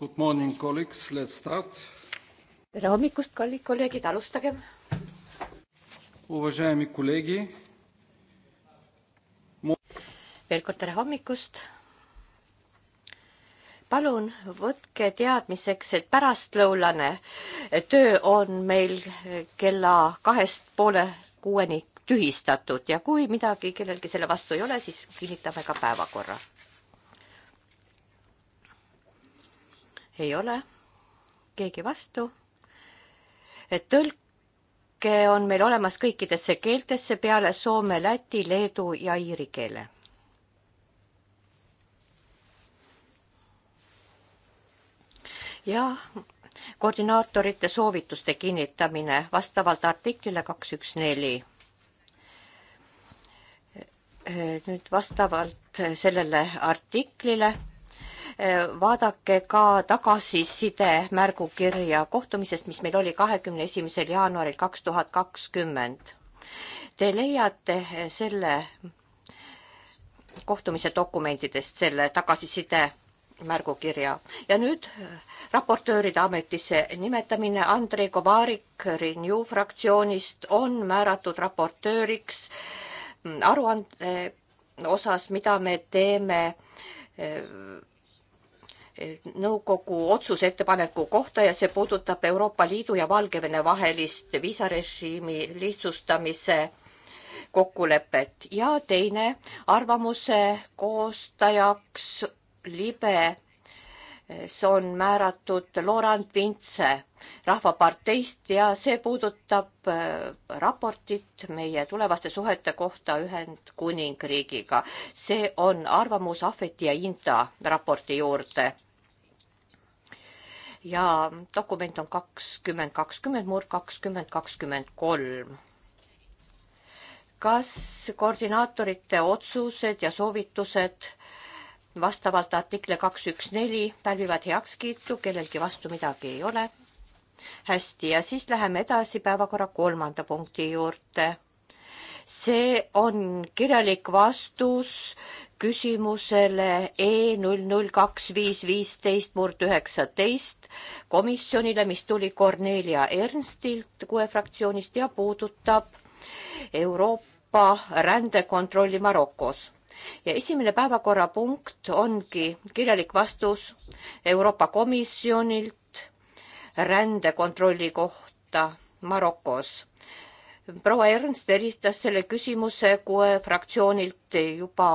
Good morning, colleagues, let's start. tere hommikust, kallid kolleegid, alustagem. veel kord tere hommikust. palun võtke teadmiseks, et pärastlõunane töö on meil kella kahest poole kuueni tühistatud ja kui midagi kellelgi selle vastu ei ole, siis kinnitame ka päevakorra ei ole keegi vastu. et tõlke on meil olemas kõikidesse keeltesse peale soome, läti, leedu ja iiri keele. ja koordinaatorite soovituste kinnitamine vastavalt artiklile kaks, üks, neli. nüüd vastavalt sellele artiklile Äh, vaadake ka tagasiside märgukirja kohtumisest, mis meil oli kahekümne esimesel jaanuaril kaks tuhat kakskümmend. Te leiate äh, selle kohtumise dokumentidest selle tagasiside märgukirja ja nüüd äh, raportööride ametisse nimetamine Andrei Kovarik Renew fraktsioonist on määratud raportööriks mm, aruande osas, mida me teeme nõukogu otsuse ettepaneku kohta ja see puudutab Euroopa Liidu ja Valgevene vahelist viisarežiimi lihtsustamise kokkulepet ja teine arvamuse koostajaks libe eh, see on määratud Laurent Vintse Rahvaparteist ja see puudutab eh, raportit meie tulevaste suhete kohta Ühendkuningriigiga. see on arvamus Ahveti ja Inta raporti juurde ja dokument on kakskümmend kakskümmend murd kakskümmend kakskümmend kolm. kas koordinaatorite otsused ja soovitused vastavalt artikli kaks, üks, neli pälvivad heakskiitu, kellelgi vastu midagi ei ole? hästi, ja siis läheme edasi päevakorra kolmanda punkti juurde. see on kirjalik vastus küsimusele E null null kaks viis viisteist murd üheksateist komisjonile, mis tuli Kornelia Ernstilt kuue fraktsioonist ja puudutab Euroopa rändekontrolli Marokos. ja esimene päevakorrapunkt ongi kirjalik vastus Euroopa Komisjonilt rändekontrolli kohta Marokos proua Ernst esitas selle küsimuse kohe fraktsioonilt juba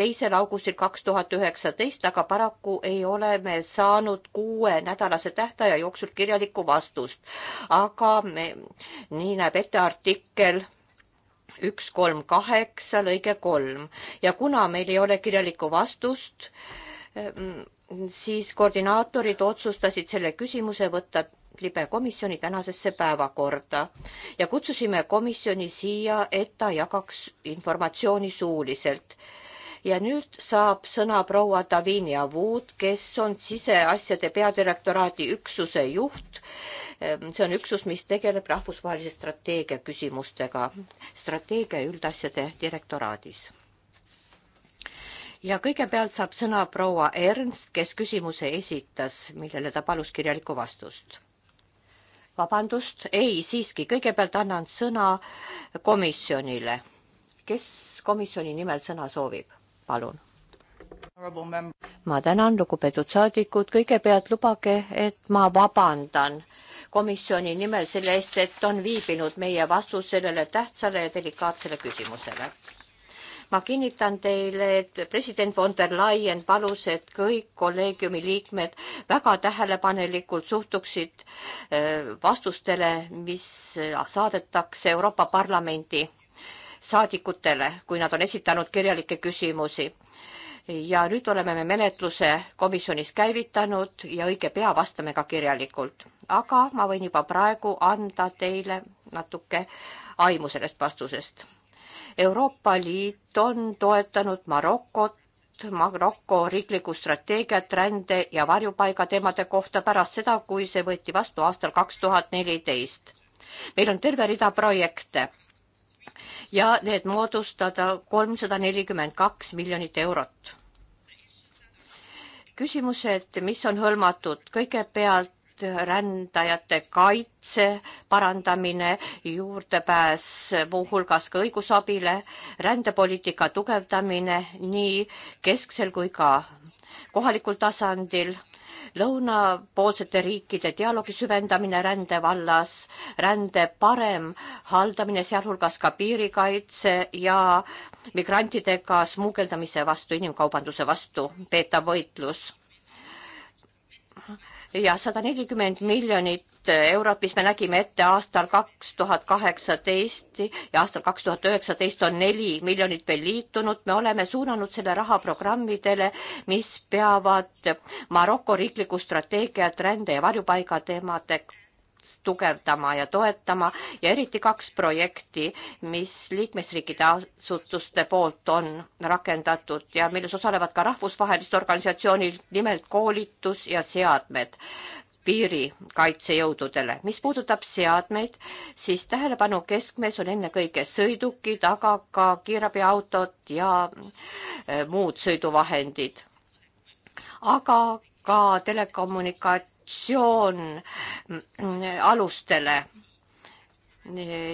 teisel augustil kaks tuhat üheksateist, aga paraku ei ole me saanud kuuenädalase tähtaja jooksul kirjalikku vastust. aga me, nii näeb ette artikkel üks, kolm, kaheksa, lõige kolm ja kuna meil ei ole kirjalikku vastust, siis koordinaatorid otsustasid selle küsimuse võtta libekomisjoni tänasesse päevakorda ja kutsusime komisjoni siia, et ta jagaks informatsiooni suuliselt. ja nüüd saab sõna proua Davinia Wood, kes on siseasjade peadirektoraadi üksuse juht. Ehm, see on üksus, mis tegeleb rahvusvahelise strateegia küsimustega, strateegia üldasjade direktoraadis ja kõigepealt saab sõna proua Ernst, kes küsimuse esitas, millele ta palus kirjalikku vastust vabandust, ei, siiski, kõigepealt annan sõna komisjonile. kes komisjoni nimel sõna soovib, palun? ma tänan, lugupeetud saadikud, kõigepealt lubage, et ma vabandan komisjoni nimel selle eest, et on viibinud meie vastus sellele tähtsale ja delikaatsele küsimusele ma kinnitan teile, et president von der Leyen palus, et kõik kolleegiumi liikmed väga tähelepanelikult suhtuksid äh, vastustele, mis saadetakse Euroopa Parlamendi saadikutele, kui nad on esitanud kirjalikke küsimusi ja nüüd oleme me menetluse komisjonis käivitanud ja õige pea vastame ka kirjalikult. aga ma võin juba praegu anda teile natuke aimu sellest vastusest Euroopa Liit on toetanud Marokot Maroko riiklikku strateegiat rände ja varjupaiga teemade kohta pärast seda, kui see võeti vastu aastal kaks tuhat neliteist. meil on terve rida projekte ja need moodustada kolmsada nelikümmend kaks miljonit eurot. küsimused, mis on hõlmatud, kõigepealt rändajate kaitse parandamine, juurdepääs muuhulgas ka õigusabile, rändepoliitika tugevdamine nii kesksel kui ka kohalikul tasandil, lõunapoolsete riikide dialoogi süvendamine rände vallas, rände parem haldamine, sealhulgas ka piirikaitse ja migrantidega smugeldamise vastu, inimkaubanduse vastu peetav võitlus ja sada nelikümmend miljonit eurot, mis me nägime ette aastal kaks tuhat kaheksateist ja aastal kaks tuhat üheksateist on neli miljonit veel liitunud. me oleme suunanud selle raha programmidele, mis peavad Maroko riiklikku strateegiat rände ja varjupaiga teemadega tugevdama ja toetama ja eriti kaks projekti, mis liikmesriikide asutuste poolt on rakendatud ja milles osalevad ka rahvusvahelised organisatsioonid, nimelt koolitus ja seadmed piirikaitsejõududele. mis puudutab seadmeid, siis tähelepanu keskmes on ennekõike sõidukid, aga ka kiirabiautod ja eh, muud sõiduvahendid. aga ka telekommunikaat-, korruptsioon alustele,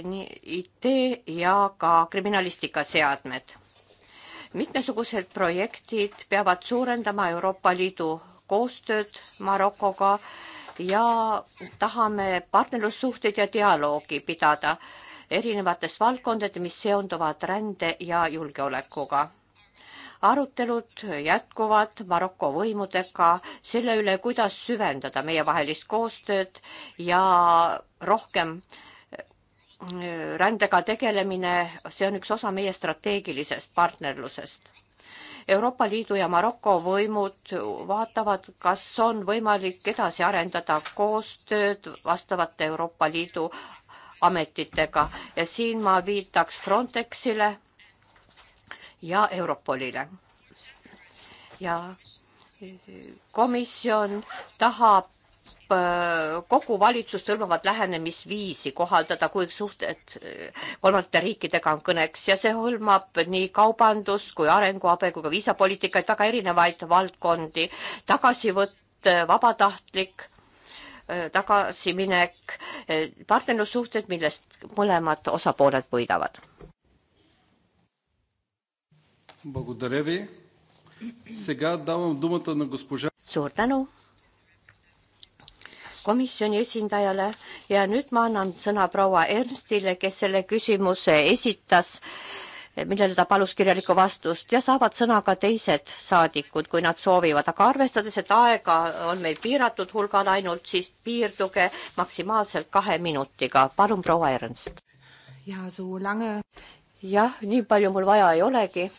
nii IT ja ka kriminalistikaseadmed. mitmesugused projektid peavad suurendama Euroopa Liidu koostööd Marokoga ja tahame partnerlussuhteid ja dialoogi pidada erinevates valdkondades, mis seonduvad rände ja julgeolekuga arutelud jätkuvad Maroko võimudega selle üle, kuidas süvendada meievahelist koostööd ja rohkem äh, rändega tegelemine, see on üks osa meie strateegilisest partnerlusest. Euroopa Liidu ja Maroko võimud vaatavad, kas on võimalik edasi arendada koostööd vastavate Euroopa Liidu ametitega ja siin ma viitaks Frontexile ja Europolile. ja komisjon tahab äh, kogu valitsust hõlmavat lähenemisviisi kohaldada, kui suhted äh, kolmandate riikidega on kõneks ja see hõlmab nii kaubandust kui arenguabi kui ka viisapoliitikaid, väga erinevaid valdkondi, tagasivõtt, äh, vabatahtlik tagasiminek, partnerlussuhted, millest mõlemad osapooled võidavad. Благодаря ви. Сега давам думата на госпожа. Suur tänu komisjoni esindajale ja nüüd ma annan sõna proua Ernstile, kes selle küsimuse esitas, millele ta palus kirjalikku vastust ja saavad sõna ka teised saadikud, kui nad soovivad, aga arvestades, et aega on meil piiratud hulgal ainult, siis piirduge maksimaalselt kahe minutiga. palun, proua Ernst. ja, jah, nii palju mul vaja ei olegi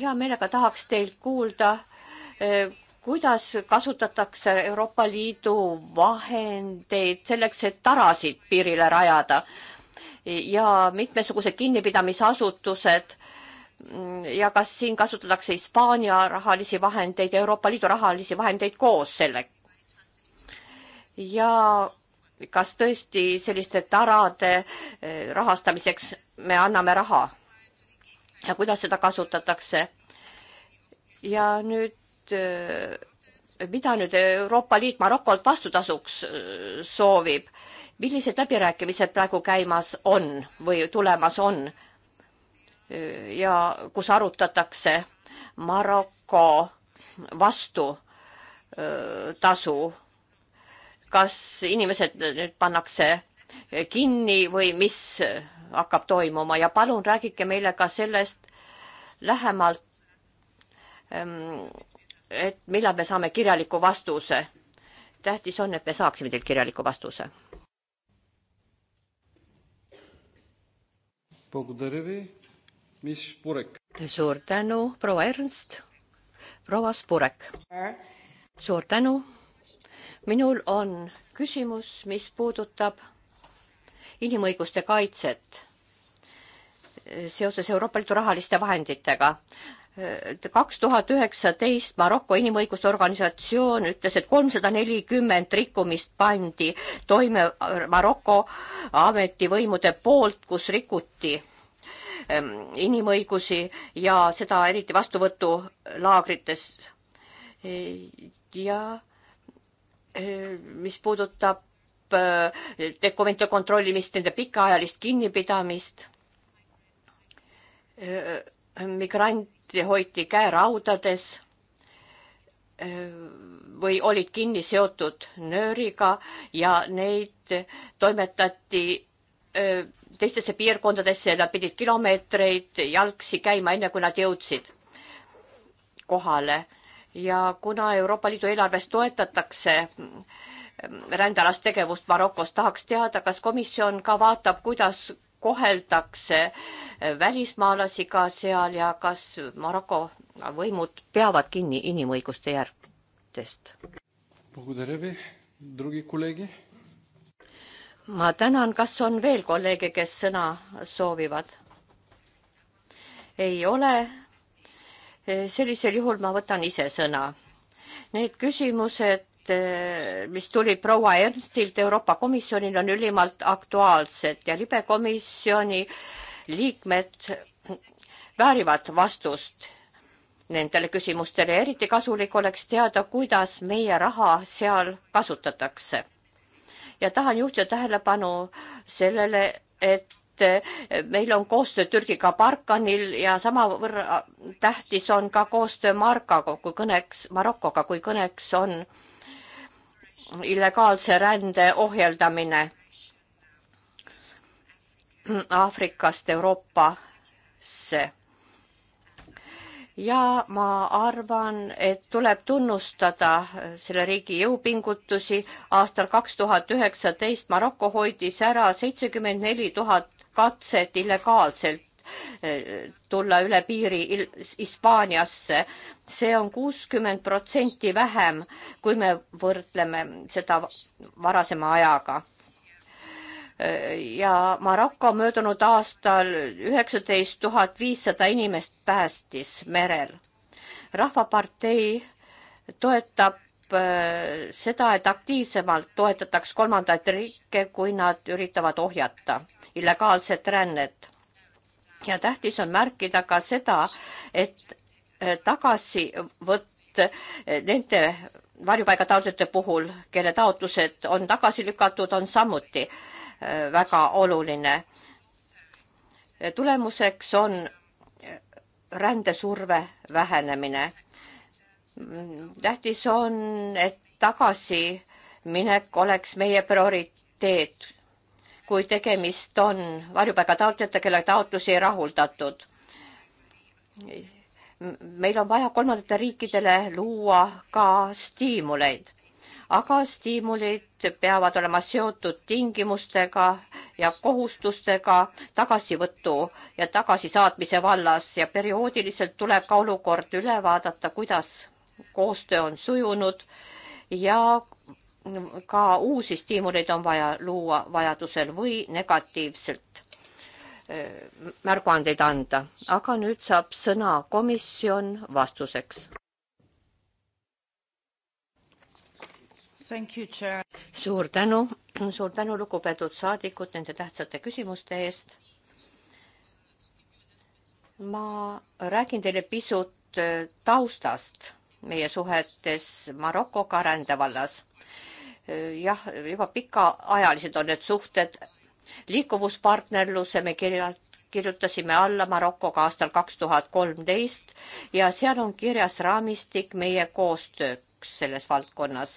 hea meelega tahaks teilt kuulda, eh, kuidas kasutatakse Euroopa Liidu vahendeid selleks, et tarasid piirile rajada ja mitmesugused kinnipidamisasutused mm, ja kas siin kasutatakse Hispaania rahalisi vahendeid ja Euroopa Liidu rahalisi vahendeid koos selle? ja kas tõesti selliste tarade eh, rahastamiseks me anname raha ja kuidas seda kasutatakse. ja nüüd, äh, mida nüüd Euroopa Liit Marokolt vastutasuks äh, soovib? millised läbirääkimised praegu käimas on või tulemas on? Äh, ja kus arutatakse Maroko vastutasu kas inimesed nüüd pannakse kinni või mis hakkab toimuma ja palun rääkige meile ka sellest lähemalt, ähm, et millal me saame kirjaliku vastuse. tähtis on, et me saaksime teilt kirjaliku vastuse. suur tänu, proua Ernst, proua Spurek. suur tänu. minul on küsimus, mis puudutab inimõiguste kaitset seoses Euroopa Liidu rahaliste vahenditega kaks tuhat üheksateist Maroko inimõiguste organisatsioon ütles, et kolmsada nelikümmend rikkumist pandi toime Maroko ametivõimude poolt, kus rikuti ehm, inimõigusi ja seda eriti vastuvõtulaagrites. ja ehm, mis puudutab Äh, dokumente kontrollimist, nende pikaajalist kinnipidamist. Äh, migrante hoiti käeraudades äh, või olid kinni seotud nööriga ja neid toimetati teistesse piirkondadesse ja nad pidid kilomeetreid jalgsi käima, enne kui nad jõudsid kohale. ja kuna Euroopa Liidu eelarvest toetatakse rändealast tegevust Marokos. tahaks teada, kas komisjon ka vaatab, kuidas koheldakse eh, välismaalasi ka seal ja kas Maroko võimud peavad kinni inimõiguste järgidest? ma tänan, kas on veel kolleege, kes sõna soovivad? ei ole. Eh, sellisel juhul ma võtan ise sõna. Need küsimused Eh, mis tulid proua Ernstilt Euroopa Komisjonil, on ülimalt aktuaalsed ja libekomisjoni liikmed väärivad vastust nendele küsimustele ja eriti kasulik oleks teada, kuidas meie raha seal kasutatakse. ja tahan juhtida tähelepanu sellele, et eh, meil on koostöö Türgiga Barkanil ja samavõrra tähtis on ka koostöö Markaga, kui kõneks, Marokoga, kui kõneks on äh, illegaalse rände ohjeldamine Aafrikast Euroopasse. ja ma arvan, et tuleb tunnustada selle riigi jõupingutusi. aastal kaks tuhat üheksateist Maroko hoidis ära seitsekümmend neli tuhat katset illegaalselt tulla üle piiri Hispaaniasse. see on kuuskümmend protsenti vähem, kui me võrdleme seda varasema ajaga ja Maroko möödunud aastal üheksateist tuhat viissada inimest päästis merel. rahvapartei toetab äh, seda, et aktiivsemalt toetataks kolmandaid riike, kui nad üritavad ohjata illegaalset rännet ja tähtis on märkida ka seda, et eh, tagasivõtt eh, nende varjupaigataotlejate puhul, kelle taotlused on tagasi lükatud, on samuti eh, väga oluline. tulemuseks on rändesurve vähenemine. Mm, tähtis on, et tagasiminek oleks meie prioriteet kui tegemist on varjupaigataotlejatega, kelle taotlusi ei rahuldatud. meil on vaja kolmandatele riikidele luua ka stiimuleid, aga stiimulid peavad olema seotud tingimustega ja kohustustega tagasivõtu ja tagasisaatmise vallas ja perioodiliselt tuleb ka olukord üle vaadata, kuidas koostöö on sujunud ja ka uusi stiimuleid on vaja luua vajadusel või negatiivselt äh, märguandeid anda, aga nüüd saab sõna komisjon vastuseks. suur tänu, suur tänu, lugupeetud saadikud, nende tähtsate küsimuste eest. ma räägin teile pisut äh, taustast meie suhetes Marokoga rändevallas jah, juba pikaajalised on need suhted. liikuvuspartnerluse me kirjalt kirjutasime alla Marokoga aastal kaks tuhat kolmteist ja seal on kirjas raamistik meie koostööks selles valdkonnas.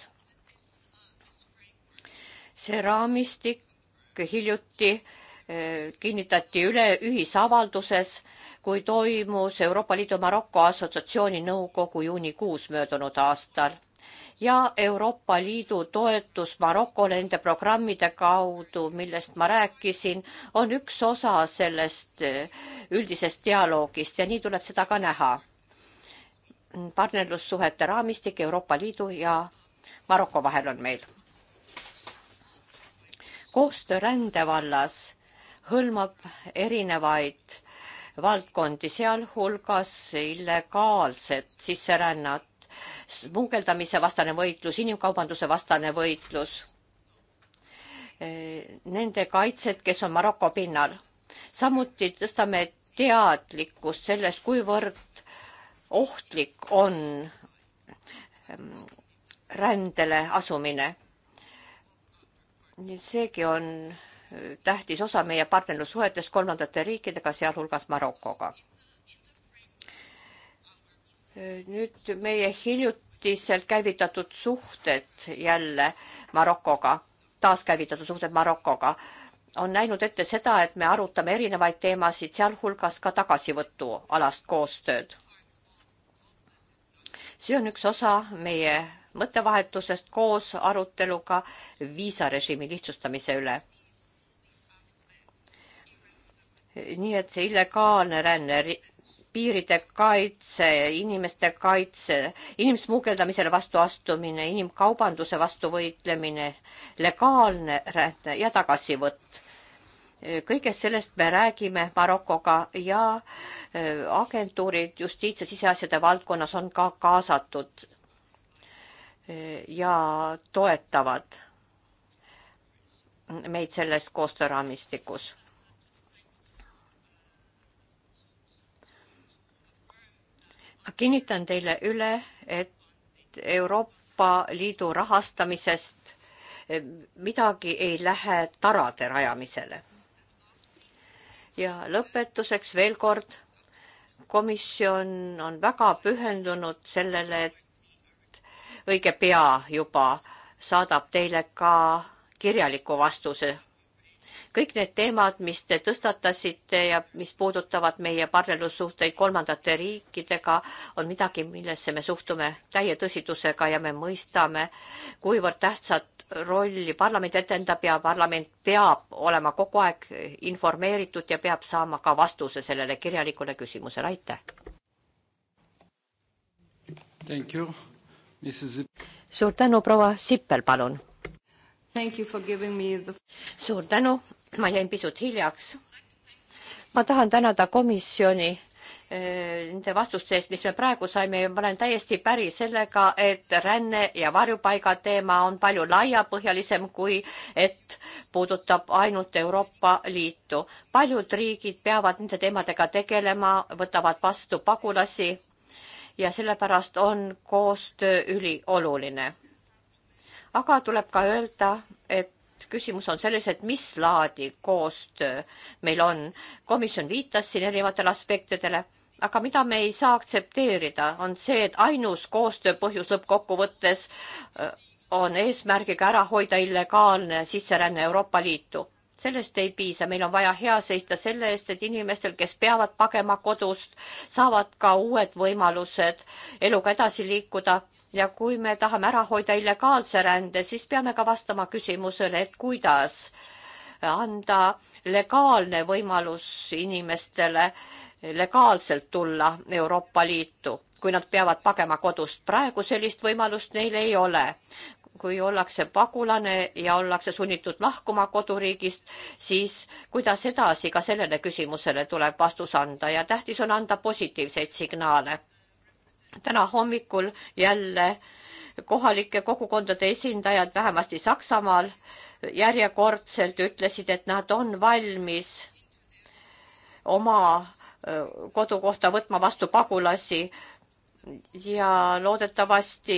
see raamistik hiljuti äh, kinnitati üle ühisavalduses, kui toimus Euroopa Liidu Maroko Assotsiatsiooni nõukogu juunikuus möödunud aastal ja Euroopa Liidu toetus Marokole nende programmide kaudu, millest ma rääkisin, on üks osa sellest äh, üldisest dialoogist ja nii tuleb seda ka näha. partnerlussuhete raamistik Euroopa Liidu ja Maroko vahel on meil. koostöö rände vallas hõlmab erinevaid valdkondi, sealhulgas illegaalset sisserännat smugeldamise vastane võitlus, inimkaubanduse vastane võitlus, e, nende kaitsed, kes on Maroko pinnal. samuti tõstame teadlikkust sellest, kuivõrd ohtlik on ehm, rändele asumine. seegi on e, tähtis osa meie partnerlussuhetest kolmandate riikidega, sealhulgas Marokoga nüüd meie hiljutiselt käivitatud suhted jälle Marokoga, taaskäivitatud suhted Marokoga, on näinud ette seda, et me arutame erinevaid teemasid, sealhulgas ka tagasivõtualast koostööd. see on üks osa meie mõttevahetusest koos aruteluga viisarežiimi lihtsustamise üle nii et see illegaalne ränne piiride kaitse, inimeste kaitse, inimsmugeldamisele vastu astumine, inimkaubanduse vastu võitlemine, legaalne ränne ja tagasivõtt. kõigest sellest me räägime Marokoga ja e, agentuurid justiits- ja siseasjade valdkonnas on ka kaasatud e, ja toetavad meid selles koostööraamistikus kinnitan teile üle, et Euroopa Liidu rahastamisest eh, midagi ei lähe tarade rajamisele. ja lõpetuseks veel kord, komisjon on väga pühendunud sellele, et õige pea juba saadab teile ka kirjaliku vastuse kõik need teemad, mis te tõstatasite ja mis puudutavad meie partnerlussuhteid kolmandate riikidega, on midagi, millesse me suhtume täie tõsidusega ja me mõistame, kuivõrd tähtsat rolli parlament etendab ja parlament peab olema kogu aeg informeeritud ja peab saama ka vastuse sellele kirjalikule küsimusele, aitäh. suur tänu, proua Sippel, palun. The... suur tänu, ma jäin pisut hiljaks. ma tahan tänada komisjoni eh, nende vastuste eest, mis me praegu saime ja ma olen täiesti päri sellega, et ränne ja varjupaiga teema on palju laiapõhjalisem, kui et puudutab ainult Euroopa Liitu. paljud riigid peavad nende teemadega tegelema, võtavad vastu pagulasi ja sellepärast on koostöö ülioluline. aga tuleb ka öelda, et et küsimus on selles, et mis laadi koostöö meil on. komisjon viitas siin erinevatele aspektidele, aga mida me ei saa aktsepteerida, on see, et ainus koostöö põhjus lõppkokkuvõttes äh, on eesmärgiga ära hoida illegaalne sisseränne Euroopa Liitu sellest ei piisa, meil on vaja hea seista selle eest, et inimestel, kes peavad pagema kodust, saavad ka uued võimalused eluga edasi liikuda ja kui me tahame ära hoida illegaalse rände, siis peame ka vastama küsimusele, et kuidas anda legaalne võimalus inimestele legaalselt tulla Euroopa Liitu, kui nad peavad pagema kodust. praegu sellist võimalust neil ei ole. kui ollakse pagulane ja ollakse sunnitud lahkuma koduriigist, siis kuidas edasi, ka sellele küsimusele tuleb vastus anda ja tähtis on anda positiivseid signaale täna hommikul jälle kohalike kogukondade esindajad, vähemasti Saksamaal, järjekordselt ütlesid, et nad on valmis oma kodukohta võtma vastu pagulasi ja loodetavasti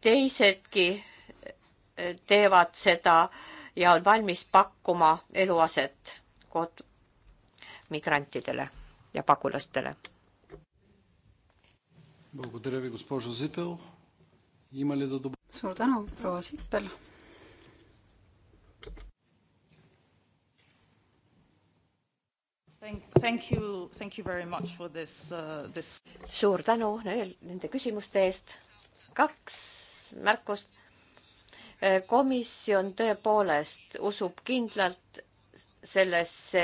teisedki teevad seda ja on valmis pakkuma eluaset kod- migrantidele ja pagulastele suur tänu, proua Sippel. Thank you, thank you very much for this uh,, this. suur tänu nende küsimuste eest. kaks märkust. Eh, komisjon tõepoolest usub kindlalt sellesse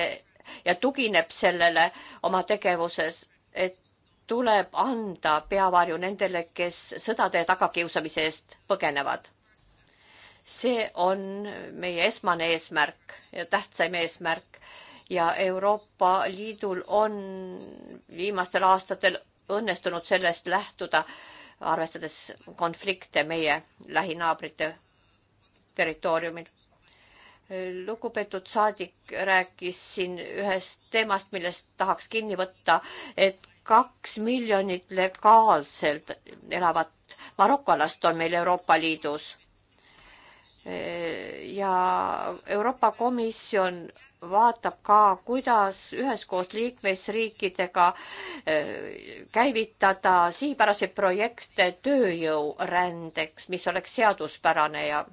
ja tugineb sellele oma tegevuses, et tuleb anda peavarju nendele, kes sõdade tagakiusamise eest põgenevad. see on meie esmane eesmärk ja tähtsaim eesmärk ja Euroopa Liidul on viimastel aastatel õnnestunud sellest lähtuda, arvestades konflikte meie lähinaabrite territooriumil. lugupeetud saadik rääkis siin ühest teemast, millest tahaks kinni võtta, et kaks miljonit legaalselt elavat marokolast on meil Euroopa Liidus. ja Euroopa Komisjon vaatab ka, kuidas üheskoos liikmesriikidega eh, käivitada sihipäraseid projekte tööjõurändeks, mis oleks seaduspärane ja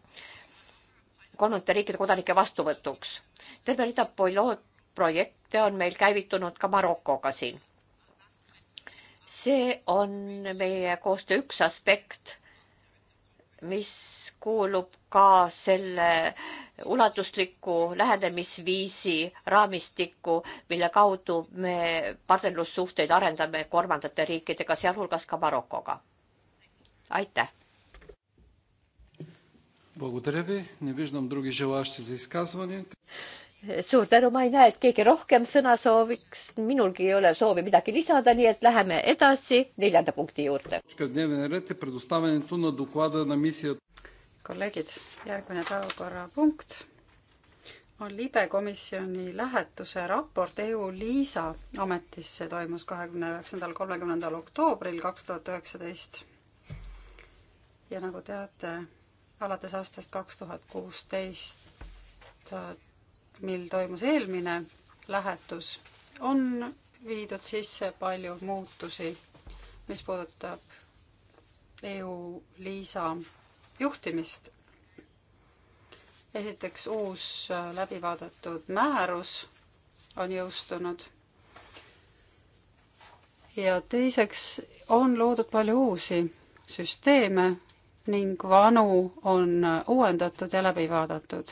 kolmandate riikide kodanike vastuvõtuks. terve rida pilootprojekte on meil käivitunud ka Marokoga siin see on meie koostöö üks aspekt, mis kuulub ka selle ulatusliku lähenemisviisi raamistikku, mille kaudu me partnerlussuhteid arendame kolmandate riikidega, sealhulgas ka Marokoga. aitäh suur tänu, ma ei näe, et keegi rohkem sõna sooviks, minulgi ei ole soovi midagi lisada, nii et läheme edasi neljanda punkti juurde. kolleegid, järgmine päevakorrapunkt on libe komisjoni lähetuse raport EU-Liisa ametisse toimus kahekümne üheksandal, kolmekümnendal oktoobril kaks tuhat üheksateist. ja nagu teate, alates aastast kaks tuhat kuusteist mil toimus eelmine lähetus, on viidud sisse palju muutusi, mis puudutab EU-Liisa juhtimist. esiteks uus äh, läbivaadatud määrus on jõustunud. ja teiseks on loodud palju uusi süsteeme ning vanu on äh, uuendatud ja läbi vaadatud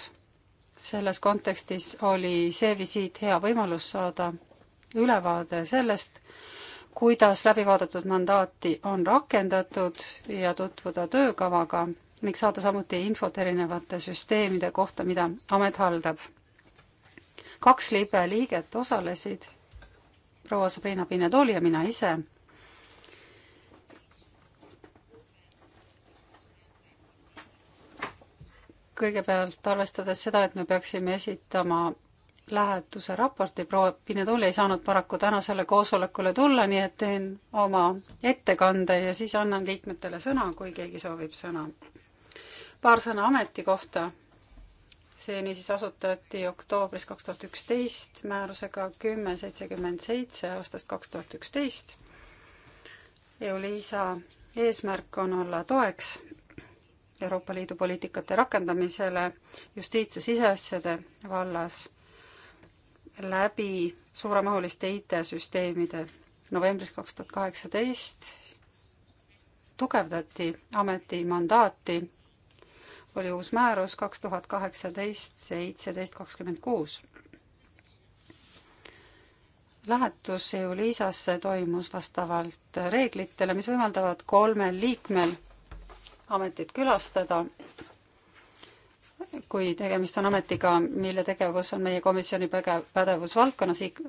selles kontekstis oli see visiit hea võimalus saada ülevaade sellest, kuidas läbivaadatud mandaati on rakendatud ja tutvuda töökavaga ning saada samuti infot erinevate süsteemide kohta, mida amet haldab. kaks libe liiget osalesid, proua Sabrina Pinedoli ja mina ise kõigepealt arvestades seda, et me peaksime esitama lähetuse raporti, proua Pinetooli ei saanud paraku tänasele koosolekule tulla, nii et teen oma ettekande ja siis annan liikmetele sõna, kui keegi soovib sõna. paar sõna ameti kohta. see niisiis asutati oktoobris kaks tuhat üksteist määrusega kümme seitsekümmend seitse aastast kaks tuhat üksteist. EULISA eesmärk on olla toeks Euroopa Liidu poliitikate rakendamisele justiits- ja siseasjade vallas läbi suuremahuliste IT-süsteemide. novembris kaks tuhat kaheksateist tugevdati ameti mandaati, oli uus määrus kaks tuhat kaheksateist, seitseteist kakskümmend kuus. lähetus EU-Liisasse toimus vastavalt reeglitele, mis võimaldavad kolmel liikmel ametit külastada, kui tegemist on ametiga, mille tegevus on meie komisjoni päge-, pädevusvaldkonnas ig-,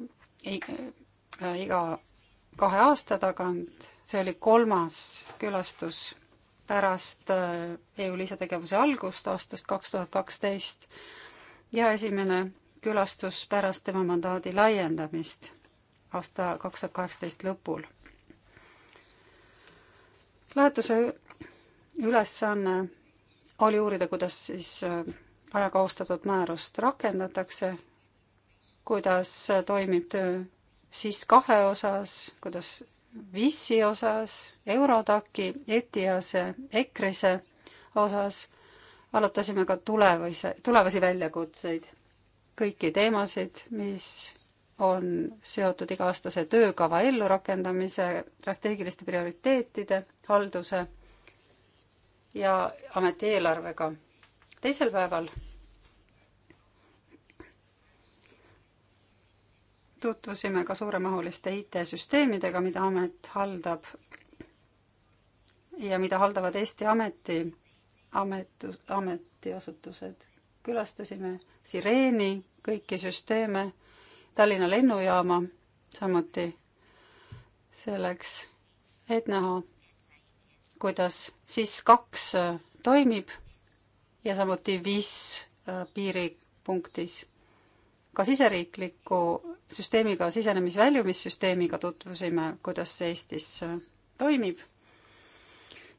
ig-, iga kahe aasta tagant, see oli kolmas külastus pärast äh, EU lisategevuse algust aastast kaks tuhat kaksteist ja esimene külastus pärast tema mandaadi laiendamist aasta kaks tuhat kaheksateist lõpul. lähetuse ülesanne oli uurida, kuidas siis äh, ajaga austatud määrust rakendatakse, kuidas äh, toimib töö siis kahe osas, kuidas VIS-i osas, Eurodaki, ETIAS-e, EKRE-se osas arutasime ka tulevasi, tulevasi väljakutseid, kõiki teemasid, mis on seotud iga-aastase töökava ellurakendamise, strateegiliste prioriteetide, halduse ja ameti eelarvega. teisel päeval tutvusime ka suuremahuliste IT-süsteemidega, mida amet haldab ja mida haldavad Eesti ameti, ametus, ametiasutused. külastasime Sireeni kõiki süsteeme, Tallinna lennujaama samuti selleks, et näha kuidas siis kaks äh, toimib ja samuti viis äh, piiripunktis. ka siseriikliku süsteemiga, sisenemis-väljumissüsteemiga tutvusime, kuidas see Eestis äh, toimib.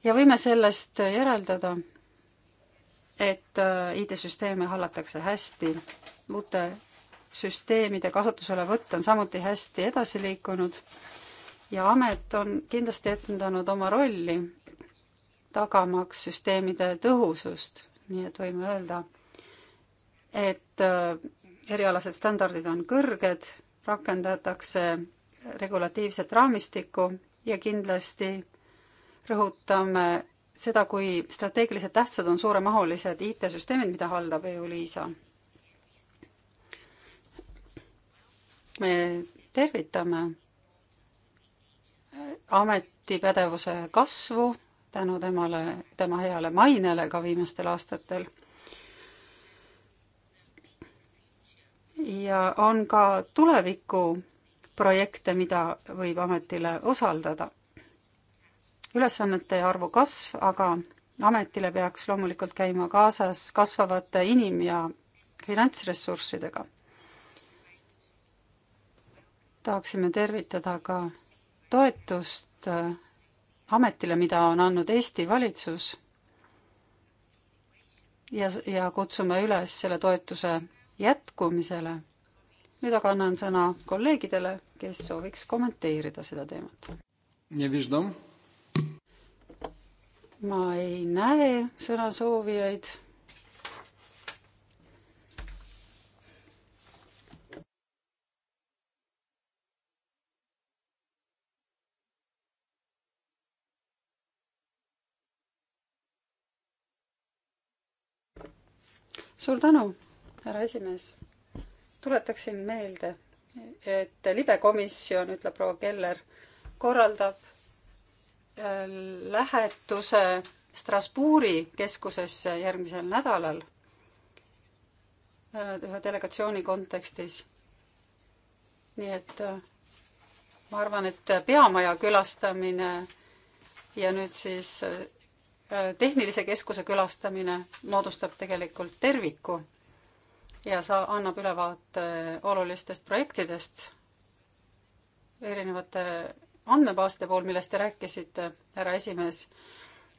ja võime sellest järeldada, et IT-süsteeme hallatakse hästi, uute süsteemide kasutuselevõtt on samuti hästi edasi liikunud ja amet on kindlasti etendanud oma rolli tagamaks süsteemide tõhusust, nii et võime öelda, et äh, erialased standardid on kõrged, rakendatakse regulatiivset raamistikku ja kindlasti rõhutame seda, kui strateegiliselt tähtsad on suuremahulised IT-süsteemid, mida haldab EU-LISA. me tervitame äh, ametipädevuse kasvu tänu temale, tema heale mainele ka viimastel aastatel. ja on ka tulevikuprojekte, mida võib ametile usaldada. ülesannete arvu kasv aga ametile peaks loomulikult käima kaasas kasvavate inim- ja finantsressurssidega. tahaksime tervitada ka toetust ametile, mida on andnud Eesti valitsus ja, ja kutsume üles selle toetuse jätkumisele. nüüd aga annan sõna kolleegidele, kes sooviks kommenteerida seda teemat. ma ei näe sõnasoovijaid suur tänu, härra esimees. tuletaksin meelde, et libekomisjon, ütleb proua Keller, korraldab äh, lähetuse Strasbourgi keskusesse järgmisel nädalal äh, ühe delegatsiooni kontekstis. nii et äh, ma arvan, et peamaja külastamine ja nüüd siis Äh, tehnilise keskuse külastamine moodustab tegelikult terviku ja sa, annab ülevaate äh, olulistest projektidest erinevate andmebaaside pool, millest te rääkisite, härra esimees,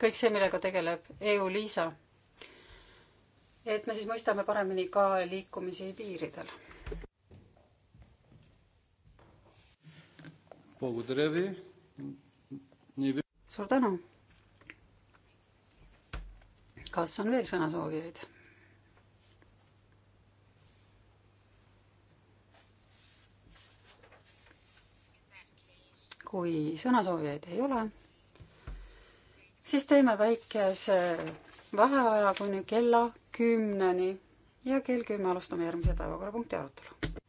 kõik see, millega tegeleb EU-LISA. et me siis mõistame paremini ka liikumisi piiridel. suur tänu kas on veel sõnasoovijaid? kui sõnasoovijaid ei ole, siis teeme väikese vaheaja kuni kella kümneni ja kell kümme alustame järgmise päevakorrapunkti arutelu.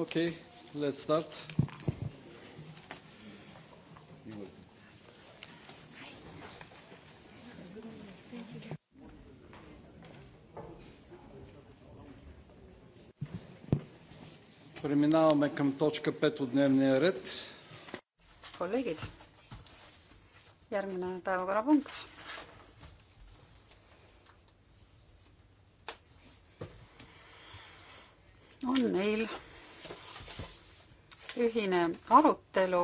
Okay, let's start. Преминаваме към точка 5 от дневния ред. Колегите, järgmine päevakorrapunkt ühine arutelu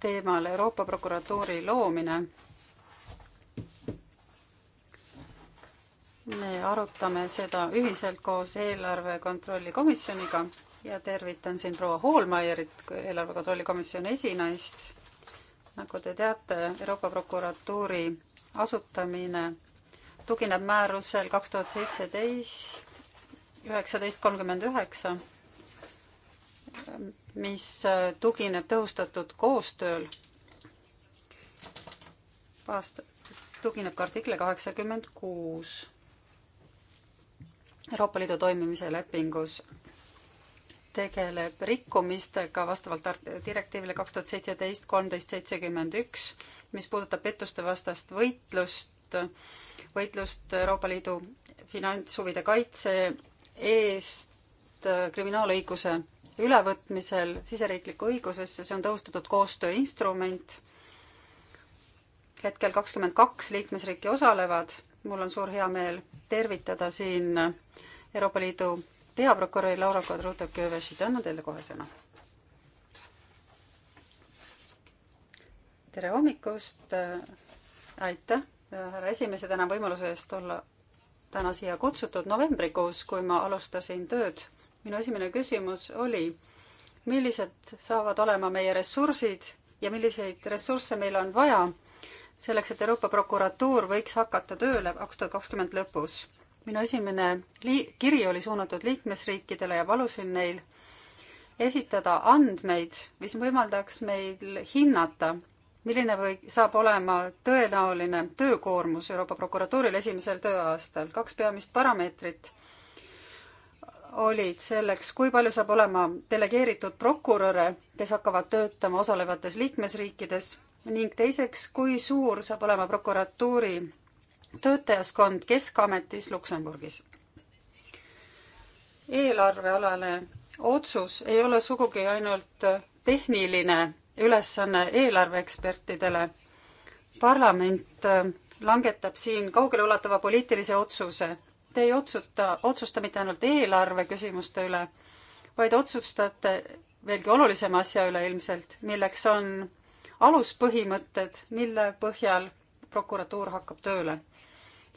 teemal Euroopa prokuratuuri loomine. me arutame seda ühiselt koos eelarve kontrolli komisjoniga ja tervitan siin proua Hoolmeierit, eelarve kontrolli komisjoni esinaist. nagu te teate, Euroopa prokuratuuri asutamine tugineb määrusel kaks tuhat seitseteist üheksateist kolmkümmend üheksa mis äh, tugineb tõhustatud koostööl, aasta, tugineb ka artikli kaheksakümmend kuus Euroopa Liidu toimimise lepingus tegeleb rikkumistega vastavalt direktiivile kaks tuhat seitseteist kolmteist seitsekümmend üks, mis puudutab pettuste vastast võitlust, võitlust Euroopa Liidu finantshuvide kaitse eest äh, kriminaalõiguse ülevõtmisel siseriiklikku õigusesse, see on tõhustatud koostööinstrument. hetkel kakskümmend kaks liikmesriiki osalevad, mul on suur heameel tervitada siin Euroopa Liidu peaprokuröri Laura Kadriorutov-Köövesit, annan teile kohe sõna. tere hommikust, aitäh, härra esimees ja tänan võimaluse eest olla täna siia kutsutud novembrikuus, kui ma alustasin tööd minu esimene küsimus oli, millised saavad olema meie ressursid ja milliseid ressursse meil on vaja selleks, et Euroopa prokuratuur võiks hakata tööle kaks tuhat kakskümmend lõpus. minu esimene lii-, kiri oli suunatud liikmesriikidele ja palusin neil esitada andmeid, mis võimaldaks meil hinnata, milline või saab olema tõenäoline töökoormus Euroopa prokuratuuril esimesel tööaastal. kaks peamist parameetrit olid selleks, kui palju saab olema delegeeritud prokuröre, kes hakkavad töötama osalevates liikmesriikides ning teiseks, kui suur saab olema prokuratuuri töötajaskond Keskametis Luksemburgis. eelarvealane otsus ei ole sugugi ainult tehniline ülesanne eelarveekspertidele. parlament äh, langetab siin kaugeleulatuva poliitilise otsuse Te ei otsuta, otsusta mitte ainult eelarve küsimuste üle, vaid otsustate veelgi olulisema asja üle ilmselt, milleks on aluspõhimõtted, mille põhjal prokuratuur hakkab tööle.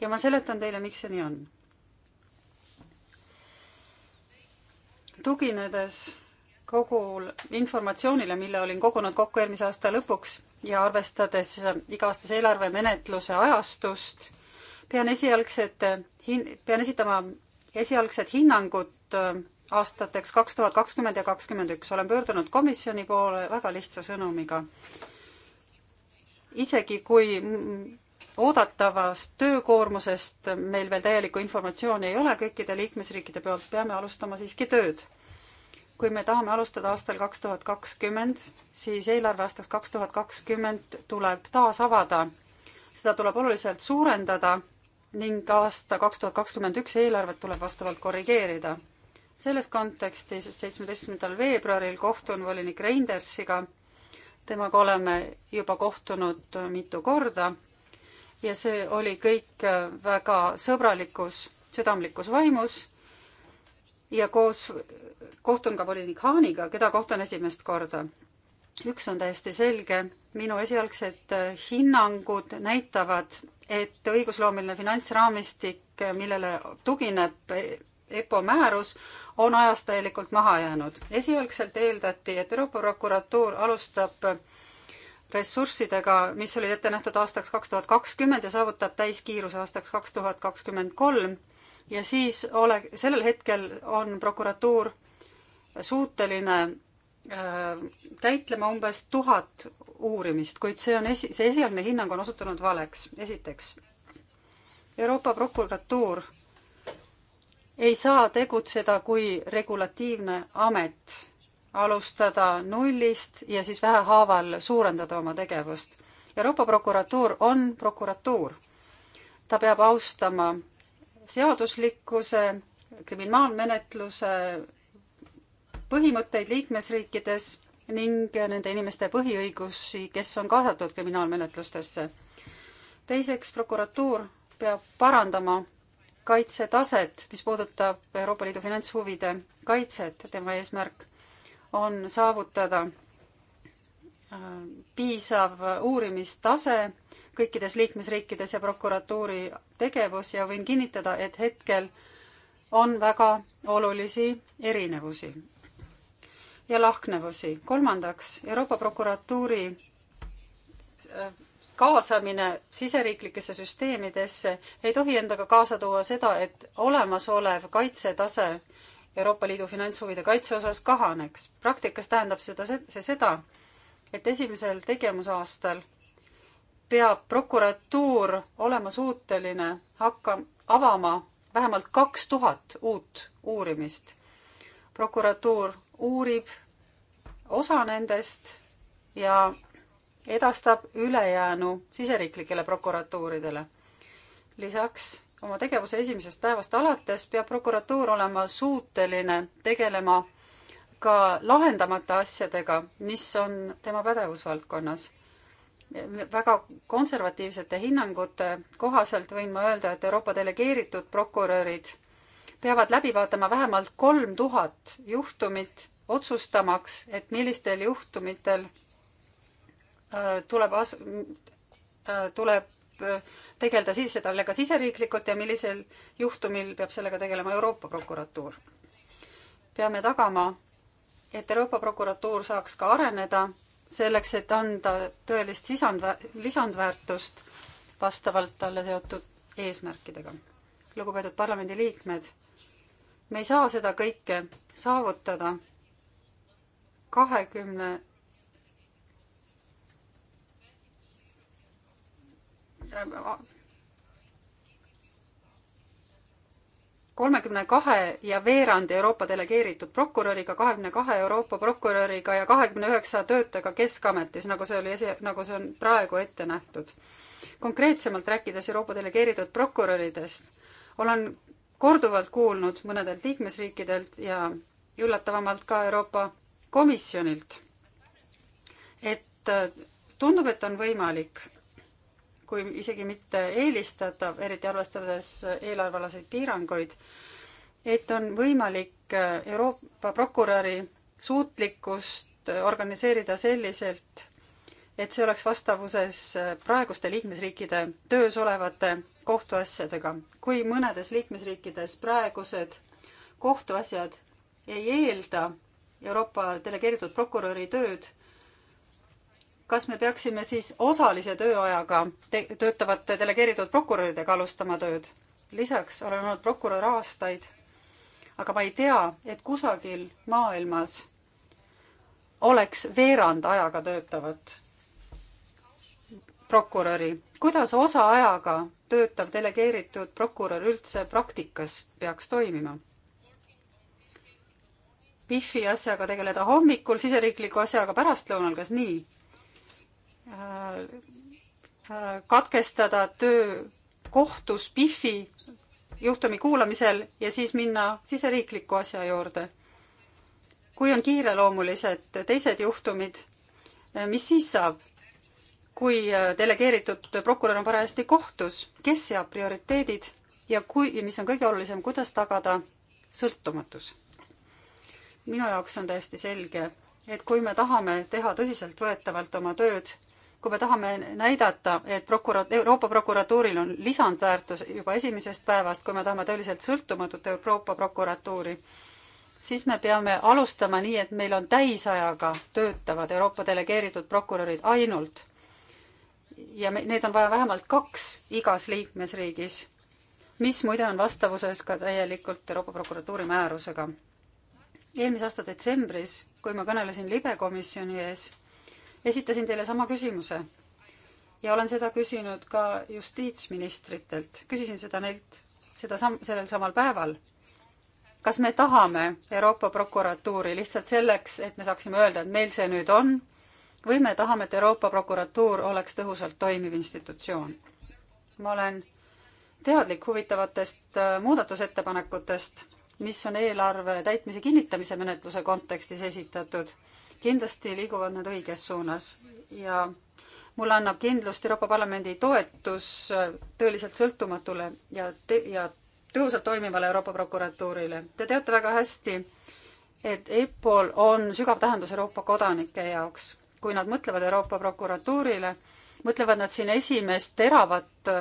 ja ma seletan teile, miks see nii on. tuginedes kogu informatsioonile, mille olin kogunud kokku eelmise aasta lõpuks ja arvestades iga-aastase eelarvemenetluse ajastust, pean esialgsete hin-, pean esitama esialgset hinnangut äh, aastateks kaks tuhat kakskümmend ja kakskümmend üks. olen pöördunud komisjoni poole väga lihtsa sõnumiga. isegi kui oodatavast töökoormusest meil veel täielikku informatsiooni ei ole kõikide liikmesriikide pealt, peame alustama siiski tööd. kui me tahame alustada aastal kaks tuhat kakskümmend, siis eelarveaastaks kaks tuhat kakskümmend tuleb taas avada. seda tuleb oluliselt suurendada ning aasta kaks tuhat kakskümmend üks eelarvet tuleb vastavalt korrigeerida. selles kontekstis seitsmeteistkümnendal veebruaril kohtun volinik Reindersiga. temaga oleme juba kohtunud mitu korda ja see oli kõik väga sõbralikus, südamlikus vaimus ja koos kohtun ka volinik Haaniga, keda kohtan esimest korda. üks on täiesti selge, minu esialgsed hinnangud näitavad, et õigusloomiline finantsraamistik, millele tugineb EPO määrus, on ajast täielikult maha jäänud. esialgselt eeldati, et Euroopa prokuratuur alustab ressurssidega, mis olid ette nähtud aastaks kaks tuhat kakskümmend ja saavutab täiskiiruse aastaks kaks tuhat kakskümmend kolm ja siis ole, sellel hetkel on prokuratuur suuteline äh, käitlema umbes tuhat uurimist, kuid see on esi, see esialgne hinnang on osutunud valeks. esiteks, Euroopa prokuratuur ei saa tegutseda kui regulatiivne amet, alustada nullist ja siis vähehaaval suurendada oma tegevust. Euroopa prokuratuur on prokuratuur. ta peab austama seaduslikkuse, kriminaalmenetluse põhimõtteid liikmesriikides ning nende inimeste põhiõigusi, kes on kaasatud kriminaalmenetlustesse. teiseks, prokuratuur peab parandama kaitsetaset, mis puudutab Euroopa Liidu finantshuvide kaitset, tema eesmärk on saavutada äh, piisav uurimistase kõikides liikmesriikides ja prokuratuuri tegevus ja võin kinnitada, et hetkel on väga olulisi erinevusi ja lahknevusi. kolmandaks, Euroopa prokuratuuri äh, kaasamine siseriiklikesse süsteemidesse ei tohi endaga kaasa tuua seda, et olemasolev kaitsetase Euroopa Liidu finantshuvide kaitse osas kahaneks. praktikas tähendab seda, see seda, et esimesel tegevusaastal peab prokuratuur olema suuteline hakka-, avama vähemalt kaks tuhat uut uurimist. prokuratuur uurib osa nendest ja edastab ülejäänu siseriiklikele prokuratuuridele. lisaks oma tegevuse esimesest päevast alates peab prokuratuur olema suuteline tegelema ka lahendamata asjadega, mis on tema pädevusvaldkonnas. väga konservatiivsete hinnangute kohaselt võin ma öelda, et Euroopa delegeeritud prokurörid peavad läbi vaatama vähemalt kolm tuhat juhtumit otsustamaks, et millistel juhtumitel äh, tuleb as-, äh, tuleb äh, tegeleda siis sellega siseriiklikult ja millisel juhtumil peab sellega tegelema Euroopa prokuratuur. peame tagama, et Euroopa prokuratuur saaks ka areneda selleks, et anda tõelist sisandvä-, lisandväärtust vastavalt talle seotud eesmärkidega. lugupeetud parlamendiliikmed, me ei saa seda kõike saavutada kahekümne kolmekümne kahe ja veerand Euroopa delegeeritud prokuröriga, kahekümne kahe Euroopa prokuröriga ja kahekümne üheksa töötajaga Keskametis, nagu see oli esi, nagu see on praegu ette nähtud. konkreetsemalt rääkides Euroopa delegeeritud prokuröridest, olen korduvalt kuulnud mõnedelt liikmesriikidelt ja üllatavamalt ka Euroopa komisjonilt, et äh, tundub, et on võimalik, kui isegi mitte eelistatav, eriti arvestades äh, eelarvealaseid piiranguid, et on võimalik äh, Euroopa prokuröri suutlikkust organiseerida selliselt, et see oleks vastavuses praeguste liikmesriikide töös olevate kohtuasjadega. kui mõnedes liikmesriikides praegused kohtuasjad ei eelda Euroopa delegeeritud prokuröri tööd, kas me peaksime siis osalise tööajaga te töötavate delegeeritud prokuröridega alustama tööd? lisaks olen olnud prokurör aastaid, aga ma ei tea, et kusagil maailmas oleks veerand ajaga töötavat prokuröri. kuidas osaajaga töötav delegeeritud prokurör üldse praktikas peaks toimima? PIFi asjaga tegeleda hommikul, siseriikliku asjaga pärastlõunal, kas nii? Äh, äh, katkestada töö kohtus PIFi juhtumi kuulamisel ja siis minna siseriikliku asja juurde. kui on kiireloomulised teised juhtumid, äh, mis siis saab? kui delegeeritud prokurör on parajasti kohtus, kes seab prioriteedid ja kui, mis on kõige olulisem, kuidas tagada sõltumatus? minu jaoks on täiesti selge, et kui me tahame teha tõsiseltvõetavalt oma tööd, kui me tahame näidata, et prokura-, Euroopa prokuratuuril on lisandväärtus juba esimesest päevast, kui me tahame tõeliselt sõltumatut Euroopa prokuratuuri, siis me peame alustama nii, et meil on täisajaga töötavad Euroopa delegeeritud prokurörid ainult. ja me, neid on vaja vähemalt kaks igas liikmesriigis, mis muide on vastavuses ka täielikult Euroopa prokuratuuri määrusega eelmise aasta detsembris, kui ma kõnelesin libekomisjoni ees, esitasin teile sama küsimuse ja olen seda küsinud ka justiitsministritelt, küsisin seda neilt seda sam-, sellel samal päeval. kas me tahame Euroopa prokuratuuri lihtsalt selleks, et me saaksime öelda, et meil see nüüd on, või me tahame, et Euroopa prokuratuur oleks tõhusalt toimiv institutsioon? ma olen teadlik huvitavatest äh, muudatusettepanekutest mis on eelarve täitmise kinnitamise menetluse kontekstis esitatud. kindlasti liiguvad nad õiges suunas ja mulle annab kindlust Euroopa Parlamendi toetus tõeliselt sõltumatule ja, ja tõhusalt toimivale Euroopa prokuratuurile. Te teate väga hästi, et EPPOL on sügav tähendus Euroopa kodanike jaoks. kui nad mõtlevad Euroopa prokuratuurile, mõtlevad nad siin esimest teravat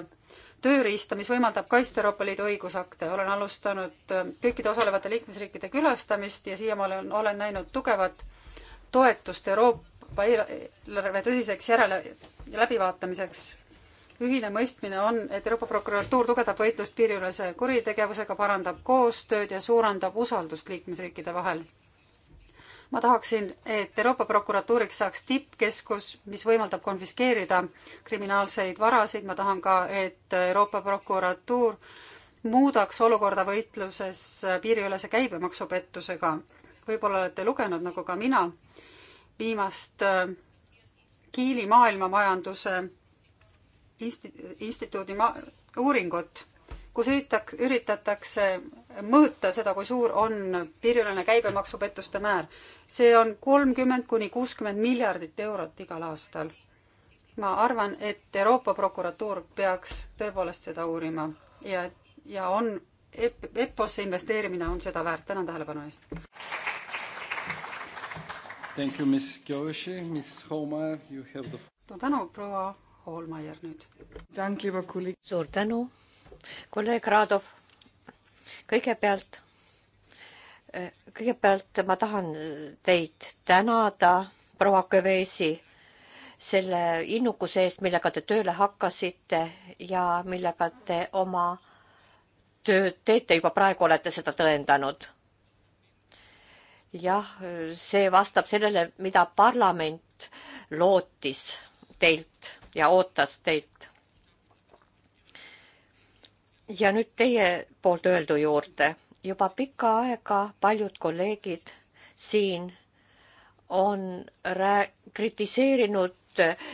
tööriista, mis võimaldab kaitsta Euroopa Liidu õigusakte. olen alustanud äh, kõikide osalevate liikmesriikide külastamist ja siia ma olen, olen näinud tugevat toetust Euroopa eelarve tõsiseks järele läbivaatamiseks. ühine mõistmine on, et Euroopa prokuratuur tugevdab võitlust piiriülese kuritegevusega, parandab koostööd ja suurendab usaldust liikmesriikide vahel ma tahaksin, et Euroopa prokuratuuriks saaks tippkeskus, mis võimaldab konfiskeerida kriminaalseid varasid, ma tahan ka, et Euroopa prokuratuur muudaks olukorda võitluses piiriülese käibemaksupettusega. võib-olla olete lugenud, nagu ka mina, viimast äh, Kiili maailmamajanduse insti-, instituudi ma-, uuringut kus üritak-, üritatakse mõõta seda, kui suur on piiriülene käibemaksupettuste määr. see on kolmkümmend kuni kuuskümmend miljardit eurot igal aastal. ma arvan, et Euroopa prokuratuur peaks tõepoolest seda uurima ja, ja on EP, EPPO-sse investeerimine on seda väärt. tänan tähelepanu eest. Thank you, Miss Kioši, Miss Holmeier, you have the. suur tänu, proua Holmeier nüüd. suur tänu kolleeg Raadov, kõigepealt, eh, kõigepealt ma tahan teid tänada, proua Kövesi, selle innukuse eest, millega te tööle hakkasite ja millega te oma tööd teete, juba praegu olete seda tõendanud jah, see vastab sellele, mida parlament lootis teilt ja ootas teilt ja nüüd teie poolt öeldu juurde. juba pikka aega paljud kolleegid siin on rää-, kritiseerinud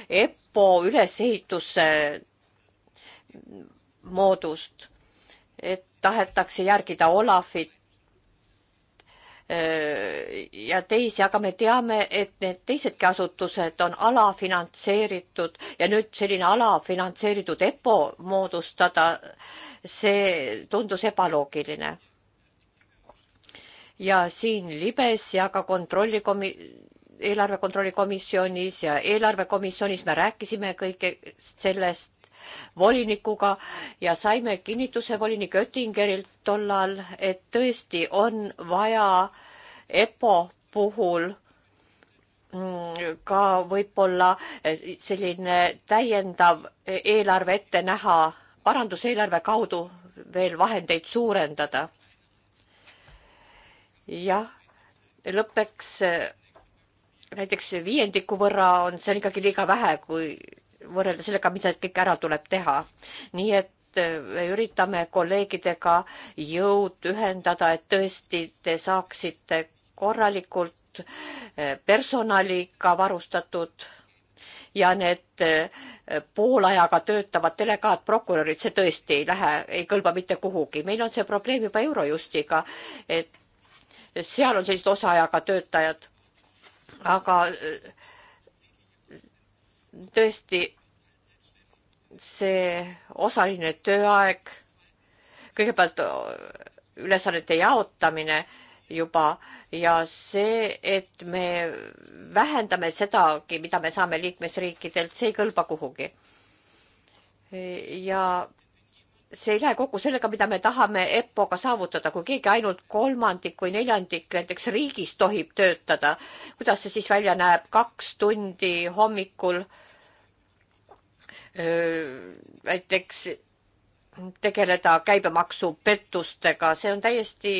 EPPO ülesehituse moodust, et tahetakse järgida Olafit Äh, ja teisi, aga me teame, et need teisedki asutused on alafinantseeritud ja nüüd selline alafinantseeritud EPO moodustada, see tundus ebaloogiline ja siin libes ja ka kontrollikomi-, eelarve kontrollikomisjonis ja eelarvekomisjonis me rääkisime kõigest sellest volinikuga ja saime kinnituse volinik Oettingerilt tollal, et tõesti on vaja EPO puhul mm, ka võib-olla eh, selline täiendav eelarve ette näha, paranduseelarve kaudu veel vahendeid suurendada. jah, lõppeks eh, näiteks viiendiku võrra on see ikkagi liiga vähe, kui võrreldes sellega, mida kõik ära tuleb teha. nii et äh, me üritame kolleegidega jõud ühendada, et tõesti te saaksite korralikult äh, personaliga varustatud ja need äh, poolajaga töötavad delegaatprokurörid, see tõesti ei lähe, ei kõlba mitte kuhugi. meil on see probleem juba Eurojustiga, et seal on sellised osaajaga töötajad. aga tõesti see osaline tööaeg, kõigepealt ülesannete jaotamine juba ja see, et me vähendame sedagi, mida me saame liikmesriikidelt, see ei kõlba kuhugi. ja see ei lähe kokku sellega, mida me tahame EPPO-ga saavutada, kui keegi ainult kolmandik või neljandik näiteks riigis tohib töötada, kuidas see siis välja näeb, kaks tundi hommikul äh, näiteks tegeleda käibemaksupettustega, see on täiesti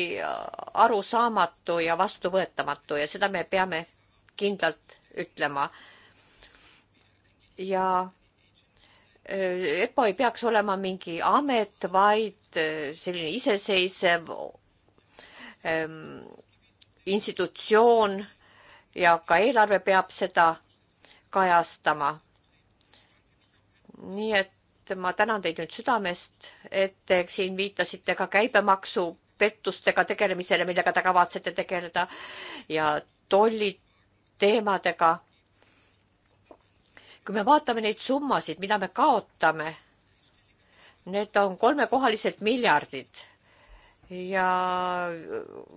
arusaamatu ja vastuvõetamatu ja seda me peame kindlalt ütlema. ja EPPO ei peaks olema mingi amet, vaid selline iseseisev institutsioon ja ka eelarve peab seda kajastama nii et ma tänan teid nüüd südamest, et te siin viitasite ka käibemaksupettustega tegelemisele, millega te kavatsete tegeleda ja tolliteemadega. kui me vaatame neid summasid, mida me kaotame, need on kolmekohalised miljardid ja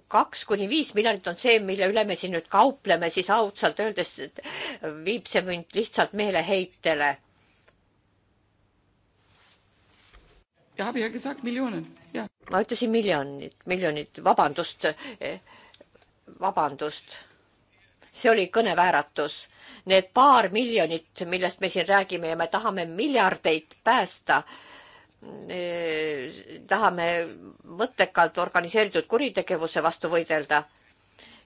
kaks kuni viis miljardit on see, mille üle me siin nüüd kaupleme, siis ausalt öeldes viib see mind lihtsalt meeleheitele ja habe ja gesagt Millionen, jah. ma ütlesin miljonid, miljonid, vabandust, eh, vabandust. see oli kõnevääratus. Need paar miljonit, millest me siin räägime ja me tahame miljardeid päästa eh, tahame mõttekalt organiseeritud kuritegevuse vastu võidelda.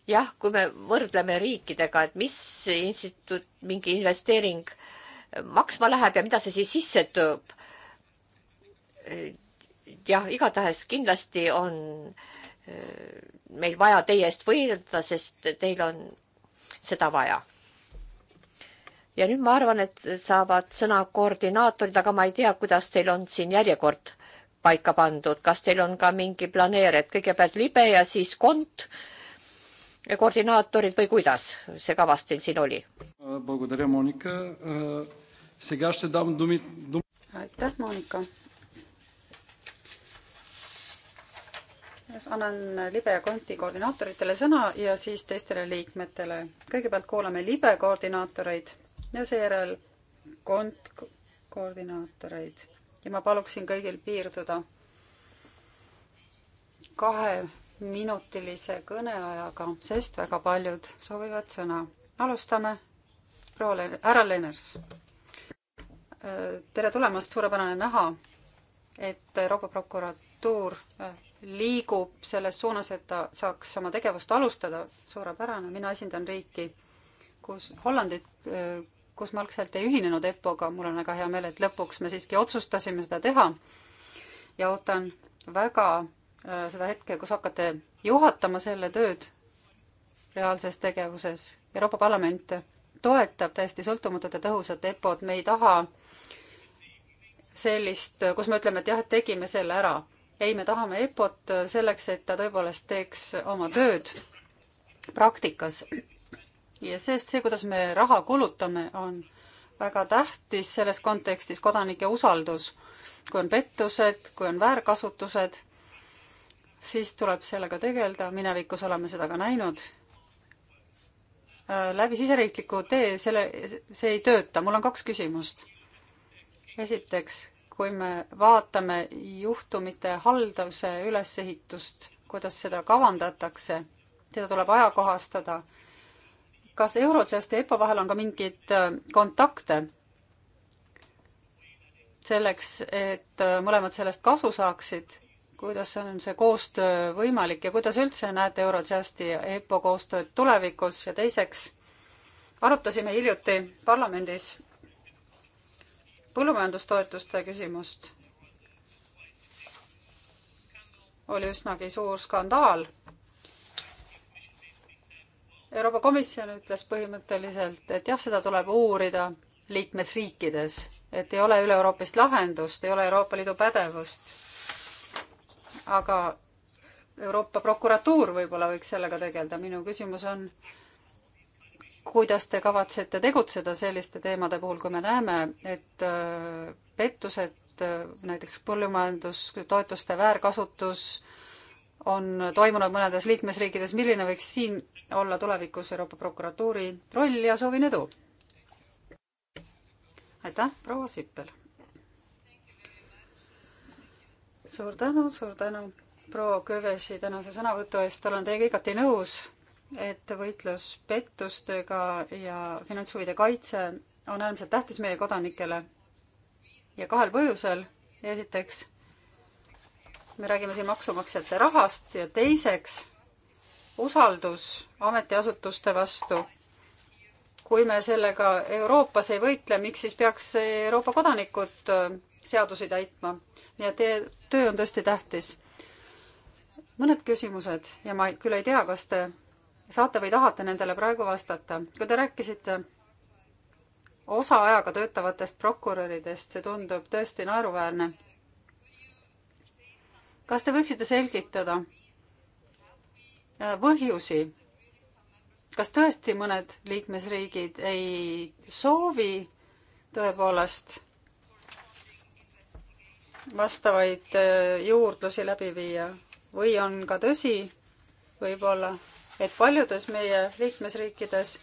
jah, kui me võrdleme riikidega, et mis instituut, mingi investeering maksma läheb ja mida see siis sisse toob, jah, igatahes kindlasti on äh, meil vaja teie eest võidelda, sest teil on seda vaja. ja nüüd ma arvan, et saavad sõna koordinaatorid, aga ma ei tea, kuidas teil on siin järjekord paika pandud, kas teil on ka mingi planeer, et kõigepealt libe ja siis kont koordinaatorid või kuidas see kavas teil siin oli? aitäh, Monika. annan libe ja konti koordinaatoritele sõna ja siis teistele liikmetele. kõigepealt kuulame libe koordinaatoreid ja seejärel kont koordinaatoreid ja ma paluksin kõigil piirduda kaheminutilise kõneajaga, sest väga paljud soovivad sõna. alustame proua Len-, härra Lenners. tere tulemast, suurepärane näha, et Euroopa prokurat-, prokuratuur äh, liigub selles suunas, et ta saaks oma tegevust alustada, suurepärane, mina esindan riiki, kus Hollandit, äh, kus ma algselt ei ühinenud EPPO-ga, mul on väga hea meel, et lõpuks me siiski otsustasime seda teha ja ootan väga äh, seda hetke, kus hakkate juhatama selle tööd reaalses tegevuses. Euroopa Parlament toetab täiesti sõltumatut ja tõhusat EPPO-d, me ei taha sellist, kus me ütleme, et jah, et tegime selle ära ei, me tahame EPO-t selleks, et ta tõepoolest teeks oma tööd praktikas. ja sest see, kuidas me raha kulutame, on väga tähtis selles kontekstis kodanike usaldus. kui on pettused, kui on väärkasutused, siis tuleb sellega tegeleda, minevikus oleme seda ka näinud. Äh, läbi siseriikliku tee selle, see ei tööta, mul on kaks küsimust. esiteks kui me vaatame juhtumite haldavuse ülesehitust, kuidas seda kavandatakse, seda tuleb ajakohastada. kas Eurojust ja EPPO vahel on ka mingeid äh, kontakte selleks, et äh, mõlemad sellest kasu saaksid? kuidas on see koostöö võimalik ja kuidas üldse näete Eurojusti ja EPPO koostööd tulevikus ja teiseks arutasime hiljuti parlamendis põllumajandustoetuste küsimust oli üsnagi suur skandaal. Euroopa Komisjon ütles põhimõtteliselt, et jah, seda tuleb uurida liikmesriikides, et ei ole üle-euroopalist lahendust, ei ole Euroopa Liidu pädevust. aga Euroopa prokuratuur võib-olla võiks sellega tegeleda, minu küsimus on, kuidas te kavatsete tegutseda selliste teemade puhul, kui me näeme, et äh, pettused, äh, näiteks põllumajandustoetuste väärkasutus on toimunud mõnedes liikmesriikides, milline võiks siin olla tulevikus Euroopa prokuratuuri roll ja soovin edu! aitäh, proua Sippel! suur tänu, suur tänu, proua Kõvesi tänase sõnavõtu eest, olen teiega igati nõus et võitlus pettustega ja finantshuvide kaitse on äärmiselt tähtis meie kodanikele ja kahel põhjusel. esiteks, me räägime siin maksumaksjate rahast ja teiseks, usaldus ametiasutuste vastu. kui me sellega Euroopas ei võitle, miks siis peaks Euroopa kodanikud äh, seadusi täitma? nii et teie töö on tõesti tähtis. mõned küsimused ja ma küll ei tea, kas te saate või tahate nendele praegu vastata. kui te rääkisite osaajaga töötavatest prokuröridest, see tundub tõesti naeruväärne. kas te võiksite selgitada äh, põhjusi, kas tõesti mõned liikmesriigid ei soovi tõepoolest vastavaid äh, juurdlusi läbi viia või on ka tõsi võib-olla, et paljudes meie liikmesriikides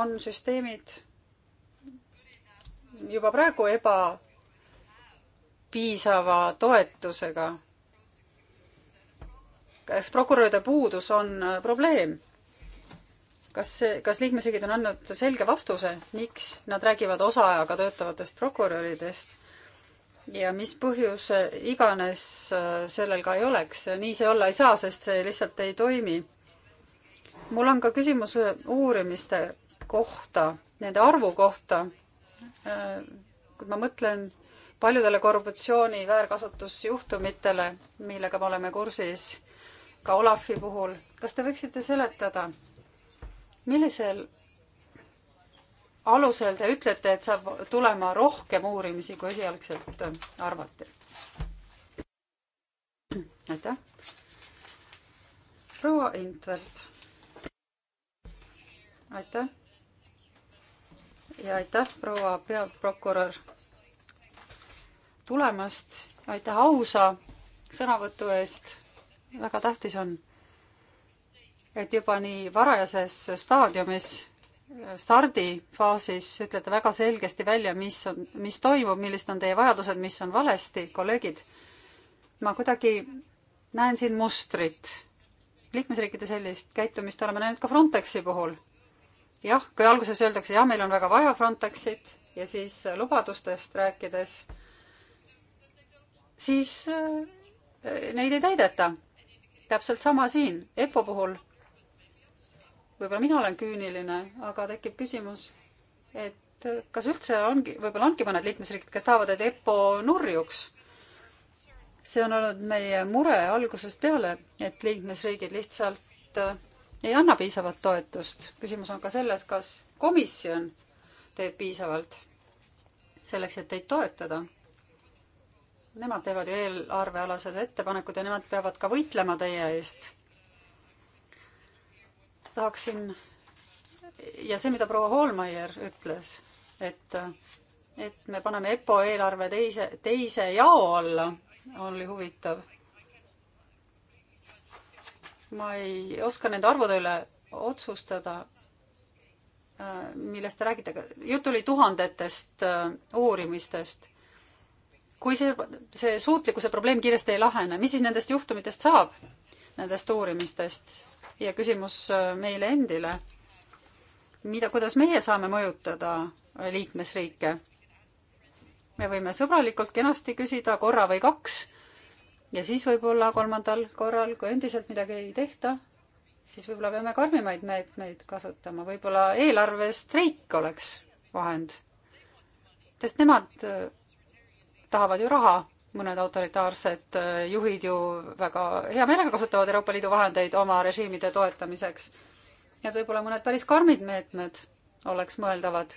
on süsteemid juba praegu ebapiisava toetusega. kas prokuröride puudus on äh, probleem? kas, kas liikmesriigid on andnud selge vastuse, miks nad räägivad osaajaga töötavatest prokuröridest? ja mis põhjus iganes äh, sellel ka ei oleks, nii see olla ei saa, sest see lihtsalt ei toimi. mul on ka küsimus äh, uurimiste kohta, nende arvu kohta. Äh, kui ma mõtlen paljudele korruptsiooni väärkasutusjuhtumitele, millega me oleme kursis ka Olafi puhul, kas te võiksite seletada, millisel alusel te ütlete, et saab tulema rohkem uurimisi, kui esialgselt äh, arvati? aitäh. proua Intvelt. aitäh. ja aitäh, proua peaprokurör tulemast. aitäh ausa sõnavõtu eest. väga tähtis on, et juba nii varajases staadiumis stardifaasis ütlete väga selgesti välja, mis on, mis toimub, millised on teie vajadused, mis on valesti, kolleegid. ma kuidagi näen siin mustrit. liikmesriikide sellist käitumist oleme näinud ka Frontexi puhul. jah, kui alguses öeldakse, jah, meil on väga vaja Frontexit ja siis lubadustest rääkides, siis äh, neid ei täideta. täpselt sama siin EPPO puhul võib-olla mina olen küüniline, aga tekib küsimus, et kas üldse ongi, võib-olla ongi mõned liikmesriigid, kes tahavad, et EPPO nurjuks. see on olnud meie mure algusest peale, et liikmesriigid lihtsalt äh, ei anna piisavat toetust. küsimus on ka selles, kas komisjon teeb piisavalt selleks, et teid toetada. Nemad teevad ju eelarvealased ettepanekud ja nemad peavad ka võitlema teie eest tahaksin ja see, mida proua Hoolmeier ütles, et, et me paneme EPPO eelarve teise, teise jao alla, oli huvitav. ma ei oska nende arvude üle otsustada, millest te räägite, aga jutt oli tuhandetest äh, uurimistest. kui see, see suutlikkuse probleem kiiresti ei lahene, mis siis nendest juhtumitest saab, nendest uurimistest? ja küsimus äh, meile endile, mida, kuidas meie saame mõjutada äh, liikmesriike? me võime sõbralikult kenasti küsida korra või kaks ja siis võib-olla kolmandal korral, kui endiselt midagi ei tehta, siis võib-olla peame karmimaid meetmeid kasutama, võib-olla eelarvestreik oleks vahend. sest nemad äh, tahavad ju raha mõned autoritaarsed äh, juhid ju väga hea meelega kasutavad Euroopa Liidu vahendeid oma režiimide toetamiseks. nii et võib-olla mõned päris karmid meetmed oleks mõeldavad.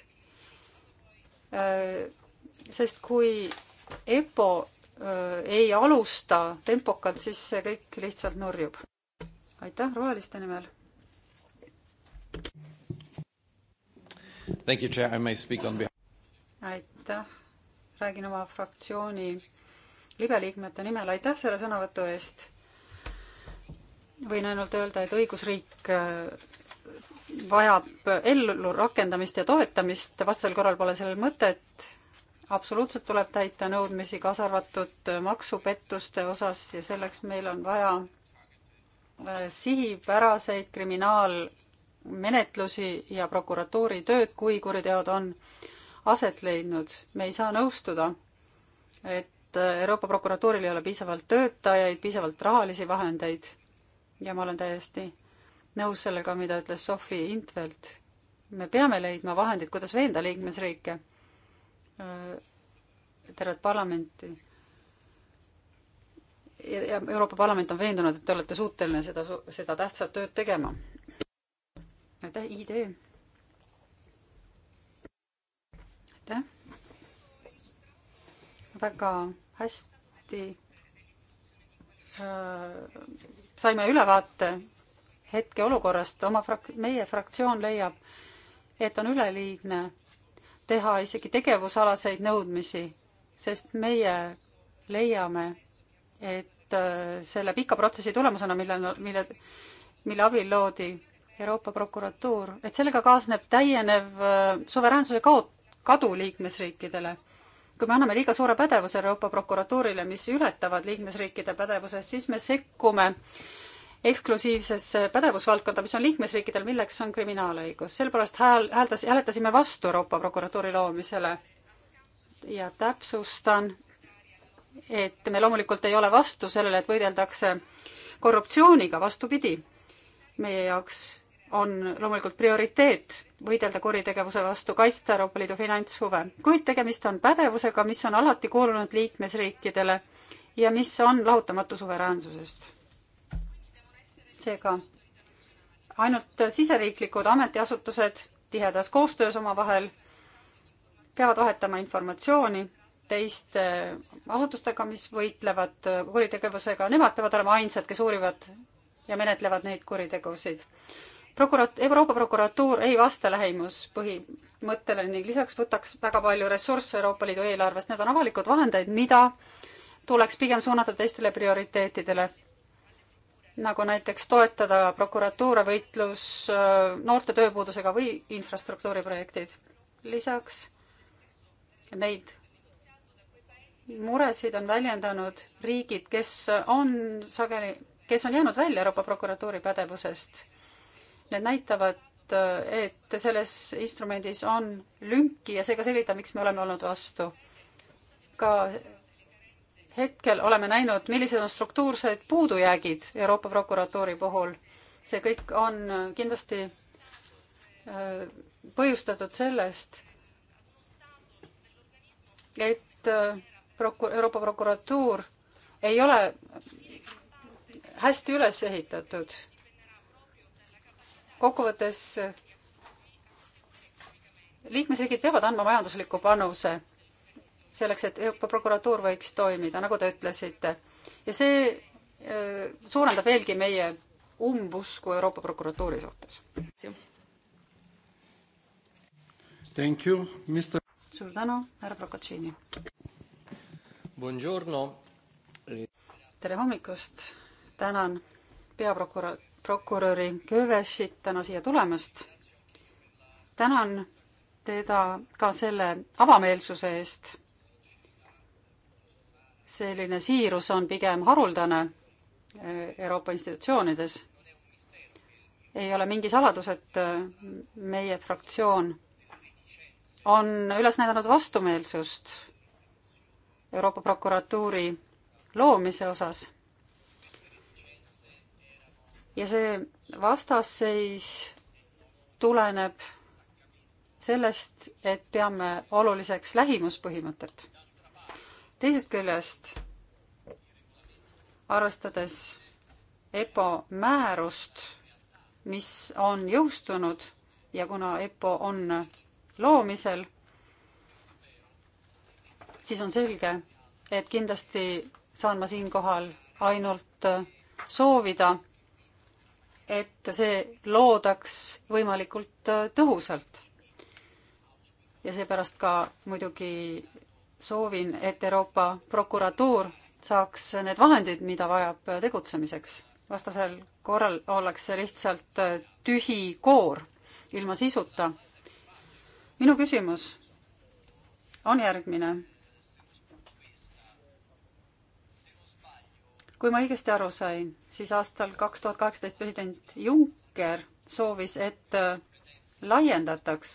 Äh, sest kui EPO äh, ei alusta tempokalt, siis see kõik lihtsalt nurjub. aitäh roheliste nimel. aitäh, räägin oma fraktsiooni libeliikmete nimel aitäh selle sõnavõtu eest. võin ainult öelda, et õigusriik äh, vajab ellu rakendamist ja toetamist, vastasel korral pole sellel mõtet. absoluutselt tuleb täita nõudmisi, kaasa arvatud äh, maksupettuste osas ja selleks meil on vaja äh, sihipäraseid kriminaalmenetlusi ja prokuratuuri tööd, kui kuriteod on aset leidnud. me ei saa nõustuda, et et äh, Euroopa prokuratuuril ei ole piisavalt töötajaid, piisavalt rahalisi vahendeid ja ma olen täiesti nõus sellega, mida ütles Sofi Intvelt. me peame leidma vahendid, kuidas veenda liikmesriike, äh, tervet parlamenti. ja Euroopa Parlament on veendunud, et te olete suuteline seda, seda tähtsat tööd tegema. aitäh, idee. aitäh. väga hästi äh, saime ülevaate hetkeolukorrast, oma frak-, meie fraktsioon leiab, et on üleliigne teha isegi tegevusalaseid nõudmisi, sest meie leiame, et äh, selle pika protsessi tulemusena, mille, mille, mille abil loodi Euroopa prokuratuur, et sellega kaasneb täienev äh, suveräänsuse kao-, kadu liikmesriikidele kui me anname liiga suure pädevuse Euroopa prokuratuurile, mis ületavad liikmesriikide pädevuse, siis me sekkume eksklusiivsesse pädevusvaldkonda, mis on liikmesriikidel, milleks on kriminaalõigus. sellepärast hääl, hääldas, hääletasime vastu Euroopa prokuratuuri loomisele. ja täpsustan, et me loomulikult ei ole vastu sellele, et võideldakse korruptsiooniga, vastupidi. meie jaoks on loomulikult prioriteet võidelda kuritegevuse vastu, kaitsta Euroopa Liidu finantshuve, kuid tegemist on pädevusega, mis on alati kuulunud liikmesriikidele ja mis on lahutamatu suveräänsusest. seega ainult siseriiklikud ametiasutused tihedas koostöös omavahel peavad vahetama informatsiooni teiste asutustega, mis võitlevad kuritegevusega, nemad peavad olema ainsad, kes uurivad ja menetlevad neid kuritegusid prokurat-, Euroopa prokuratuur ei vasta lähimuspõhimõttele ning lisaks võtaks väga palju ressursse Euroopa Liidu eelarvest, need on avalikud vahendeid, mida tuleks pigem suunata teistele prioriteetidele, nagu näiteks toetada prokuratuure võitlus äh, noorte tööpuudusega või infrastruktuuriprojektid. lisaks neid muresid on väljendanud riigid, kes on sageli, kes on jäänud välja Euroopa prokuratuuri pädevusest Need näitavad, äh, et selles instrumendis on lünki ja see ka selgitab, miks me oleme olnud vastu. ka hetkel oleme näinud, millised on struktuursed puudujäägid Euroopa prokuratuuri puhul. see kõik on kindlasti äh, põhjustatud sellest, et äh, proku-, Euroopa prokuratuur ei ole hästi üles ehitatud kokkuvõttes liikmesriigid peavad andma majandusliku panuse selleks, et Euroopa prokuratuur võiks toimida, nagu te ütlesite. ja see äh, suurendab veelgi meie umbusku Euroopa prokuratuuri suhtes. Thank you, Mr. suur tänu, härra Prokotšiini. Buongiorno. tere hommikust, tänan peaprokurör prokuröri Kövesit täna siia tulemast. tänan teda ka selle avameelsuse eest. selline siirus on pigem haruldane eh, Euroopa institutsioonides. ei ole mingi saladus, et eh, meie fraktsioon on üles näidanud vastumeelsust Euroopa prokuratuuri loomise osas ja see vastasseis tuleneb sellest, et peame oluliseks lähimuspõhimõtet. teisest küljest, arvestades EPO määrust, mis on jõustunud ja kuna EPO on loomisel, siis on selge, et kindlasti saan ma siinkohal ainult soovida et see loodaks võimalikult äh, tõhusalt. ja seepärast ka muidugi soovin, et Euroopa prokuratuur saaks need vahendid, mida vajab äh, tegutsemiseks. vastasel korral ollakse lihtsalt äh, tühi koor ilma sisuta. minu küsimus on järgmine kui ma õigesti aru sain, siis aastal kaks tuhat kaheksateist president Juncker soovis, et äh, laiendataks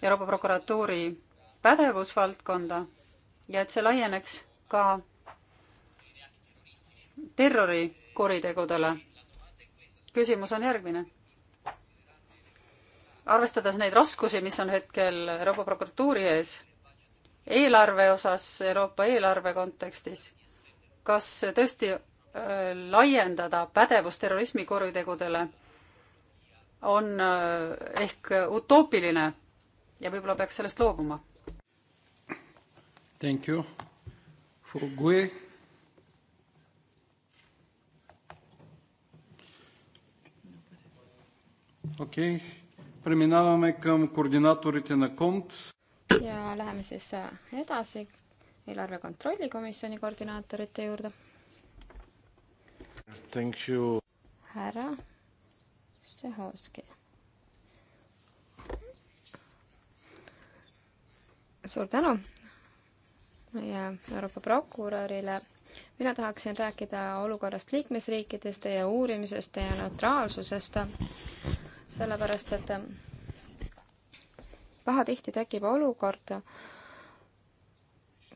Euroopa prokuratuuri pädevusvaldkonda ja et see laieneks ka terrorikuritegudele. küsimus on järgmine. arvestades neid raskusi, mis on hetkel Euroopa prokuratuuri ees, eelarve osas, Euroopa eelarve kontekstis kas tõesti äh, laiendada pädevust terrorismikuritegudele on äh, ehk utoopiline ja võib-olla peaks sellest loobuma. Thank you. For Gue. okei okay., Преминаваме към координаторите на КОНТ. ja läheme siis äh, edasi eelarve kontrolli komisjoni koordinaatorite juurde. härra Stsehovski. suur tänu meie Euroopa prokurörile mina tahaksin rääkida olukorrast liikmesriikides, teie uurimisest, teie neutraalsusest, sellepärast et pahatihti tekib olukord,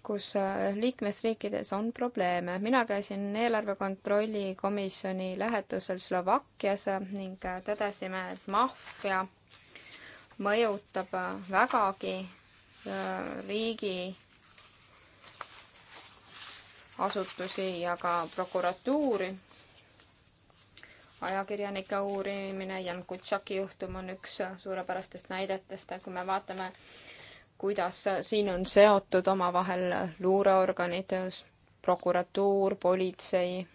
kus eh, liikmesriikides on probleeme. mina käisin eelarve kontrolli komisjoni lähetusel Slovakkias eh, ning eh, tõdesime, et maffia mõjutab vägagi riigi asutusi ja ka prokuratuuri. ajakirjanike uurimine, Jan Kutšaki juhtum on üks suurepärastest näidetest, kui me vaatame kuidas siin on seotud omavahel luureorganid, prokuratuur, politsei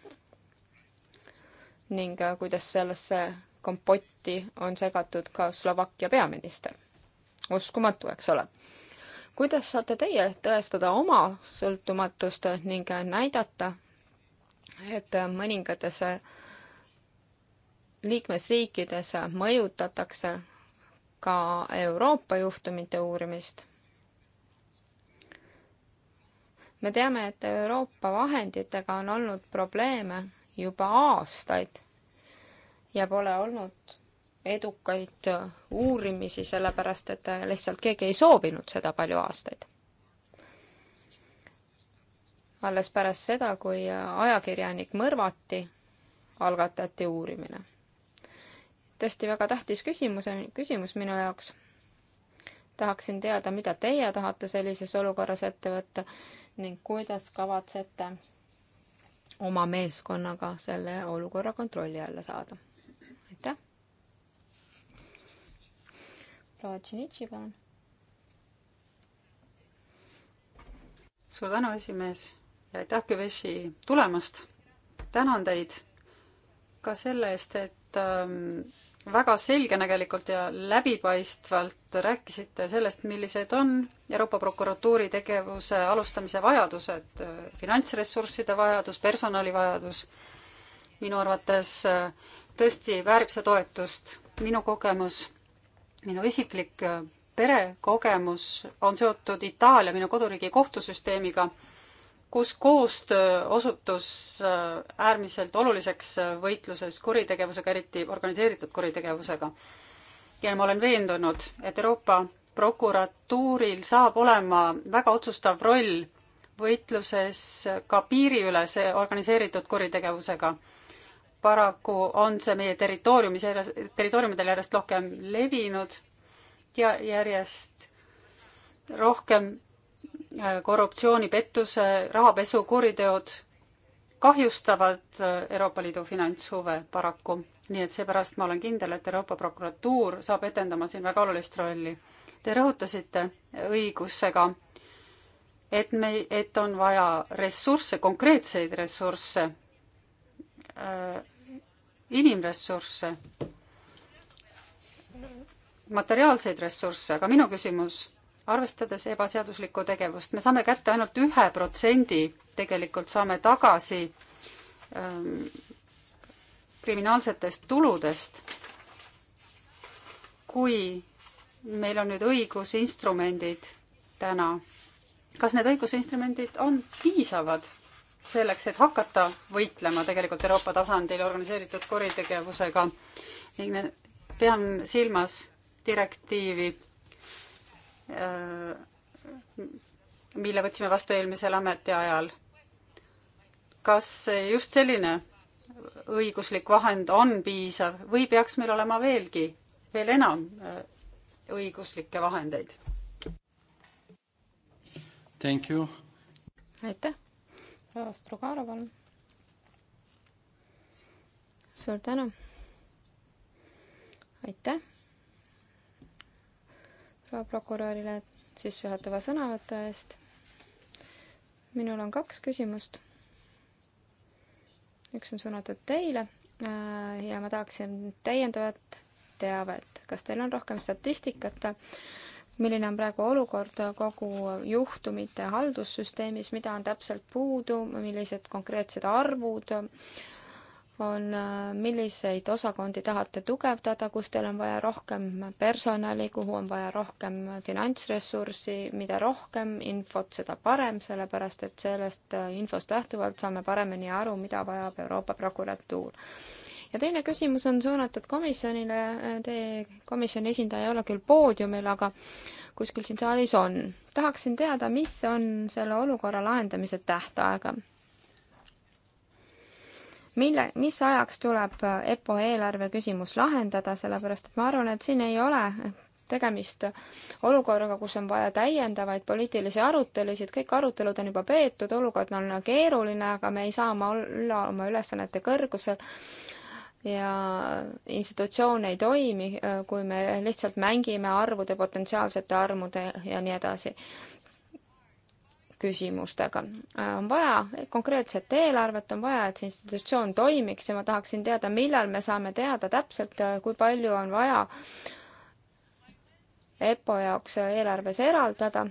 ning kuidas sellesse kompotti on segatud ka Slovakkia peaminister. uskumatu, eks ole. kuidas saate teie tõestada oma sõltumatust ning näidata, et mõningates liikmesriikides mõjutatakse ka Euroopa juhtumite uurimist. me teame, et Euroopa vahenditega on olnud probleeme juba aastaid ja pole olnud edukaid uurimisi, sellepärast et lihtsalt keegi ei soovinud seda palju aastaid. alles pärast seda, kui ajakirjanik mõrvati, algatati uurimine tõesti väga tähtis küsimus, küsimus minu jaoks. tahaksin teada, mida teie tahate sellises olukorras ette võtta ning kuidas kavatsete oma meeskonnaga selle olukorra kontrolli alla saada. aitäh. proua Tšinitši, palun. suur tänu, esimees ja aitäh, Küveši, tulemast. tänan teid ka selle eest, et ähm, väga selgenägelikult ja läbipaistvalt rääkisite sellest, millised on Euroopa prokuratuuri tegevuse alustamise vajadused, finantsressursside vajadus, personali vajadus. minu arvates äh, tõesti väärib see toetust. minu kogemus, minu isiklik äh, perekogemus on seotud Itaalia, minu koduriigi kohtusüsteemiga kus koostöö osutus äh, äärmiselt oluliseks äh, võitluses kuritegevusega, eriti organiseeritud kuritegevusega. ja ma olen veendunud, et Euroopa prokuratuuril saab olema väga otsustav roll võitluses ka piiriülese organiseeritud kuritegevusega. paraku on see meie territooriumis järjest, territooriumidel järjest rohkem levinud ja järjest rohkem Äh, korruptsiooni, pettuse, rahapesu, kuriteod kahjustavad äh, Euroopa Liidu finantshuve paraku. nii et seepärast ma olen kindel, et Euroopa prokuratuur saab etendama siin väga olulist rolli. Te rõhutasite õigusega, et me, et on vaja ressursse, konkreetseid ressursse, äh, inimressursse, materiaalseid ressursse, aga minu küsimus arvestades ebaseaduslikku tegevust, me saame kätte ainult ühe protsendi, tegelikult saame tagasi ähm, kriminaalsetest tuludest. kui meil on nüüd õigusinstrumendid täna, kas need õigusinstrumendid on piisavad selleks, et hakata võitlema tegelikult Euroopa tasandil organiseeritud kuritegevusega ning pean silmas direktiivi Äh, mille võtsime vastu eelmisel ametiajal. kas just selline õiguslik vahend on piisav või peaks meil olema veelgi, veel enam äh, õiguslikke vahendeid? Thank you. aitäh, proua Strugarov, palun. suur tänu. aitäh proua prokurörile sissejuhatava sõnavõtu eest. minul on kaks küsimust. üks on suunatud teile äh, ja ma tahaksin täiendavat teavet, kas teil on rohkem statistikat, milline on praegu olukord kogu juhtumite haldussüsteemis, mida on täpselt puudu, millised konkreetsed arvud on, äh, milliseid osakondi tahate tugevdada, kus teil on vaja rohkem personali, kuhu on vaja rohkem finantsressurssi, mida rohkem infot, seda parem, sellepärast et sellest äh, infost lähtuvalt saame paremini aru, mida vajab Euroopa prokuratuur. ja teine küsimus on suunatud komisjonile, äh, teie komisjoni esindaja ei ole küll poodiumil, aga kuskil siin saalis on. tahaksin teada, mis on selle olukorra lahendamise tähtaega mille, mis ajaks tuleb äh, EPPO eelarve küsimus lahendada, sellepärast et ma arvan, et siin ei ole tegemist olukorraga, kus on vaja täiendavaid poliitilisi arutelusid, kõik arutelud on juba peetud, olukord on keeruline, aga me ei saa oma, olla oma ülesannete kõrgusel ja institutsioon ei toimi, äh, kui me lihtsalt mängime arvude, potentsiaalsete arvude ja nii edasi küsimustega. Äh, on vaja konkreetset eelarvet, on vaja, et see institutsioon toimiks ja ma tahaksin teada, millal me saame teada täpselt, äh, kui palju on vaja EPPO jaoks äh, eelarves eraldada.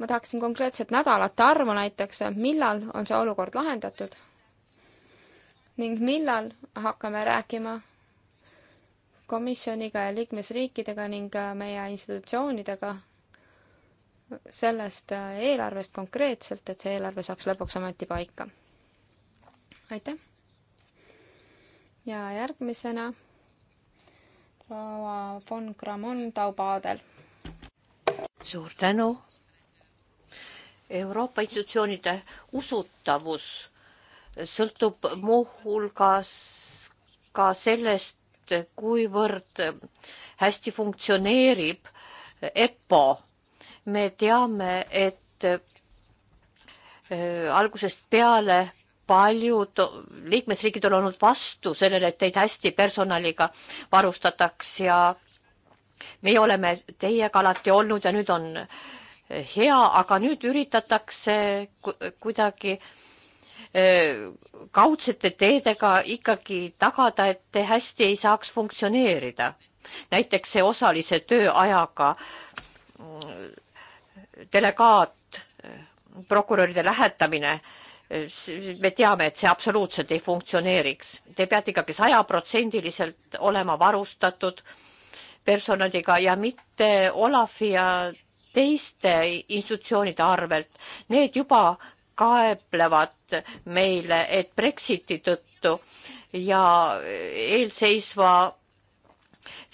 ma tahaksin konkreetset nädalate arvu näiteks, millal on see olukord lahendatud ning millal hakkame rääkima komisjoniga ja liikmesriikidega ning meie institutsioonidega sellest äh, eelarvest konkreetselt, et see eelarve saaks lõpuks ometi paika. aitäh! ja järgmisena proua von Grammon Taubadel. suur tänu! Euroopa institutsioonide usutavus sõltub muuhulgas ka sellest, kuivõrd hästi funktsioneerib EPPO me teame, et äh, algusest peale paljud liikmesriigid on olnud vastu sellele, et teid hästi personaliga varustataks ja meie oleme teiega alati olnud ja nüüd on äh, hea, aga nüüd üritatakse kuidagi äh, kaudsete teedega ikkagi tagada, et te hästi ei saaks funktsioneerida. näiteks see osalise tööajaga mm, delegaat, prokuröride lähetamine, me teame, et see absoluutselt ei funktsioneeriks. Te peate ikkagi sajaprotsendiliselt olema varustatud personaliga ja mitte Olafi ja teiste institutsioonide arvelt. Need juba kaeblevad meile, et Brexiti tõttu ja eelseisva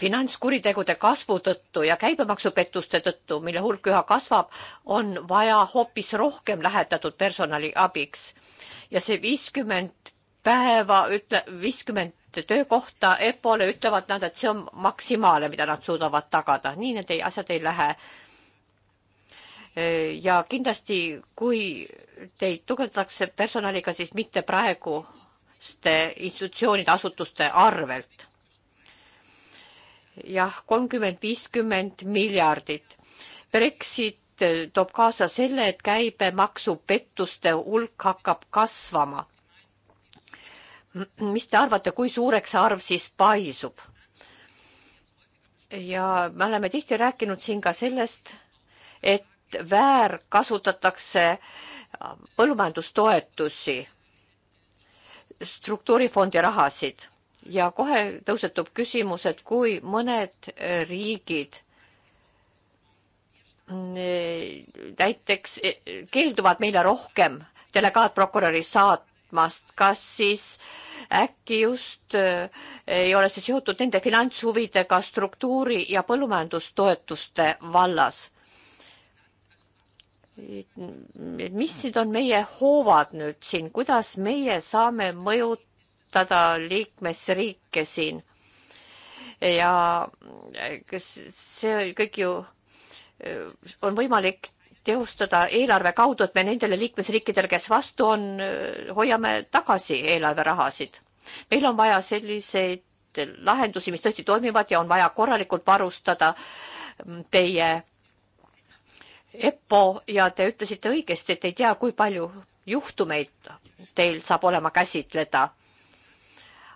finantskuritegude kasvu tõttu ja käibemaksupettuste tõttu, mille hulk üha kasvab, on vaja hoopis rohkem lähetatud personali abiks. ja see viiskümmend päeva ütle, viiskümmend töökohta EPO-le ütlevad nad, et see on maksimaalne, mida nad suudavad tagada, nii need ei, asjad ei lähe. ja kindlasti, kui teid tugevdatakse personaliga, siis mitte praeguste institutsioonide, asutuste arvelt jah, kolmkümmend, viiskümmend miljardit. Brexit eh, toob kaasa selle, et käibemaksupettuste hulk hakkab kasvama. mis te arvate, kui suureks see arv siis paisub? ja me oleme tihti rääkinud siin ka sellest, et väärkasutatakse eh, põllumajandustoetusi, struktuurifondi rahasid ja kohe tõusetub küsimus, et kui mõned äh, riigid äh, näiteks äh, keelduvad meile rohkem delegaatprokuröri saatmast, kas siis äkki just ei ole see seotud nende finantshuvidega struktuuri ja põllumajandustoetuste vallas? mis nüüd on meie hoovad nüüd siin, kuidas meie saame mõjutada toetada liikmesriike siin. ja kas see kõik ju eh, on võimalik teostada eelarve kaudu, et me nendele liikmesriikidele, kes vastu on, eh, hoiame tagasi eelarverahasid. meil on vaja selliseid lahendusi, mis tõesti toimivad ja on vaja korralikult varustada mm, teie EPPO ja te ütlesite õigesti, et ei tea, kui palju juhtumeid teil saab olema käsitleda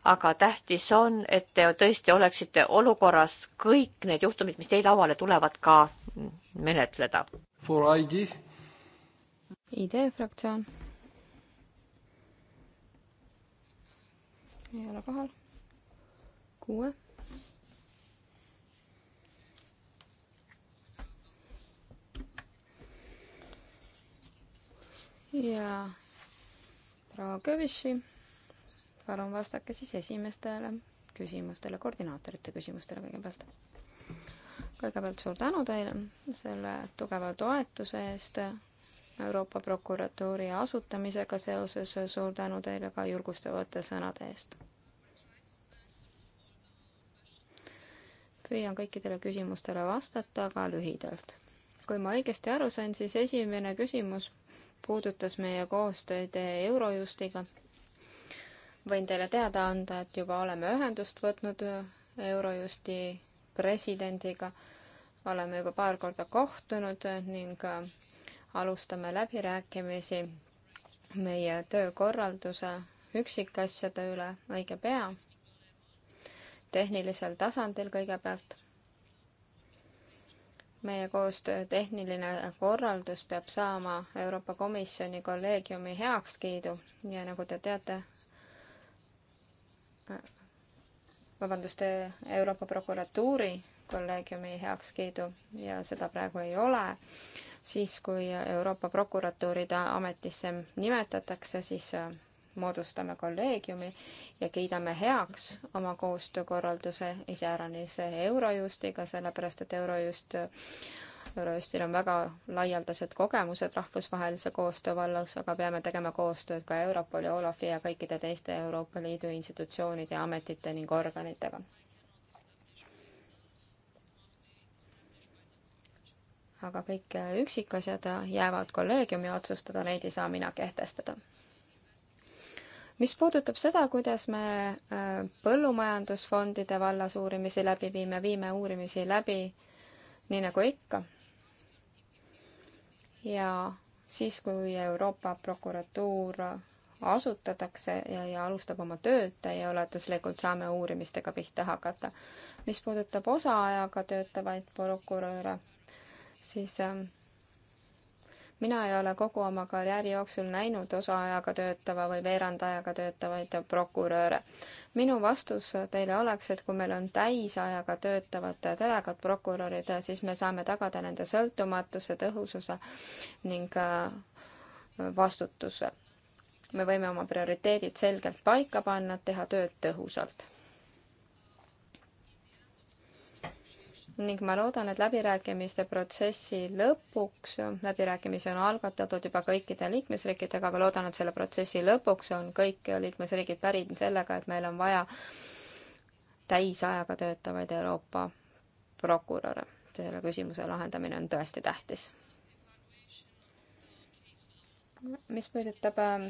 aga tähtis on, et te tõesti oleksite olukorras kõik need juhtumid, mis teie lauale tulevad, ka menetleda. For ID. ID fraktsioon. ei ole kohal. kuue. ja Dragoviši palun vastake siis esimestele küsimustele, koordinaatorite küsimustele kõigepealt. kõigepealt suur tänu teile selle tugeva toetuse eest Euroopa prokuratuuri asutamisega seoses, suur tänu teile ka julgustavate sõnade eest. püüan kõikidele küsimustele vastata, aga lühidalt. kui ma õigesti aru sain, siis esimene küsimus puudutas meie koostööd Eurojustiga võin teile teada anda, et juba oleme ühendust võtnud Eurojusti presidendiga, oleme juba paar korda kohtunud ning äh, alustame läbirääkimisi meie töökorralduse üksikasjade üle õige pea, tehnilisel tasandil kõigepealt meie koostöö tehniline korraldus peab saama Euroopa Komisjoni kolleegiumi heakskiidu ja nagu te teate, vabandust, e, Euroopa prokuratuuri kolleegiumi heakskiidu ja seda praegu ei ole, siis kui Euroopa prokuratuuri ta ametisse nimetatakse, siis e, moodustame kolleegiumi ja kiidame heaks oma koostöökorralduse iseäranis Eurojustiga, sellepärast et Eurojust Eurojustil on väga laialdased kogemused rahvusvahelise koostöö vallas, aga peame tegema koostööd ka Europoli, Olafi ja kõikide teiste Euroopa Liidu institutsioonide, ametite ning organitega. aga kõik üksikasjad jäävad kolleegiumi otsustada, neid ei saa mina kehtestada mis puudutab seda, kuidas me äh, põllumajandusfondide vallas uurimisi läbi viime, viime uurimisi läbi nii nagu ikka, ja siis, kui Euroopa prokuratuur asutatakse ja, ja alustab oma tööd, täieulatuslikult saame uurimistega pihta hakata. mis puudutab osaajaga töötavaid prokuröre, siis äh, mina ei ole kogu oma karjääri jooksul näinud osaajaga töötava või veerandajaga töötavaid prokuröre. minu vastus teile oleks, et kui meil on täisajaga töötavad delegaatprokurörid, siis me saame tagada nende sõltumatuse, tõhususe ning äh, vastutuse. me võime oma prioriteedid selgelt paika panna, teha tööd tõhusalt ning ma loodan, et läbirääkimiste protsessi lõpuks, läbirääkimisi on algatatud juba kõikide liikmesriikidega, aga loodan, et selle protsessi lõpuks on kõik liikmesriigid pärinud sellega, et meil on vaja täisajaga töötavaid Euroopa prokuröre. selle küsimuse lahendamine on tõesti tähtis. mis puudutab ähm,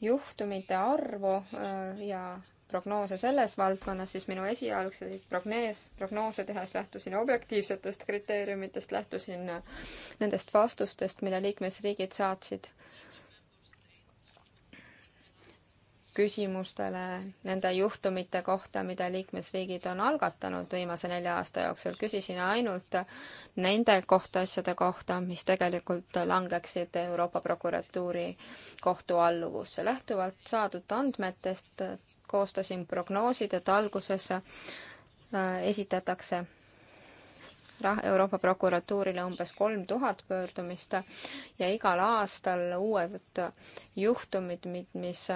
juhtumite arvu äh, ja prognoose selles valdkonnas, siis minu esialgseid prognees, prognoose tehes lähtusin objektiivsetest kriteeriumitest, lähtusin nendest vastustest, mille liikmesriigid saatsid küsimustele nende juhtumite kohta, mida liikmesriigid on algatanud viimase nelja aasta jooksul, küsisin ainult nende kohta, asjade kohta, mis tegelikult langeksid Euroopa Prokuratuuri kohtu alluvusse. lähtuvalt saadud andmetest koostasin prognoosid, et alguses äh, esitatakse Euroopa prokuratuurile umbes kolm tuhat pöördumist ja igal aastal uued juhtumid, mis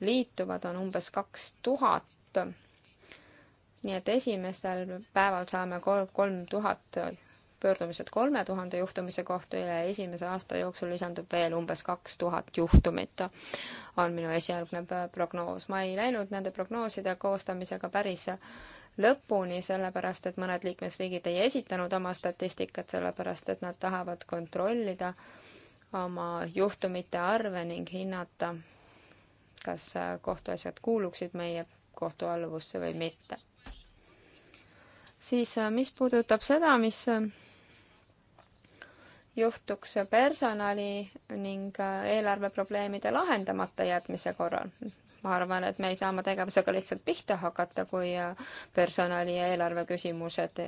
liituvad, on umbes kaks tuhat. nii et esimesel päeval saame kolm tuhat pöördumised kolme tuhande juhtumise kohta ja esimese aasta jooksul lisandub veel umbes kaks tuhat juhtumit, on minu esialgne prognoos. ma ei läinud nende prognooside koostamisega päris lõpuni, sellepärast et mõned liikmesriigid ei esitanud oma statistikat, sellepärast et nad tahavad kontrollida oma juhtumite arve ning hinnata, kas kohtuasjad kuuluksid meie kohtualluvusse või mitte. siis mis puudutab seda, mis juhtuks personali ning äh, eelarveprobleemide lahendamata jätmise korral. ma arvan, et me ei saa oma tegevusega lihtsalt pihta hakata, kui äh, personali ja eelarve küsimused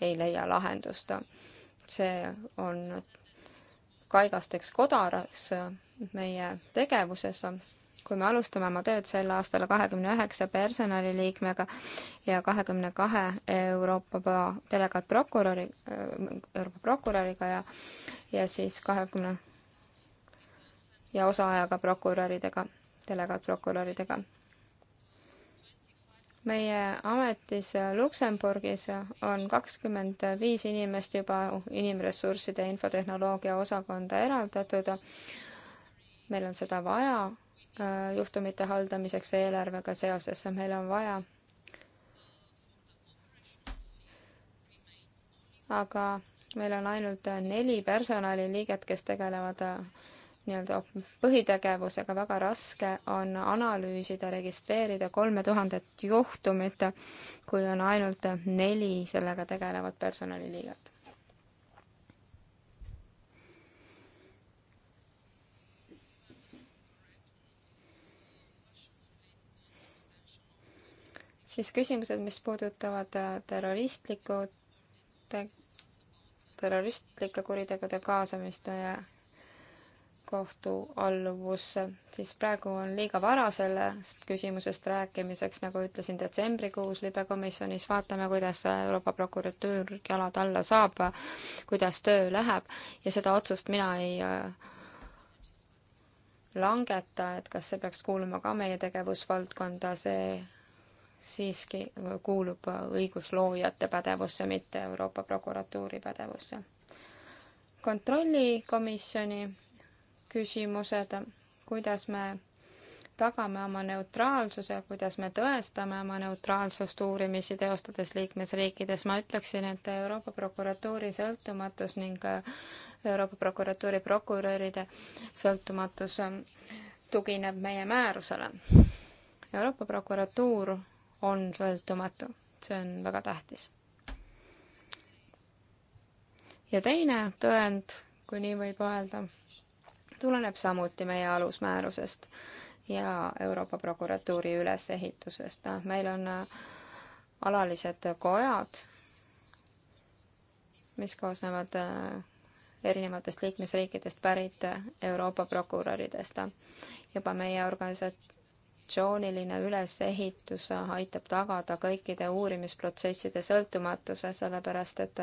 ei leia lahendust. see on kaigasteks kodaraks meie tegevuses kui me alustame oma tööd sel aastal kahekümne üheksa personaliliikmega ja kahekümne kahe Euroopa delegaatprokuröri, Euroopa prokuröriga ja, ja siis kahekümne ja osaajaga prokuröridega, delegaatprokuröridega. meie ametis Luksemburgis on kakskümmend viis inimest juba inimressursside infotehnoloogia osakonda eraldatud. meil on seda vaja juhtumite haldamiseks eelarvega seoses, meil on vaja. aga meil on ainult neli personaliliiget, kes tegelevad äh, nii-öelda põhitegevusega, väga raske on analüüsida, registreerida kolme tuhandet juhtumit, kui on ainult neli sellega tegelevat personaliliiget siis küsimused, mis puudutavad äh, terroristlikku te,, terroristlike kuritegude kaasamist meie kohtualluvusse, siis praegu on liiga vara sellest küsimusest rääkimiseks, nagu ütlesin detsembrikuus libekomisjonis, vaatame, kuidas Euroopa prokuratuur jalad alla saab, kuidas töö läheb ja seda otsust mina ei äh, langeta, et kas see peaks kuuluma ka meie tegevusvaldkonda, see siiski kuulub õigusloojate pädevusse, mitte Euroopa prokuratuuri pädevusse. kontrollikomisjoni küsimused, kuidas me tagame oma neutraalsuse, kuidas me tõestame oma neutraalsust uurimisi teostades liikmesriikides, ma ütleksin, et Euroopa prokuratuuri sõltumatus ning Euroopa prokuratuuri prokuröride sõltumatus tugineb meie määrusele. Euroopa prokuratuur on sõltumatu, see on väga tähtis. ja teine tõend, kui nii võib öelda, tuleneb samuti meie alusmäärusest ja Euroopa prokuratuuri ülesehitusest, noh, meil on äh, alalised kojad, mis koosnevad äh, erinevatest liikmesriikidest pärit äh, Euroopa prokuröridest. juba meie organisa-, institutsiooniline ülesehitus aitab tagada kõikide uurimisprotsesside sõltumatuse, sellepärast et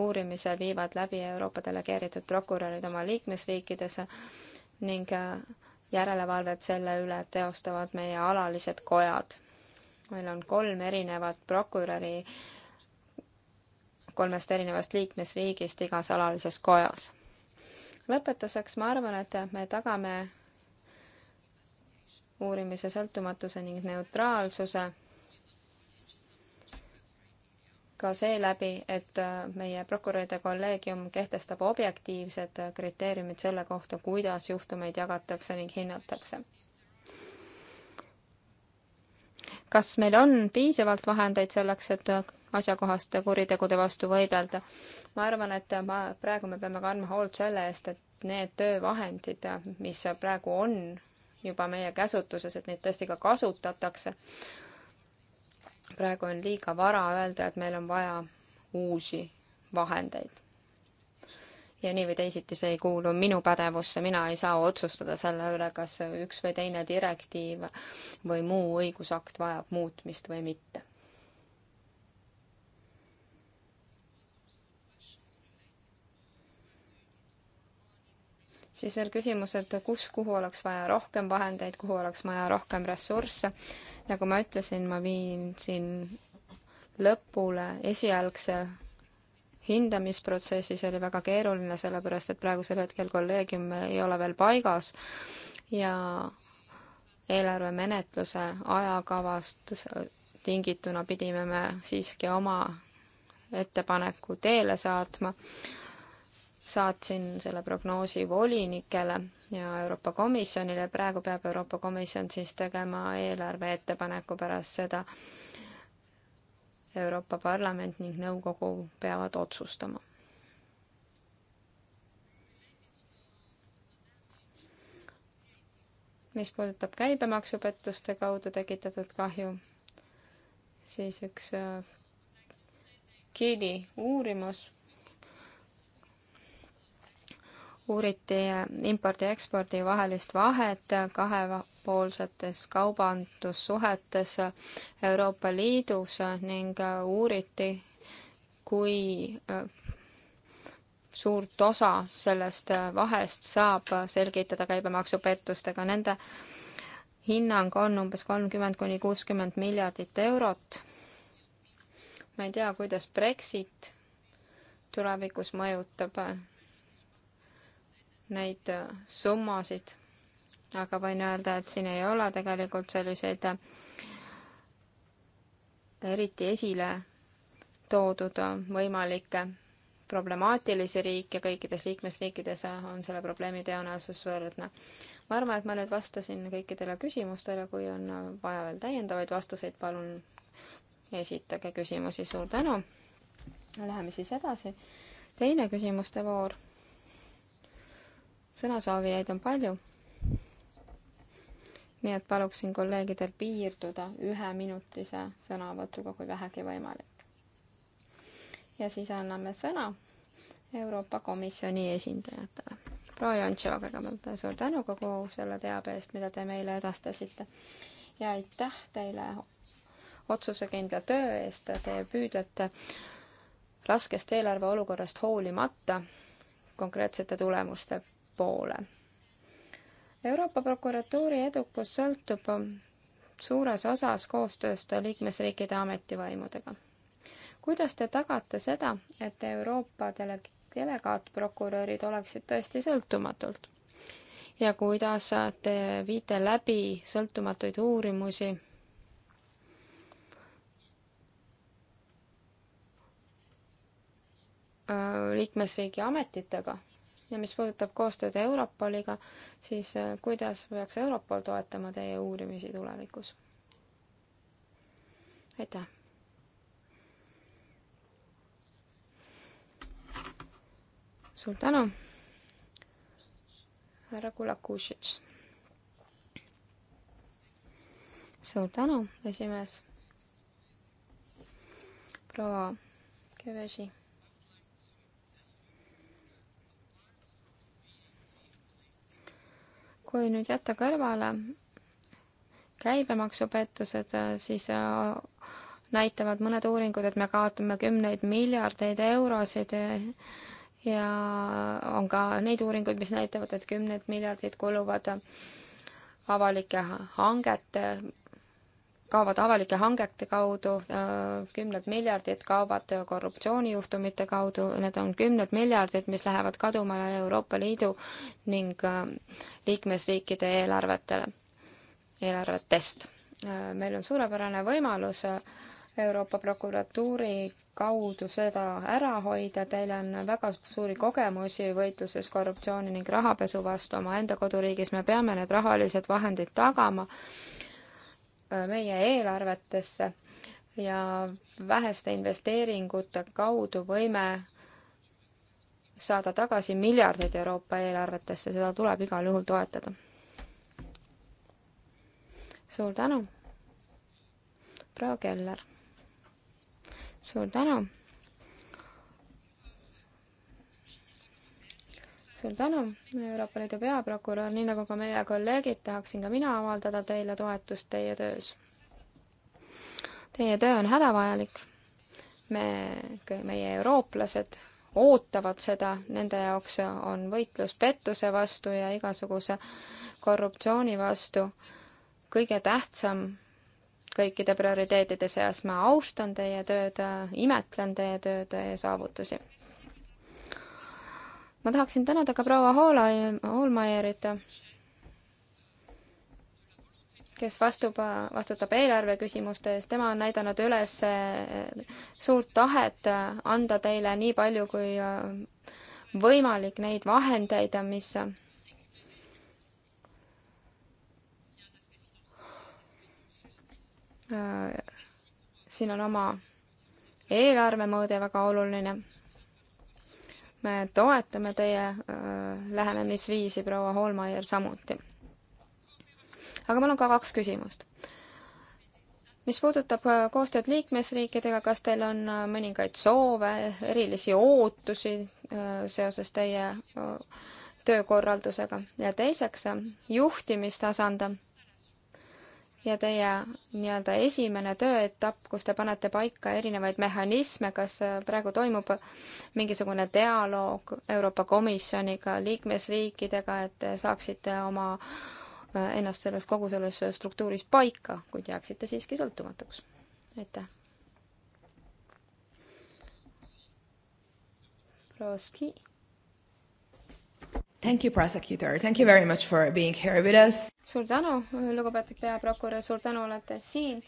uurimise viivad läbi Euroopa delegeeritud prokurörid oma liikmesriikides ning järelevalvet selle üle teostavad meie alalised kojad. meil on kolm erinevat prokuröri kolmest erinevast liikmesriigist igas alalises kojas. lõpetuseks ma arvan, et me tagame uurimise sõltumatuse ning neutraalsuse ka seeläbi, et äh, meie prokuröride kolleegium kehtestab objektiivsed äh, kriteeriumid selle kohta, kuidas juhtumeid jagatakse ning hinnatakse. kas meil on piisavalt vahendeid selleks, et äh, asjakohaste kuritegude vastu võidelda? ma arvan, et ma, praegu me peame kandma hoolt selle eest, et need töövahendid, mis praegu on juba meie käsutuses, et neid tõesti ka kasutatakse. praegu on liiga vara öelda, et meil on vaja uusi vahendeid. ja nii või teisiti see ei kuulu minu pädevusse, mina ei saa otsustada selle üle, kas üks või teine direktiiv või muu õigusakt vajab muutmist või mitte siis veel küsimus, et kus, kuhu oleks vaja rohkem vahendeid, kuhu oleks vaja rohkem ressursse. nagu ma ütlesin, ma viin siin lõpule esialgse hindamisprotsessi, see oli väga keeruline, sellepärast et praegusel hetkel kolleegium ei ole veel paigas ja eelarvemenetluse ajakavast tingituna pidime me siiski oma ettepaneku teele saatma saatsin selle prognoosi volinikele ja Euroopa Komisjonile, praegu peab Euroopa Komisjon siis tegema eelarve ettepaneku pärast seda. Euroopa Parlament ning nõukogu peavad otsustama. mis puudutab käibemaksupettuste kaudu tekitatud kahju, siis üks äh, Kiili uurimus uuriti impordi ja ekspordi vahelist vahet kahepoolsetes kaubandussuhetes Euroopa Liidus ning uuriti, kui äh, suurt osa sellest vahest saab selgitada käibemaksupettustega. Nende hinnang on umbes kolmkümmend kuni kuuskümmend miljardit eurot. ma ei tea, kuidas Brexit tulevikus mõjutab neid äh, summasid, aga võin öelda, et siin ei ole tegelikult selliseid äh, eriti esile toodud äh, võimalikke problemaatilisi riike, kõikides liikmesriikides on selle probleemi tõenäosus võrdne. ma arvan, et ma nüüd vastasin kõikidele küsimustele, kui on vaja veel täiendavaid vastuseid, palun esitage küsimusi, suur tänu. Läheme siis edasi. teine küsimuste voor sõnasoovijaid on palju. nii et paluksin kolleegidel piirduda üheminutise sõnavõtuga, kui vähegi võimalik. ja siis anname sõna Euroopa Komisjoni esindajatele. proua Jontšova, kõigepealt suur tänu kogu selle teabe eest, mida te meile edastasite. ja aitäh teile otsusekindla töö eest, te püüdlete raskest eelarveolukorrast hoolimata konkreetsete tulemuste poole. Euroopa prokuratuuri edukus sõltub suures osas koostööst liikmesriikide ametivõimudega. kuidas te tagate seda, et Euroopa dele-, delegaatprokurörid oleksid tõesti sõltumatult? ja kuidas te viite läbi sõltumatuid uurimusi liikmesriigi ametitega ja mis puudutab koostööd Europoliga, siis äh, kuidas peaks Europol toetama teie uurimisi tulevikus? aitäh! suur tänu, härra Kulakušitš. suur tänu, esimees. proua Kövesi kui nüüd jätta kõrvale käibemaksupettused, siis äh, näitavad mõned uuringud, et me kaotame kümneid miljardeid eurosid ja on ka neid uuringuid, mis näitavad, et kümned miljardid kuluvad avalike hangete kaovad avalike hangete kaudu, äh, kümned miljardid kaovad korruptsioonijuhtumite kaudu, need on kümned miljardid, mis lähevad kaduma Euroopa Liidu ning äh, liikmesriikide eelarvetele, eelarvetest. Äh, meil on suurepärane võimalus Euroopa prokuratuuri kaudu seda ära hoida, teil on väga suuri kogemusi võitluses korruptsiooni ning rahapesu vastu omaenda koduriigis, me peame need rahalised vahendid tagama meie eelarvetesse ja väheste investeeringute kaudu võime saada tagasi miljardeid Euroopa eelarvetesse, seda tuleb igal juhul toetada. suur tänu, proua Keller. suur tänu suur tänu, Euroopa Liidu peaprokurör, nii nagu ka meie kolleegid, tahaksin ka mina avaldada teile toetust teie töös. Teie töö on hädavajalik. me, meie eurooplased ootavad seda, nende jaoks on võitlus pettuse vastu ja igasuguse korruptsiooni vastu kõige tähtsam kõikide prioriteetide seas. ma austan teie tööd, imetlen teie tööd ja saavutusi ma tahaksin tänada ka proua Hoola, Hoolmeierit, kes vastub, vastutab eelarve küsimuste eest, tema on näidanud üles eh, suurt tahet anda teile nii palju kui eh, võimalik neid vahendeid, mis eh, siin on oma eelarvemõõde väga oluline me toetame teie lähenemisviisi, proua Holmaier samuti. aga mul on ka kaks küsimust. mis puudutab koostööd liikmesriikidega, kas teil on mõningaid soove, erilisi ootusi seoses teie töökorraldusega ja teiseks juhtimistasand ja teie nii-öelda esimene tööetapp, kus te panete paika erinevaid mehhanisme, kas äh, praegu toimub mingisugune dialoog Euroopa Komisjoniga, liikmesriikidega, et te saaksite oma, äh, ennast selles kogu selles struktuuris paika, kuid jääksite siiski sõltumatuks? aitäh. proua Ski Thank you, prosecutor, thank you very much for being here with us. suur tänu, lugupeetud peaprokurör, suur tänu, olete siin.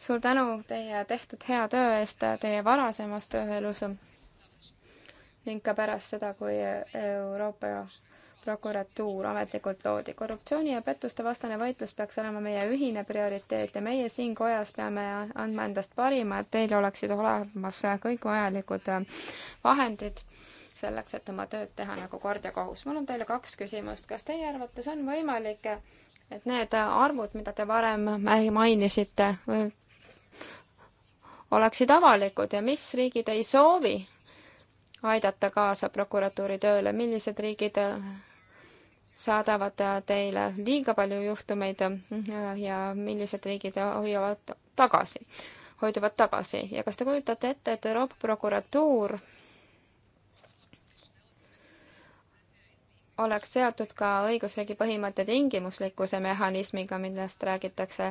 suur tänu teie tehtud hea töö eest teie varasemas tööelus ning ka pärast seda, kui Euroopa prokuratuur ametlikult loodi. korruptsiooni ja pettuste vastane võitlus peaks olema meie ühine prioriteet ja meie siin kojas peame andma endast parima, et teil oleksid olemas kõik vajalikud vahendid selleks, et oma tööd teha nagu kord ja kohus. mul on teile kaks küsimust. kas teie arvates on võimalik, et need arvud, mida te varem mainisite, oleksid avalikud ja mis riigid ei soovi aidata kaasa prokuratuuri tööle, millised riigid saadavad teile liiga palju juhtumeid ja millised riigid hoiavad tagasi, hoiduvad tagasi ja kas te kujutate ette, et Euroopa prokuratuur oleks seotud ka õigusriigi põhimõtte tingimuslikkuse mehhanismiga, millest räägitakse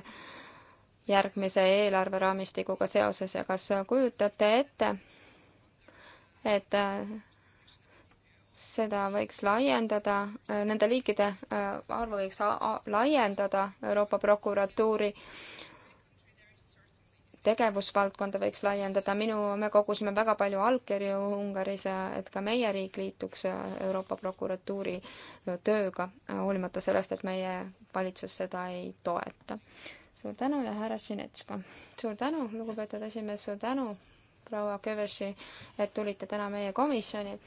järgmise eelarveraamistikuga seoses ja kas kujutate ette, et äh, seda võiks laiendada, äh, nende liikide äh, arvu võiks laiendada Euroopa prokuratuuri äh, tegevusvaldkonda võiks laiendada, minu, me kogusime väga palju allkirju Ungaris, et ka meie riik liituks Euroopa prokuratuuri tööga, hoolimata sellest, et meie valitsus seda ei toeta. suur tänu ja härra Šinetška. suur tänu, lugupeetud esimees, suur tänu, proua Köveši, et tulite täna meie komisjoni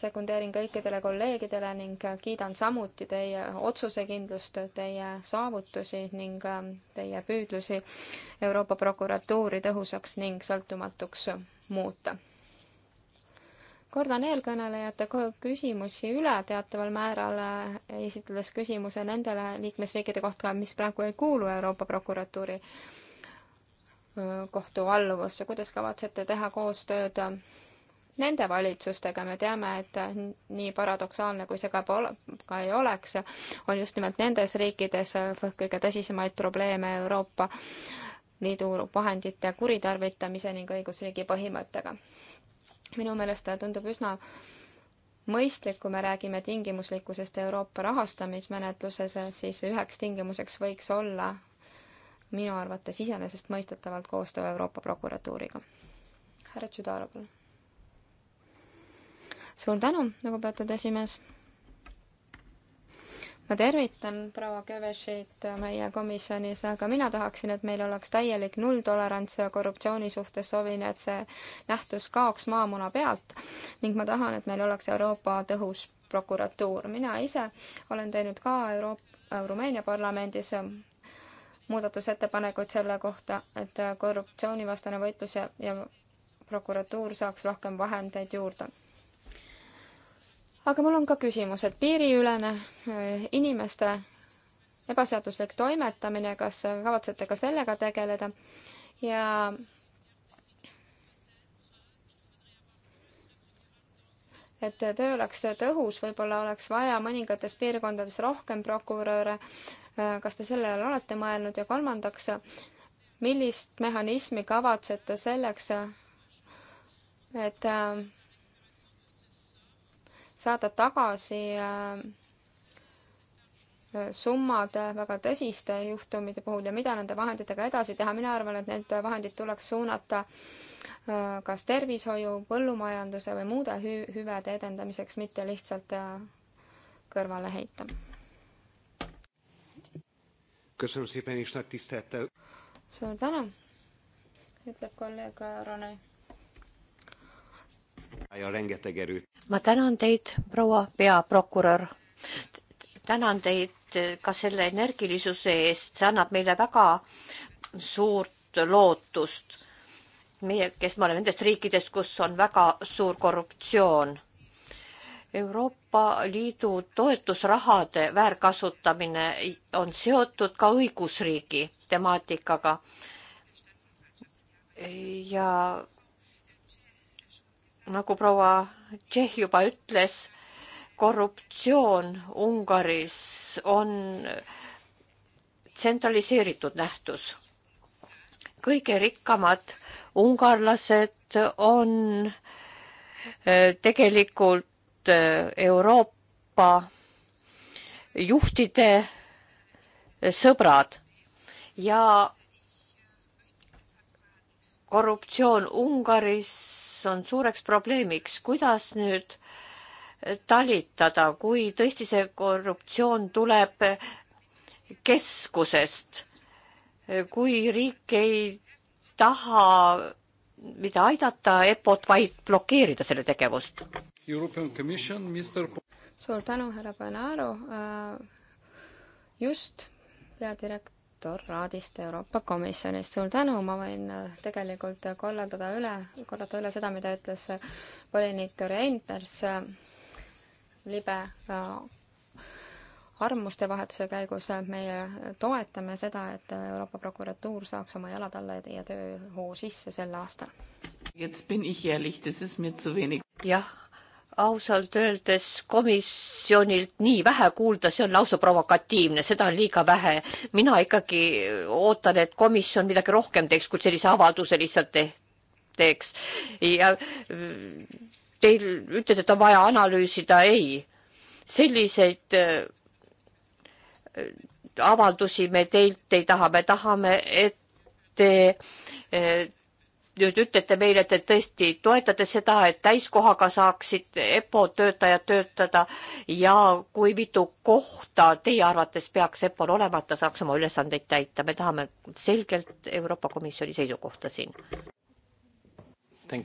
sekundeerin kõikidele kolleegidele ning kiidan samuti teie otsusekindlust, teie saavutusi ning ähm, teie püüdlusi Euroopa prokuratuuri tõhusaks ning sõltumatuks muuta. kordan eelkõnelejate küsimusi üle teataval määral, äh, esitades küsimuse nendele liikmesriikide kohta, mis praegu ei kuulu Euroopa prokuratuuri äh, kohtu alluvusse, kuidas kavatsete teha koostööd äh, nende valitsustega, me teame, et nii paradoksaalne, kui see ka pole, ka ei oleks, on just nimelt nendes riikides kõige tõsisemaid probleeme Euroopa Liidu vahendite kuritarvitamise ning õigusriigi põhimõttega. minu meelest tundub üsna mõistlik, kui me räägime tingimuslikkusest Euroopa rahastamismenetluses, siis üheks tingimuseks võiks olla minu arvates iseenesestmõistetavalt koostöö Euroopa prokuratuuriga. härra Tšudarov, palun suur tänu, lugupeetud esimees. ma tervitan proua Kövešit meie komisjonis, aga mina tahaksin, et meil oleks täielik nulltolerants korruptsiooni suhtes, soovin, et see nähtus kaoks maamuna pealt ning ma tahan, et meil oleks Euroopa tõhus prokuratuur. mina ise olen teinud ka Euroopa, Rumeenia parlamendis muudatusettepanekuid selle kohta, et korruptsioonivastane võitlus ja, ja prokuratuur saaks rohkem vahendeid juurde aga mul on ka küsimus, et piiriülene äh, inimeste ebaseaduslik toimetamine, kas kavatsete ka sellega tegeleda ja et töö oleks tõhus, võib-olla oleks vaja mõningates piirkondades rohkem prokuröre. Äh, kas te sellele olete mõelnud ja kolmandaks, millist mehhanismi kavatsete selleks, äh, et saada tagasi äh, summad väga tõsiste juhtumite puhul ja mida nende vahenditega edasi teha, mina arvan, et need vahendid tuleks suunata äh, kas tervishoiu, põllumajanduse või muude hü-, hüvede edendamiseks, mitte lihtsalt äh, kõrvale heita. suur tänu, ütleb kolleeg Rane ja rengeteg erüüt. ma tänan teid, proua peaprokurör. tänan teid eh, ka selle energilisuse eest, see annab meile väga suurt lootust. meie, kes me oleme nendest riikidest, kus on väga suur korruptsioon. Euroopa Liidu toetusrahade väärkasutamine on seotud ka õigusriigi temaatikaga. ja nagu proua Tšehh juba ütles, korruptsioon Ungaris on tsentraliseeritud nähtus. kõige rikkamad ungarlased on äh, tegelikult äh, Euroopa juhtide äh, sõbrad ja korruptsioon Ungaris on suureks probleemiks, kuidas nüüd talitada, kui tõesti see korruptsioon tuleb keskusest, kui riik ei taha mitte aidata EPO-t, vaid blokeerida selle tegevust. suur tänu, härra Panaro. Äh, just peadirekt-, direktoraadist Euroopa Komisjonist. suur tänu, ma võin äh, tegelikult äh, korraldada üle, korrata üle seda, mida ütles äh, volinik Reinders libe arvamuste vahetuse käigus. meie toetame seda, et Euroopa prokuratuur saaks oma jalad alla ja tööhoo sisse sel aastal. jah ausalt öeldes komisjonilt nii vähe kuulda, see on lausa provokatiivne, seda on liiga vähe. mina ikkagi ootan, et komisjon midagi rohkem teeks, kui sellise avalduse lihtsalt te teeks. ja mm, teil ütles, et on vaja analüüsida, ei. selliseid äh, avaldusi me teilt ei taha, me tahame, et te äh, nüüd ütlete meile, et te tõesti toetate seda, et täiskohaga saaksid EPPO töötajad töötada ja kui mitu kohta teie arvates peaks EPPO-l olema, et ta saaks oma ülesandeid täita? me tahame selgelt Euroopa Komisjoni seisukohta siin. In...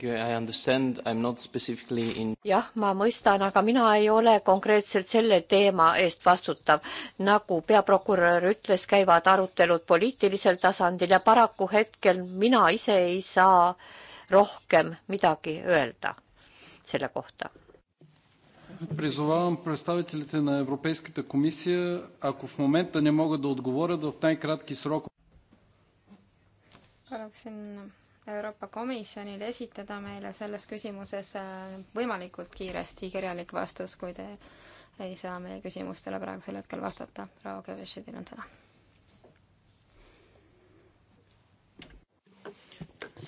jah, ma mõistan, aga mina ei ole konkreetselt selle teema eest vastutav. nagu peaprokurör ütles, käivad arutelud poliitilisel tasandil ja paraku hetkel mina ise ei saa rohkem midagi öelda selle kohta. Призовавам представителите на Европейската комисия, ако в момента не могат да отговорят в най-кратки срокове. Paluksin Euroopa Komisjonil esitada meile selles küsimuses äh, võimalikult kiiresti kirjalik vastus, kui te ei saa meie küsimustele praegusel hetkel vastata. proua Keveši, teil on sõna.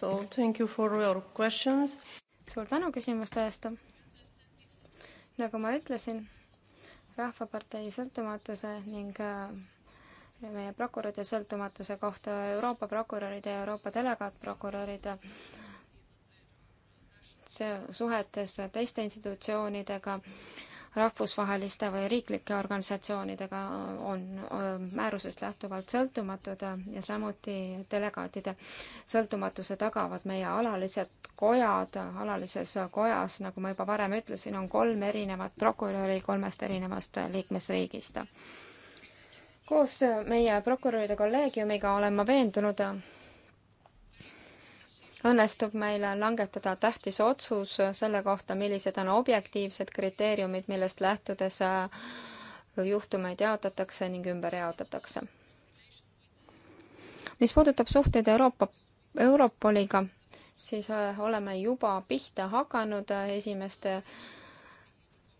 So thank you for your questions. suur tänu küsimuste eest. nagu ma ütlesin, Rahvapartei sõltumatuse ning äh, meie prokuröride sõltumatuse kohta Euroopa prokuröride ja Euroopa delegaatprokuröride suhetes teiste institutsioonidega, rahvusvaheliste või riiklike organisatsioonidega on määrusest lähtuvalt sõltumatud ja samuti delegaatide sõltumatuse tagavad meie alalised kojad. alalises kojas, nagu ma juba varem ütlesin, on kolm erinevat prokuröri kolmest erinevast liikmesriigist koos meie prokuröride kolleegiumiga olen ma veendunud, õnnestub meil langetada tähtis otsus selle kohta, millised on objektiivsed kriteeriumid, millest lähtudes juhtumeid jaotatakse ning ümber jaotatakse. mis puudutab suhteid Euroopa, Europoliga, siis äh, oleme juba pihta hakanud äh, esimeste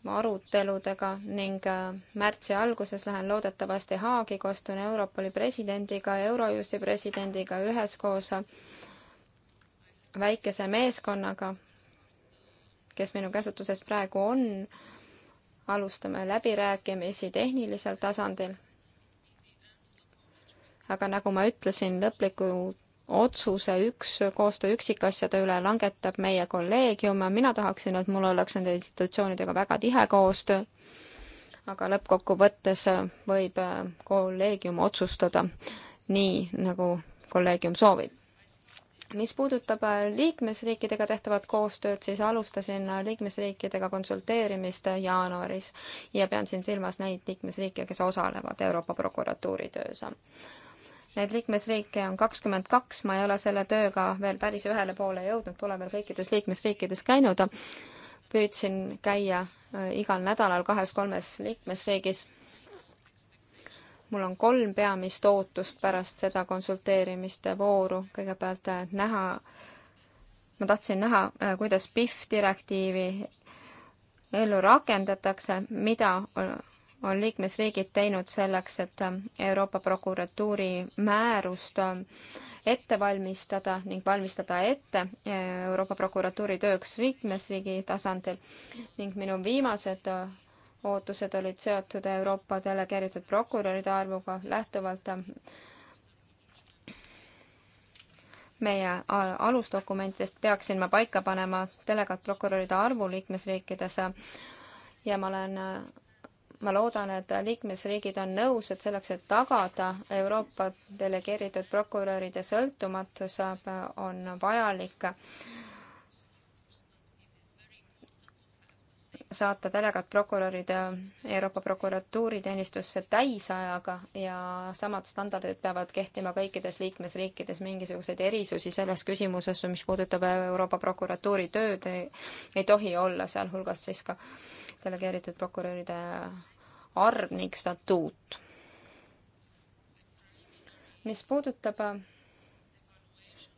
aruteludega ning äh, märtsi alguses lähen loodetavasti Haagi, kohtun Europoli presidendiga, Eurojusti presidendiga üheskoos äh, väikese meeskonnaga, kes minu käsutuses praegu on. alustame läbirääkimisi tehnilisel tasandil. aga nagu ma ütlesin, lõplikud otsuse üks, koostöö üksikasjade üle langetab meie kolleegium, mina tahaksin, et mul oleks nende institutsioonidega väga tihe koostöö, aga lõppkokkuvõttes võib äh, kolleegium otsustada nii, nagu kolleegium soovib. mis puudutab äh, liikmesriikidega tehtavat koostööd, siis alustasin äh, liikmesriikidega konsulteerimist jaanuaris ja pean siin silmas neid liikmesriike, kes osalevad Euroopa prokuratuuri töös Neid liikmesriike on kakskümmend kaks, ma ei ole selle tööga veel päris ühele poole jõudnud, pole veel kõikides liikmesriikides käinud. püüdsin käia äh, igal nädalal kahes-kolmes liikmesriigis. mul on kolm peamist ootust pärast seda konsulteerimiste vooru, kõigepealt äh, näha, ma tahtsin näha, äh, kuidas PIF direktiivi ellu rakendatakse, mida on liikmesriigid teinud selleks, et ähm, Euroopa prokuratuuri määrust ähm, ette valmistada ning valmistada ette äh, Euroopa prokuratuuri tööks liikmesriigi tasandil ning minu viimased äh, ootused olid seotud Euroopa delegeeritud prokuröride arvuga lähtuvalt ähm, meie äh, alusdokumentidest peaksin ma paika panema delegaatprokuröride arvu liikmesriikides ja ma olen ma loodan, et liikmesriigid on nõus, et selleks, et tagada Euroopa delegeeritud prokuröride sõltumatus, on vajalik saata delegaatprokurörid Euroopa prokuratuuri teenistusse täisajaga ja samad standardid peavad kehtima kõikides liikmesriikides, mingisuguseid erisusi selles küsimuses, mis puudutab Euroopa prokuratuuri tööd, ei tohi olla, sealhulgas siis ka äh, delegeeritud prokuröride arv ning statuut. mis puudutab äh,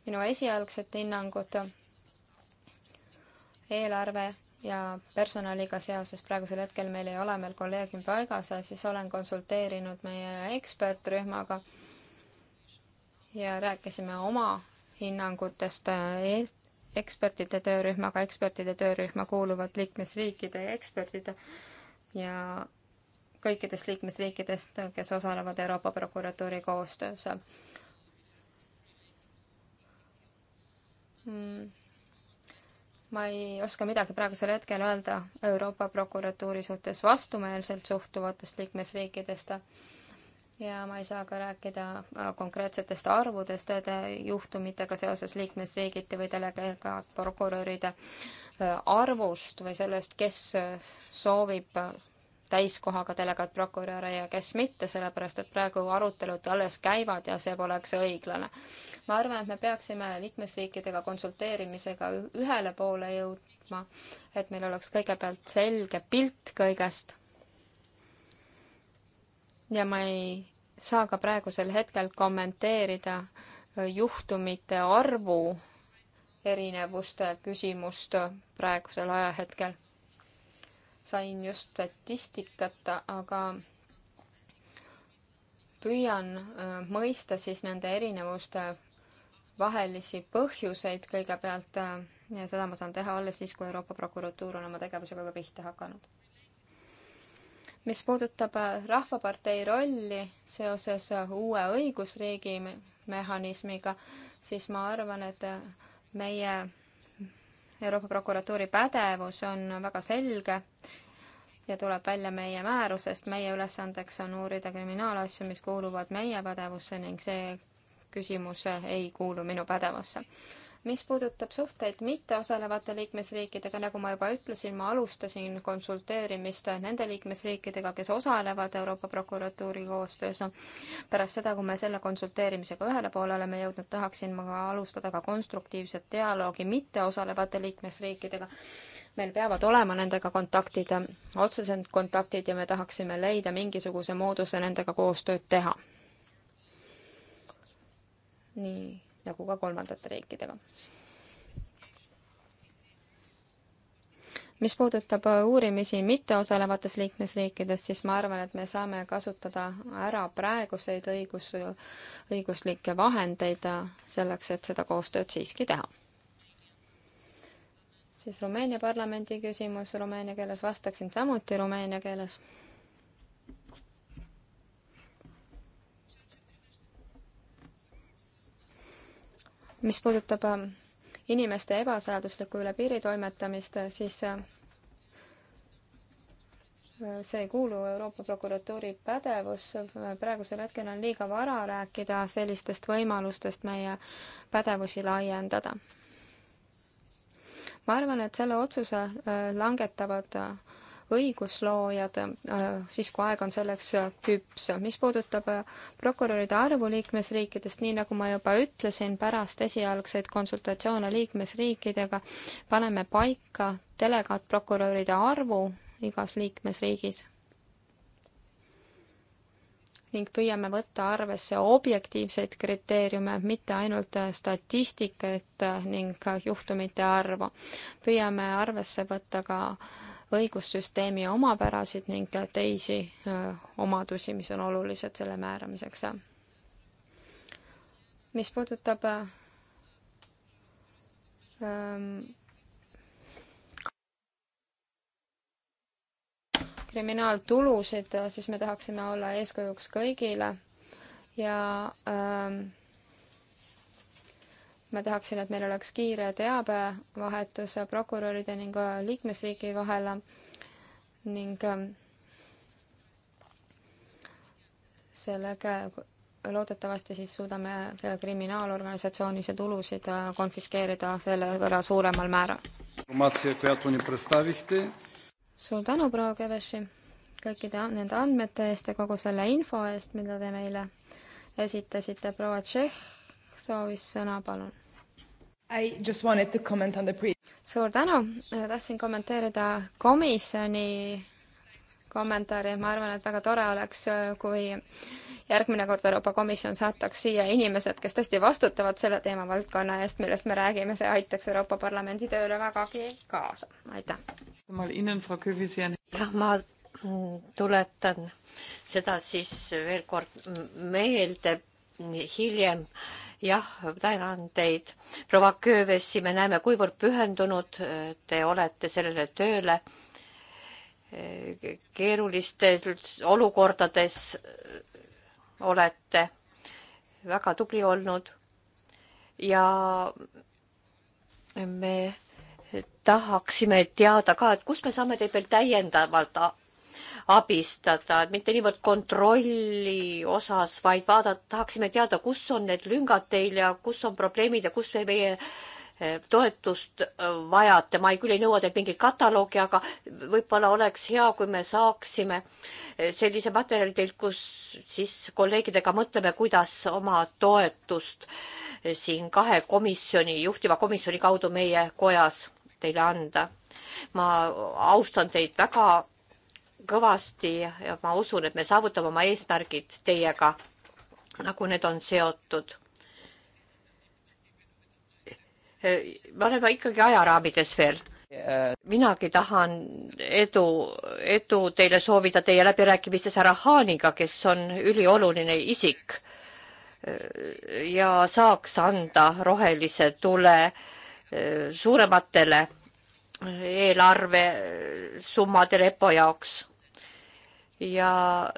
minu esialgset hinnangut eelarve ja personaliga seoses, praegusel hetkel meil ei ole veel kolleegium paigas, siis olen konsulteerinud meie ekspertrühmaga ja rääkisime oma hinnangutest äh, ekspertide töörühmaga, ekspertide töörühma kuuluvad liikmesriikide eksperdid ja kõikidest liikmesriikidest, kes osalevad Euroopa prokuratuuri koostöös. Hmm. ma ei oska midagi praegusel hetkel öelda Euroopa prokuratuuri suhtes vastumeelselt suhtuvatest liikmesriikidest ja ma ei saa ka rääkida äh, konkreetsetest arvudest äh, juhtumitega seoses liikmesriigiti või delegaatprokuröride äh, arvust või sellest, kes soovib täiskohaga delegaatprokuröre ja kes mitte, sellepärast et praegu arutelud alles käivad ja see poleks õiglane. ma arvan, et me peaksime liikmesriikidega konsulteerimisega ühele poole jõudma, et meil oleks kõigepealt selge pilt kõigest ja ma ei saa ka praegusel hetkel kommenteerida äh, juhtumite arvu erinevuste küsimust praegusel ajahetkel. sain just statistikat, aga püüan äh, mõista siis nende erinevuste vahelisi põhjuseid kõigepealt äh, ja seda ma saan teha alles siis, kui Euroopa prokuratuur on oma tegevusega juba pihta hakanud mis puudutab äh, Rahvapartei rolli seoses äh, uue õigusriigi mehhanismiga, siis ma arvan, et äh, meie Euroopa Prokuratuuri pädevus on väga selge ja tuleb välja meie määrusest. meie ülesandeks on uurida kriminaalasju, mis kuuluvad meie pädevusse ning see küsimus ei kuulu minu pädevusse mis puudutab suhteid mitteosalevate liikmesriikidega, nagu ma juba ütlesin, ma alustasin konsulteerimist nende liikmesriikidega, kes osalevad Euroopa prokuratuuri koostöös. pärast seda, kui me selle konsulteerimisega ühele poole oleme jõudnud, tahaksin ma ka alustada ka konstruktiivset dialoogi mitteosalevate liikmesriikidega meil peavad olema nendega kontaktid, otsesed kontaktid ja me tahaksime leida mingisuguse mooduse nendega koostööd teha. nii nagu ka kolmandate riikidega. mis puudutab äh, uurimisi mitteosalevates liikmesriikides, siis ma arvan, et me saame kasutada ära praeguseid õigus, õiguslikke vahendeid äh, selleks, et seda koostööd siiski teha siis Rumeenia parlamendi küsimus rumeenia keeles, vastaksin samuti rumeenia keeles mis puudutab ähm, inimeste ebaseaduslikku üle piiri toimetamist, äh, siis äh, see ei kuulu Euroopa prokuratuuri pädevusse, praegusel hetkel on liiga vara rääkida sellistest võimalustest meie pädevusi laiendada. ma arvan, et selle otsuse äh, langetavad õigusloojad, äh, siis kui aeg on selleks äh, küps. mis puudutab äh, prokuröride arvu liikmesriikidest, nii nagu ma juba ütlesin, pärast esialgseid konsultatsioone liikmesriikidega paneme paika delegaatprokuröride arvu igas liikmesriigis ning püüame võtta arvesse objektiivseid kriteeriume, mitte ainult statistikat ning juhtumite arvu. püüame arvesse võtta ka äh, õigussüsteemi omapärasid ning teisi omadusi, mis on olulised selle määramiseks. mis puudutab kriminaaltulusid, siis me tahaksime olla eeskujuks kõigile ja ähm, ma tahaksin, et meil oleks kiire teabevahetus prokuröride ning liikmesriigi vahel ning ähm, sellega loodetavasti siis suudame kriminaalorganisatsiooni see tulusid äh, konfiskeerida selle võrra suuremal määral. suur tänu, proua Keveši, kõikide nende andmete eest ja kogu selle info eest, mida te meile esitasite. proua Tšehh soovis sõna, palun suur tänu, äh, tahtsin kommenteerida komisjoni kommentaari, ma arvan, et väga tore oleks, äh, kui järgmine kord Euroopa Komisjon saataks siia inimesed, kes tõesti vastutavad selle teemavaldkonna eest, millest me räägime, see aitaks Euroopa Parlamendi tööle vägagi kaasa, aitäh. jah, ma tuletan seda siis veel kord meelde hiljem jah, tänan teid, proua Köövesi, me näeme, kuivõrd pühendunud äh, te olete sellele tööle äh, keerulistes olukordades äh, olete väga tubli olnud ja me tahaksime teada ka, et kus me saame teid veel täiendavalt abistada, mitte niivõrd kontrolli osas, vaid vaadata, tahaksime teada, kus on need lüngad teil ja kus on probleemid ja kus me meie eh, toetust eh, vajate, ma ei, küll ei nõua teilt mingit kataloogi, aga võib-olla oleks hea, kui me saaksime eh, sellise materjali teilt, kus siis kolleegidega mõtleme, kuidas oma toetust siin kahe komisjoni, juhtiva komisjoni kaudu meie kojas teile anda. ma austan teid väga kõvasti ja ma usun, et me saavutame oma eesmärgid teiega, nagu need on seotud. me oleme ikkagi ajaraamides veel. minagi tahan edu, edu teile soovida teie läbirääkimistes härra Haaniga, kes on ülioluline isik ja saaks anda rohelise tule eh, suurematele eelarvesummadele EPO jaoks ja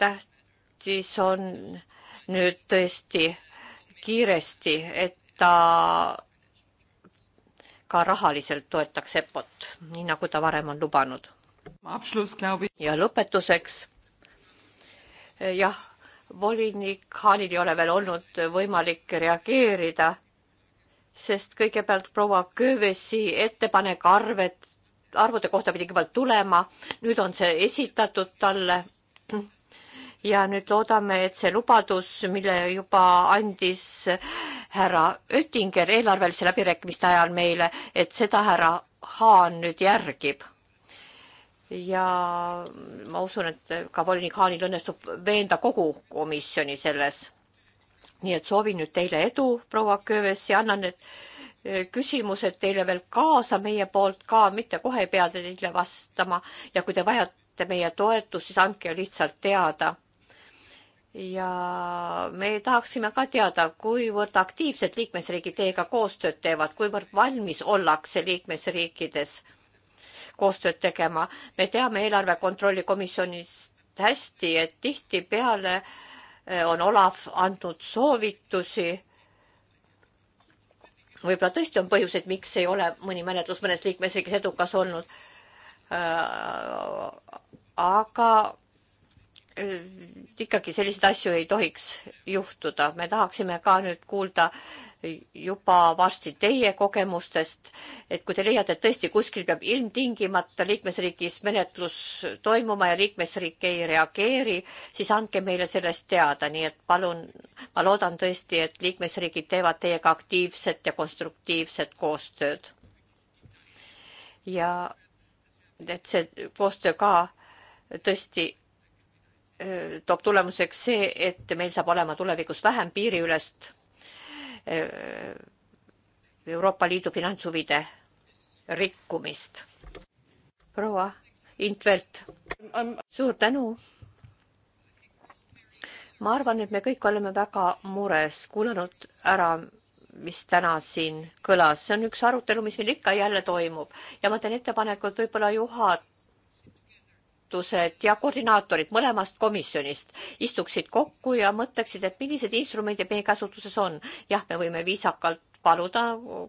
tähtis on nüüd tõesti kiiresti, et ta ka rahaliselt toetaks EPO-t, nii nagu ta varem on lubanud. ja lõpetuseks. E, jah, volinik Haanil ei ole veel olnud võimalik reageerida, sest kõigepealt proua Köövesi ettepanek arvet arvude kohta pidi kõigepealt tulema, nüüd on see esitatud talle. ja nüüd loodame, et see lubadus, mille juba andis härra Oettinger eelarvelise läbirääkimiste ajal meile, et seda härra Haan nüüd järgib ja ma usun, et ka volinik Haanil õnnestub veenda kogu komisjoni selles. nii et soovin nüüd teile edu, proua Kööves ja annan need küsimused teile veel kaasa meie poolt ka, mitte kohe ei pea te neile vastama ja kui te vajate meie toetust, siis andke lihtsalt teada. ja me tahaksime ka teada, kuivõrd aktiivselt liikmesriigid teiega koostööd teevad, kuivõrd valmis ollakse liikmesriikides koostööd tegema. me teame eelarve kontrolli komisjonist hästi, et tihtipeale eh, on Olav andnud soovitusi võib-olla tõesti on põhjuseid, miks ei ole mõni menetlus mõnes liikmesriigis edukas olnud. Äh, aga Äh, ikkagi selliseid asju ei tohiks juhtuda. me tahaksime ka nüüd kuulda juba varsti teie kogemustest, et kui te leiate, et tõesti kuskil peab ilmtingimata liikmesriigis menetlus toimuma ja liikmesriik ei reageeri, siis andke meile sellest teada, nii et palun, ma loodan tõesti, et liikmesriigid teevad teiega aktiivset ja konstruktiivset koostööd. ja et see koostöö ka tõesti toob tulemuseks see, et meil saab olema tulevikus vähem piiriülest Euroopa Liidu finantshuvide rikkumist. proua Intvelt, suur tänu. ma arvan, et me kõik oleme väga mures, kuulanud ära, mis täna siin kõlas, see on üks arutelu, mis meil ikka jälle toimub ja ma teen ettepaneku, et võib-olla juhat-, juhatused ja koordinaatorid mõlemast komisjonist istuksid kokku ja mõtleksid, et millised instrumendid meie käsutuses on. jah, me võime viisakalt paluda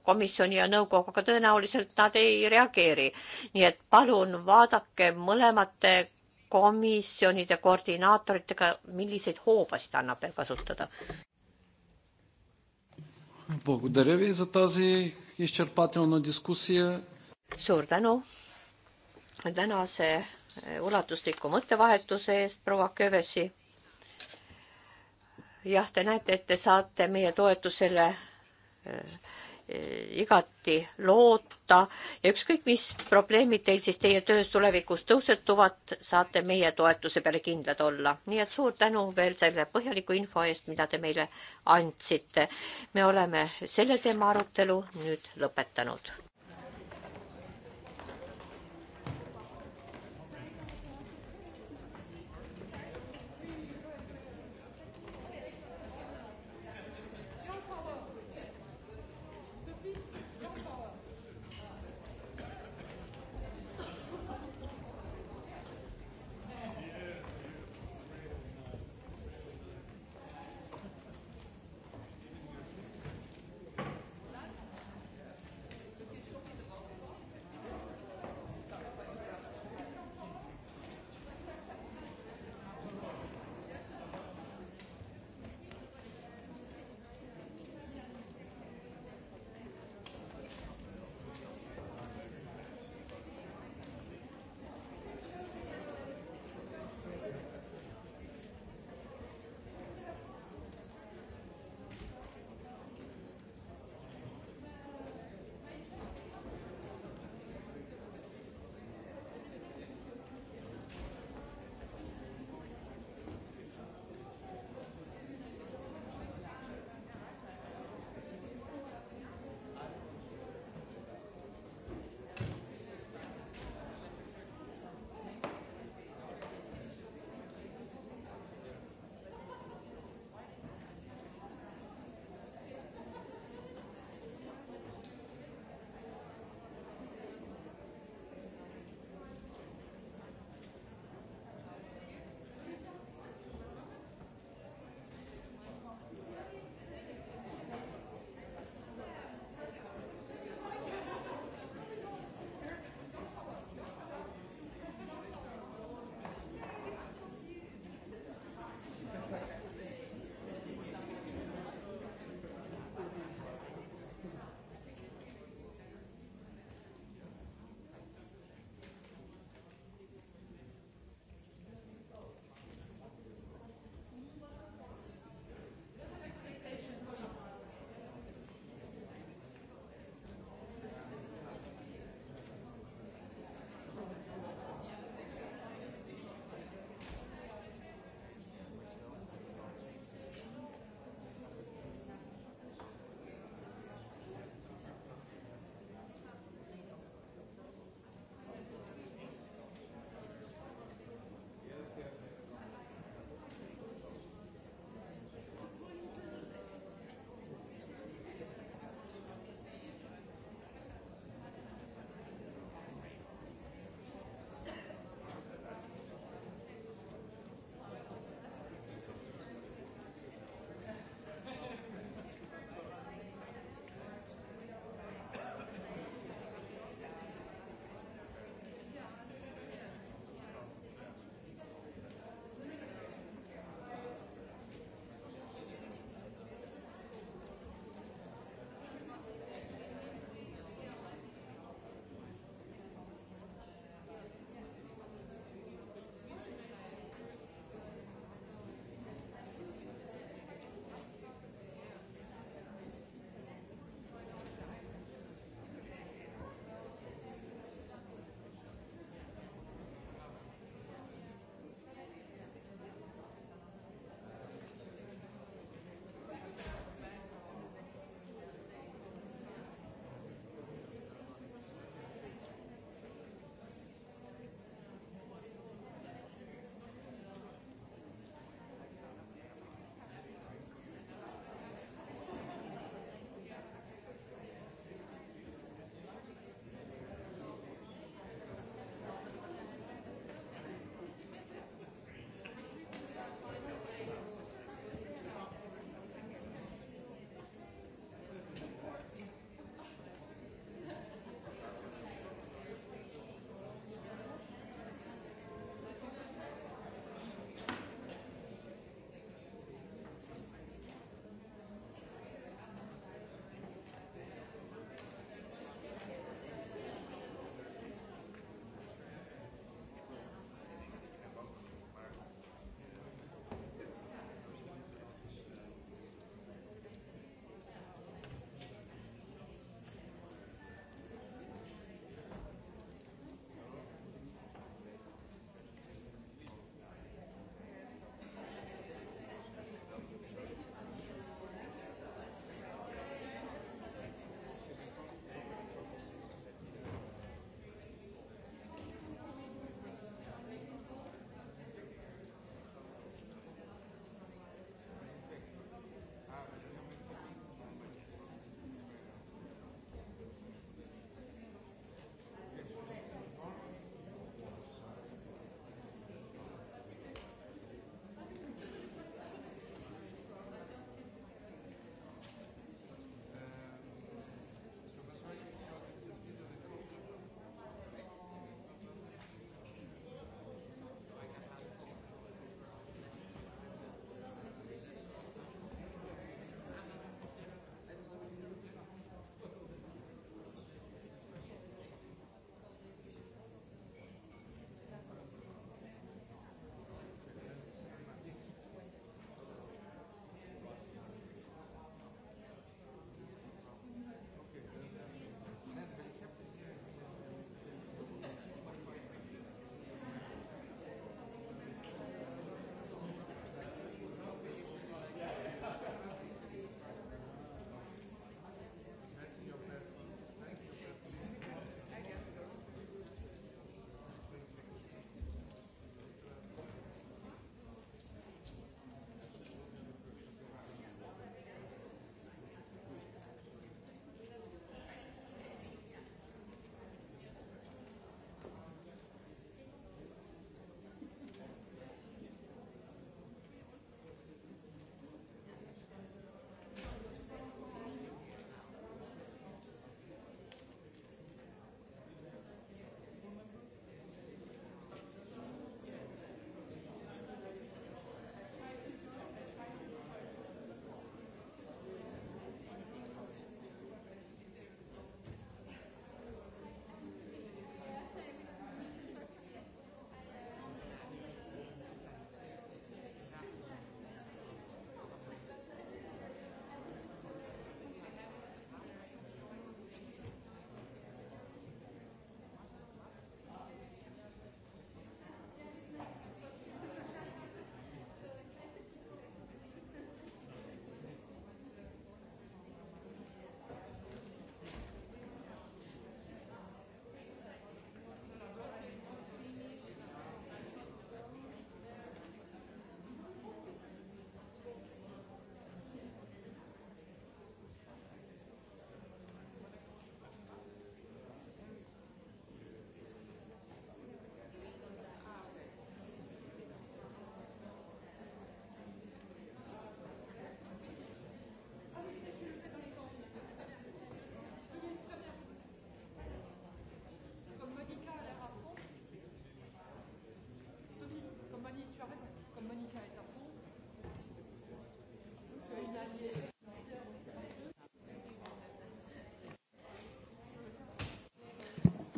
komisjoni ja nõukogu, aga tõenäoliselt nad ei reageeri. nii et palun vaadake mõlemate komisjonide koordinaatoritega, milliseid hoobasid annab veel kasutada. suur tänu tänase ulatusliku mõttevahetuse eest, proua Kövesi. jah, te näete, et te saate meie toetusele äh, igati loota ja ükskõik, mis probleemid teil siis teie töös tulevikus tõusetuvad, saate meie toetuse peale kindlad olla. nii et suur tänu veel selle põhjaliku info eest, mida te meile andsite. me oleme selle teema arutelu nüüd lõpetanud.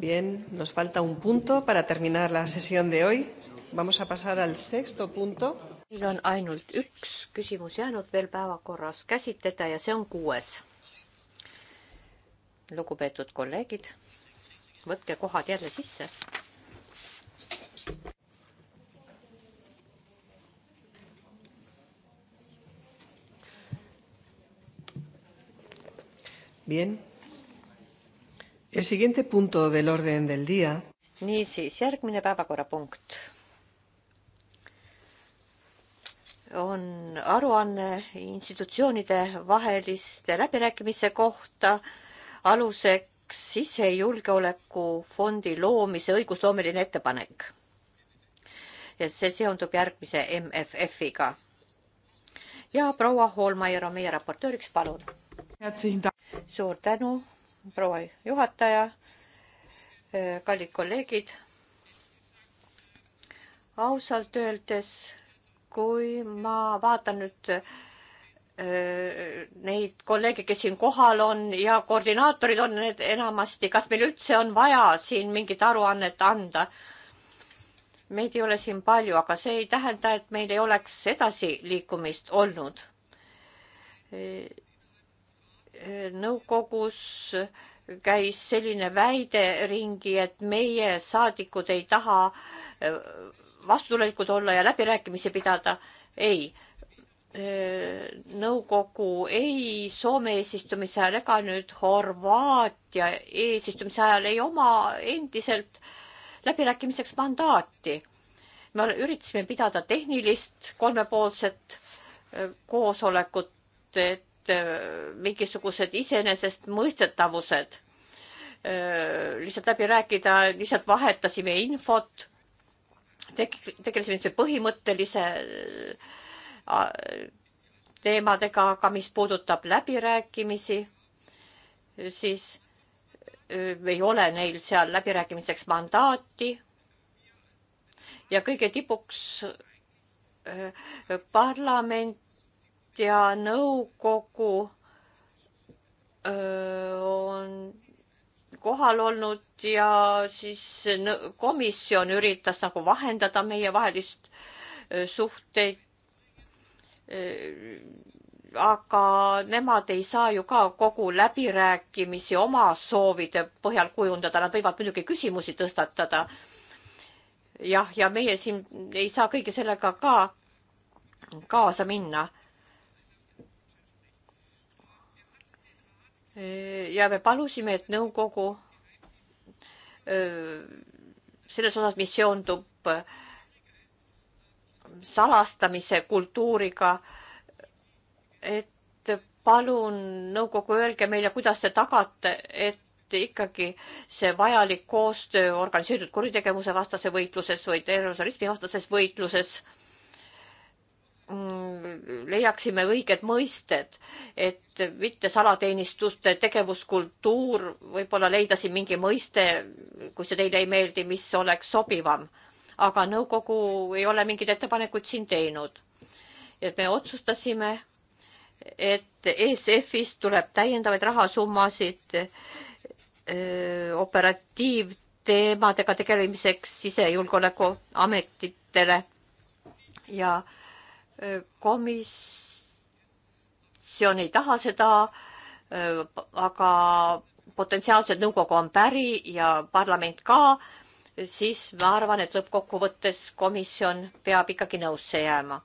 Bien, nos falta un punto para terminar la sesión de hoy. Vamos a pasar al sexto punto. meil on ainult üks küsimus jäänud veel päevakorras käsitleda ja see on kuues. lugupeetud kolleegid, võtke kohad jälle sisse. Bien El siguiente punto del orden del día. niisiis, järgmine päevakorrapunkt on aruanne institutsioonide vaheliste läbirääkimise kohta aluseks sisejulgeolekufondi loomise õigusloomeline ettepanek. ja see seondub järgmise MFF-iga. ja proua Hoolmaier on meie raportööriks, palun. suur tänu proua juhataja, eh, kallid kolleegid. ausalt öeldes, kui ma vaatan nüüd eh, neid kolleege, kes siin kohal on ja koordinaatorid on need enamasti, kas meil üldse on vaja siin mingit aruannet anda? meid ei ole siin palju, aga see ei tähenda, et meil ei oleks edasiliikumist olnud eh, nõukogus käis selline väide ringi, et meie saadikud ei taha äh, vastutulelikud olla ja läbirääkimisi pidada. ei, äh, nõukogu ei Soome eesistumise ajal ega nüüd Horvaatia eesistumise ajal ei oma endiselt läbirääkimiseks mandaati. me üritasime pidada tehnilist kolmepoolset äh, koosolekut, et Äh, mingisugused iseenesestmõistetavused äh, lihtsalt läbi rääkida, lihtsalt vahetasime infot, tegelesime niisuguse põhimõttelise äh, teemadega, aga mis puudutab läbirääkimisi, siis ei ole neil seal läbirääkimiseks mandaati. ja kõige tipuks parlament ja nõukogu on kohal olnud ja siis komisjon üritas nagu vahendada meievahelist suhteid. aga nemad ei saa ju ka kogu läbirääkimisi oma soovide põhjal kujundada, nad võivad muidugi küsimusi tõstatada. jah, ja meie siin ei saa kõige sellega ka kaasa minna ja me palusime, et nõukogu selles osas, mis seondub salastamise kultuuriga, et palun nõukogu, öelge meile, kuidas te tagate, et ikkagi see vajalik koostöö organiseeritud kuritegevuse vastases võitluses või terrorismi vastases võitluses äh, Mm, leiaksime õiged mõisted, et mitte salateenistuste tegevuskultuur, võib-olla leida siin mingi mõiste, kui see teile ei meeldi, mis oleks sobivam. aga nõukogu ei ole mingeid ettepanekuid siin teinud. et me otsustasime, et ESF-ist tuleb täiendavaid rahasummasid öö, operatiivteemadega tegelemiseks sisejulgeolekuametitele ja öö, komisjon ei taha seda, aga potentsiaalselt nõukogu on päri ja parlament ka, siis ma arvan, et lõppkokkuvõttes komisjon peab ikkagi nõusse jääma.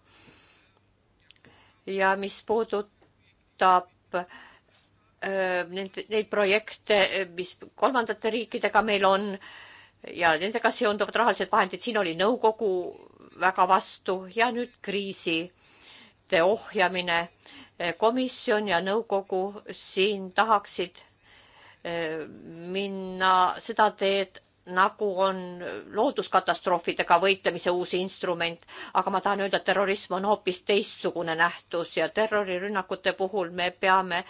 ja mis puudutab äh, nende, neid projekte, mis kolmandate riikidega meil on ja nendega seonduvad rahalised vahendid, siin oli nõukogu väga vastu ja nüüd kriiside ohjamine. komisjon ja nõukogu siin tahaksid eh, minna seda teed, nagu on looduskatastroofidega võitlemise uus instrument, aga ma tahan öelda, et terrorism on hoopis teistsugune nähtus ja terrorirünnakute puhul me peame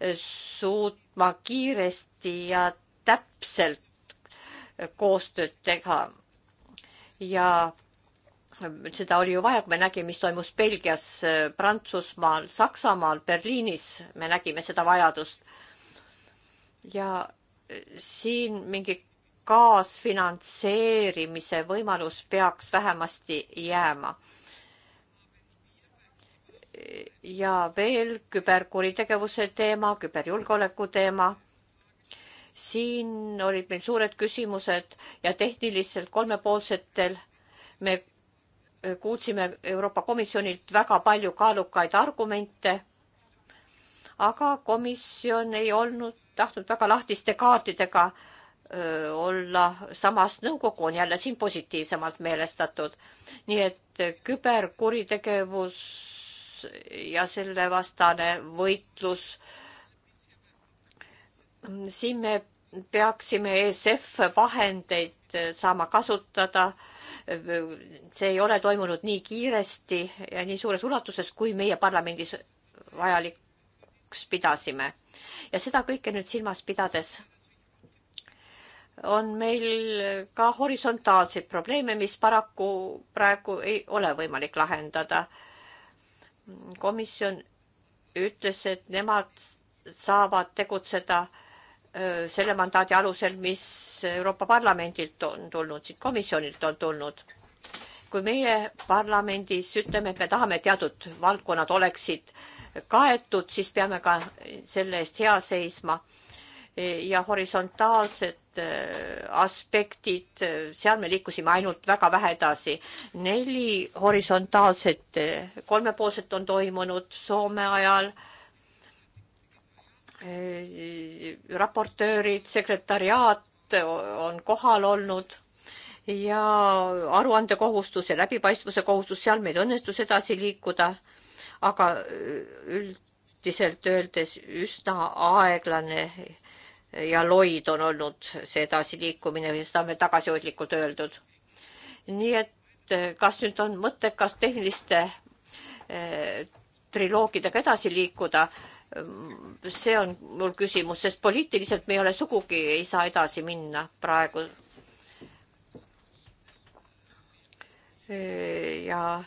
eh, suutma kiiresti ja täpselt eh, koostööd teha. ja seda oli ju vaja, kui me nägime, mis toimus Belgias, Prantsusmaal, Saksamaal, Berliinis, me nägime seda vajadust. ja siin mingi kaasfinantseerimise võimalus peaks vähemasti jääma ja veel küberkuritegevuse teema, küberjulgeoleku teema. siin olid meil suured küsimused ja tehniliselt kolmepoolsetel me kuulsime Euroopa Komisjonilt väga palju kaalukaid argumente, aga komisjon ei olnud tahtnud väga lahtiste kaartidega öö, olla, samas nõukogu on jälle siin positiivsemalt meelestatud. nii et küberkuritegevus ja selle vastane võitlus. siin me peaksime ESF vahendeid saama kasutada see ei ole toimunud nii kiiresti ja nii suures ulatuses, kui meie parlamendis vajalikuks pidasime. ja seda kõike nüüd silmas pidades on meil ka horisontaalseid probleeme, mis paraku praegu ei ole võimalik lahendada. komisjon ütles, et nemad saavad tegutseda äh, selle mandaadi alusel, mis Euroopa Parlamendilt on tulnud, siit komisjonilt on tulnud. kui meie parlamendis ütleme, et me tahame, et teatud valdkonnad oleksid kaetud, siis peame ka selle eest hea seisma. ja horisontaalsed aspektid, seal me liikusime ainult väga vähe edasi. neli horisontaalset kolmepoolset on toimunud Soome ajal Äh, raportöörid, sekretariaat on kohal olnud ja aruandekohustus ja läbipaistvuse kohustus, seal meil õnnestus edasi liikuda, aga äh, üldiselt öeldes üsna aeglane ja loid on olnud see edasiliikumine või seda on veel tagasihoidlikult öeldud. nii et äh, kas nüüd on mõttekas tehniliste eh, triloogidega edasi liikuda eh,? see on mul küsimus, sest poliitiliselt me ei ole sugugi, ei saa edasi minna praegu. ja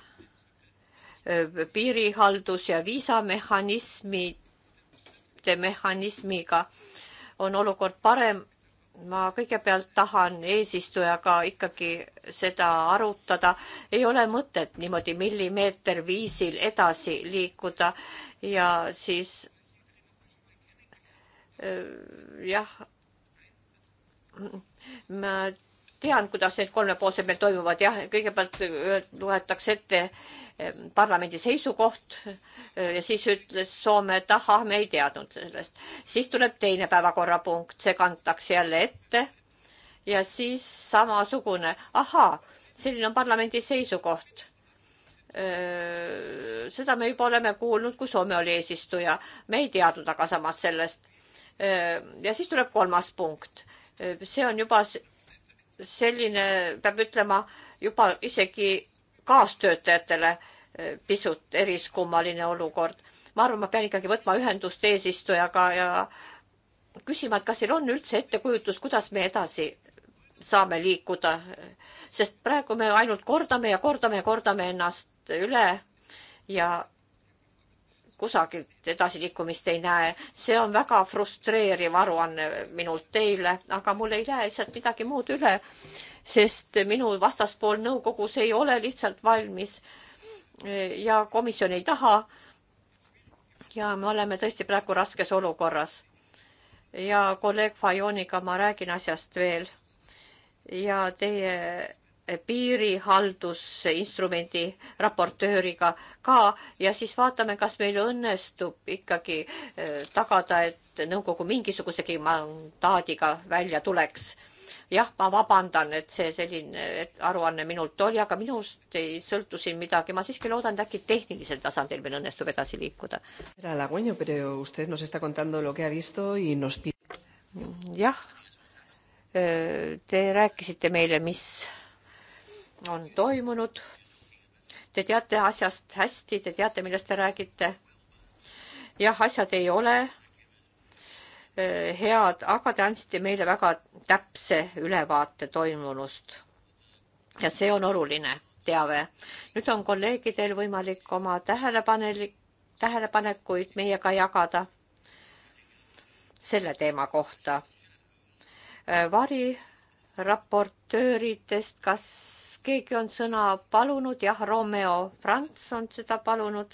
e, piirihaldus ja viisamehhanismide mehhanismiga on olukord parem ma kõigepealt tahan eesistujaga ikkagi seda arutada. ei ole mõtet niimoodi millimeeter viisil edasi liikuda ja siis äh, jah, ma tean, kuidas need kolmepoolsed meil toimuvad, jah, kõigepealt äh, loetakse ette parlamendi seisukoht äh, ja siis ütles Soome, et ahah, me ei teadnud sellest. siis tuleb teine päevakorrapunkt, see kantakse jälle ette ja siis samasugune, ahaa, selline on parlamendi seisukoht. Äh, seda me juba oleme kuulnud, kui Soome oli eesistuja, me ei teadnud aga samas sellest. Äh, ja siis tuleb kolmas punkt, see on juba selline, peab ütlema, juba isegi kaastöötajatele eh, pisut eriskummaline olukord. ma arvan, ma pean ikkagi võtma ühendust eesistujaga ja küsima, et kas teil on üldse ettekujutus, kuidas me edasi saame liikuda, sest praegu me ainult kordame ja kordame ja kordame ennast üle ja kusagilt edasiliikumist ei näe. see on väga frustreeriv aruanne minult teile, aga mul ei jää lihtsalt midagi muud üle, sest minu vastaspool nõukogus ei ole lihtsalt valmis ja komisjon ei taha. ja me oleme tõesti praegu raskes olukorras. ja kolleeg Fajoniga ma räägin asjast veel. ja teie piirihaldusinstrumendi raportööriga ka ja siis vaatame, kas meil õnnestub ikkagi eh, tagada, et nõukogu mingisugusegi mandaadiga välja tuleks. jah, ma vabandan, et see selline aruanne minult oli, aga minust ei sõltu siin midagi, ma siiski loodan, et äkki tehnilisel tasandil meil õnnestub edasi liikuda. jah, eh, te rääkisite meile, mis on toimunud. Te teate asjast hästi, te teate, millest te räägite. jah, asjad ei ole eh, head, aga te andsite meile väga täpse ülevaate toimunust. ja see on oluline teave. nüüd on kolleegidel võimalik oma tähelepanelik, tähelepanekuid meiega jagada selle teema kohta. Eh, variraportööridest, kas kas keegi on sõna palunud? jah, Romeo Franz on seda palunud.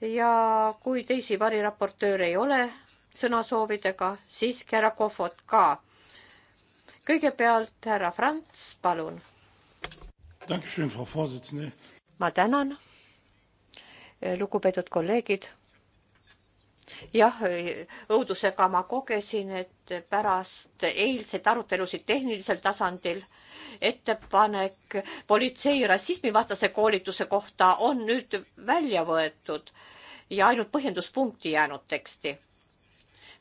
ja kui teisi variraportööre ei ole sõnasoovidega, siis härra Kohvot ka. kõigepealt härra Franz, palun. ma tänan, lugupeetud kolleegid jah, õudusega ma kogesin, et pärast eilseid arutelusid tehnilisel tasandil ettepanek politsei rassismivastase koolituse kohta on nüüd välja võetud ja ainult põhjenduspunkti jäänud teksti.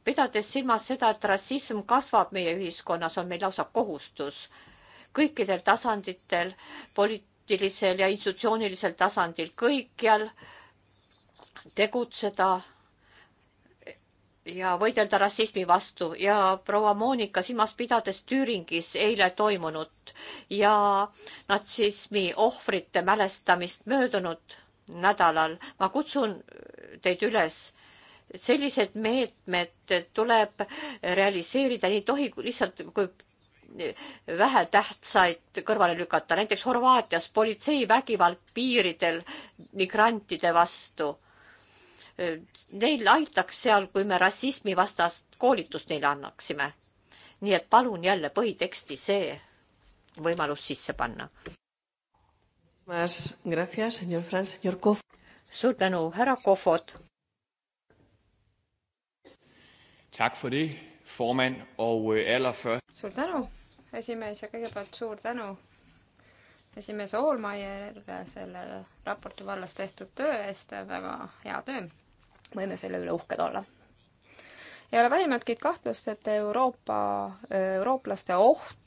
pidades silmas seda, et rassism kasvab meie ühiskonnas, on meil lausa kohustus kõikidel tasanditel, poliitilisel ja institutsioonilisel tasandil, kõikjal tegutseda ja võidelda rassismi vastu ja proua Monika silmas pidades Tüüringis eile toimunut ja natsismi ohvrite mälestamist möödunud nädalal. ma kutsun teid üles, sellised meetmed tuleb realiseerida, ei tohi lihtsalt kui vähetähtsaid kõrvale lükata, näiteks Horvaatias politsei vägivald piiridel migrantide vastu neil aitaks seal, kui me rassismivastast koolitust neile annaksime. nii et palun jälle põhiteksti see võimalus sisse panna. suur tänu, härra Kohvot. Øh, suur tänu, esimees ja kõigepealt suur tänu esimees Hoolmeierile selle raporti vallas tehtud töö eest, väga hea töö sest võime selle üle uhked olla. ei ole vähimatki kahtlust, et Euroopa, eurooplaste oht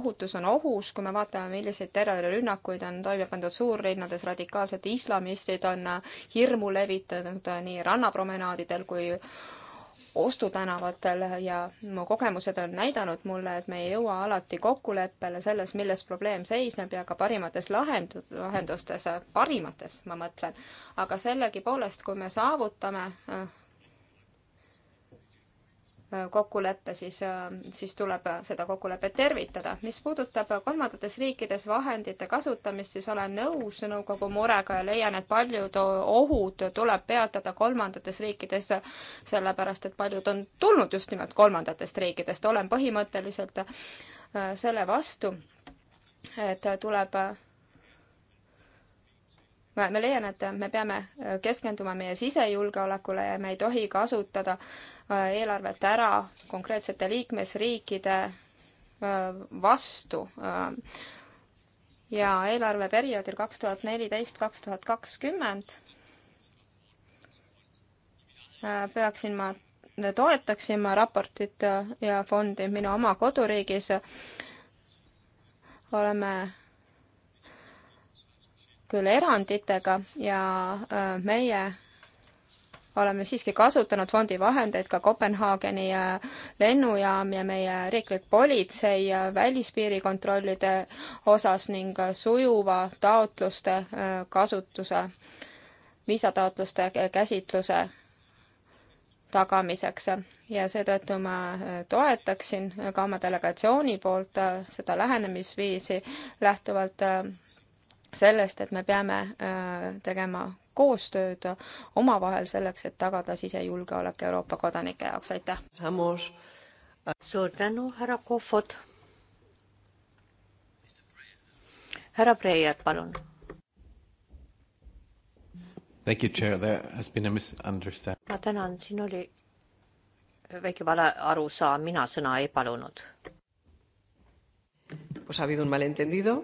ohutus on ohus, kui me vaatame, milliseid terrorirünnakuid on toime pandud suurlinnades, radikaalsed islamistid on hirmu levitanud nii rannapromenaadidel kui ostutänavatel ja mu kogemused on näidanud mulle, et me ei jõua alati kokkuleppele selles, milles probleem seisneb ja ka parimates lahend-, lahendustes, parimates, ma mõtlen. aga sellegipoolest, kui me saavutame Äh, kokkulepe, siis, äh, siis tuleb äh, seda kokkulepet tervitada. mis puudutab kolmandates riikides vahendite kasutamist, siis olen nõus nõukogu murega ja leian, et paljud ohud tuleb peatada kolmandates riikides, sellepärast et paljud on tulnud just nimelt kolmandatest riikidest. olen põhimõtteliselt selle vastu, et tuleb ma, ma leian, et me peame keskenduma meie sisejulgeolekule ja me ei tohi kasutada äh, Äh, eelarvet ära konkreetsete liikmesriikide äh, vastu äh, ja eelarveperioodil kaks tuhat neliteist, kaks tuhat kakskümmend peaksin ma, toetaksin ma raportit ja fondi minu oma koduriigis. oleme küll eranditega ja meie oleme siiski kasutanud fondi vahendeid ka Kopenhaageni äh, lennujaam ja meie riiklik politsei äh, välispiirikontrollide osas ning äh, sujuva taotluste kasutuse, viisataotluste käsitluse tagamiseks ja seetõttu ma toetaksin ka oma delegatsiooni poolt seda lähenemisviisi lähtuvalt sellest, et me peame tegema koostööd omavahel selleks, et tagada sisejulgeolek Euroopa kodanike jaoks, aitäh! samas äh, suur tänu, härra Kohvot. härra Breier, palun. Thank you, chair, there has been a misunderstanding. ma tänan, siin oli väike vale arusaam, mina sõna ei palunud. Pues ha habido un malentendido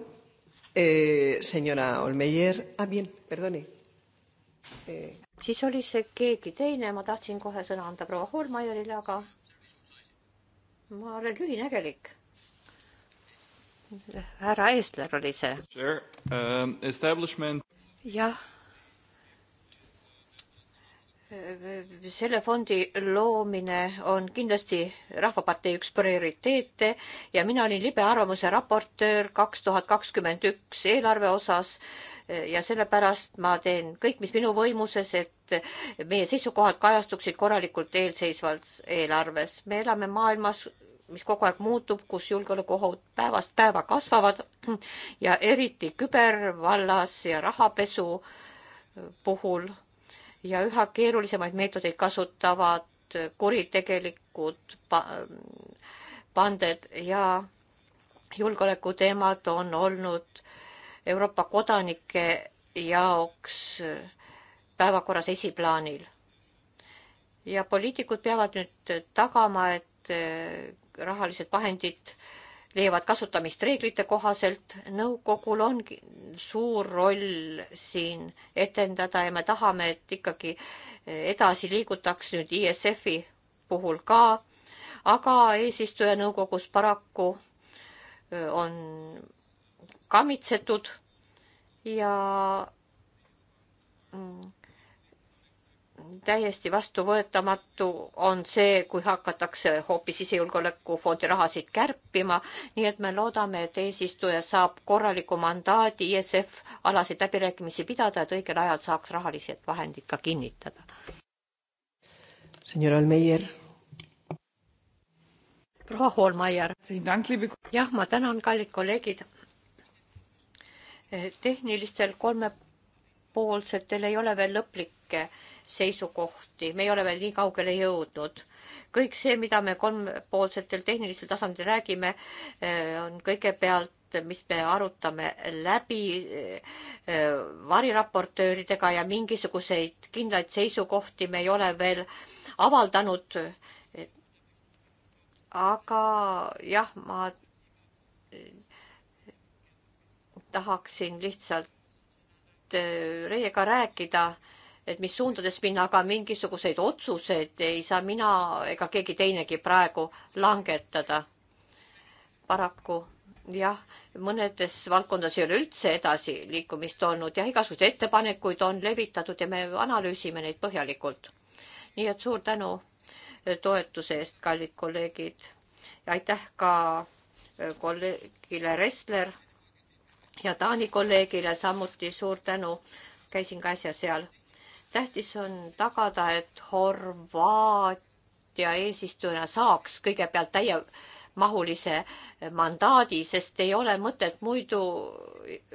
eh,. Señora Olmeyer, ah bien, perdone siis oli see keegi teine, ma tahtsin kohe sõna anda proua Holmaierile, aga ma olen lühinägelik. härra Eestler oli see. Um, jah. selle fondi loomine on kindlasti Rahvapartei üks prioriteete ja mina olin libe arvamuse raportöör kaks tuhat kakskümmend üks eelarve osas ja sellepärast ma teen kõik, mis minu võimuses, et meie seisukohad kajastuksid korralikult eelseisvas eelarves. me elame maailmas, mis kogu aeg muutub, kus julgeolekuohud päevast päeva kasvavad ja eriti kübervallas ja rahapesu puhul ja üha keerulisemaid meetodeid kasutavad kuritegelikud panded ja julgeolekuteemad on olnud Euroopa kodanike jaoks päevakorras esiplaanil. ja poliitikud peavad nüüd tagama, et äh, rahalised vahendid leiavad kasutamist reeglite kohaselt. nõukogul ongi suur roll siin etendada ja me tahame, et ikkagi äh, edasi liigutaks nüüd ISF-i puhul ka, aga eesistuja nõukogus paraku äh, on kammitsetud ja mm, täiesti vastuvõetamatu on see, kui hakatakse hoopis sisejulgeolekufondi rahasid kärpima, nii et me loodame, et eesistuja saab korraliku mandaadi ISF e alaseid läbirääkimisi pidada, et õigel ajal saaks rahalised vahendid ka kinnitada. senor Almeier. proua Hoolmeier. jah, ma tänan, kallid kolleegid Eh, tehnilistel kolmepoolsetel ei ole veel lõplikke seisukohti, me ei ole veel nii kaugele jõudnud. kõik see, mida me kolmepoolsetel tehnilisel tasandil räägime, eh, on kõigepealt mis me arutame läbi eh, variraportööridega ja mingisuguseid kindlaid seisukohti me ei ole veel avaldanud. aga jah, ma tahaksin lihtsalt äh, Reiega rääkida, et mis suundades minna, aga mingisuguseid otsuseid ei saa mina ega keegi teinegi praegu langetada. paraku jah, mõnedes valdkondades ei ole üldse edasiliikumist olnud ja igasuguseid ettepanekuid on levitatud ja me analüüsime neid põhjalikult. nii et suur tänu äh, toetuse eest, kallid kolleegid. ja aitäh ka äh, kolleegile Ressler ja Taani kolleegile samuti suur tänu. käisin ka äsja seal. tähtis on tagada, et Horvaatia eesistujana saaks kõigepealt täiemahulise mandaadi, sest ei ole mõtet muidu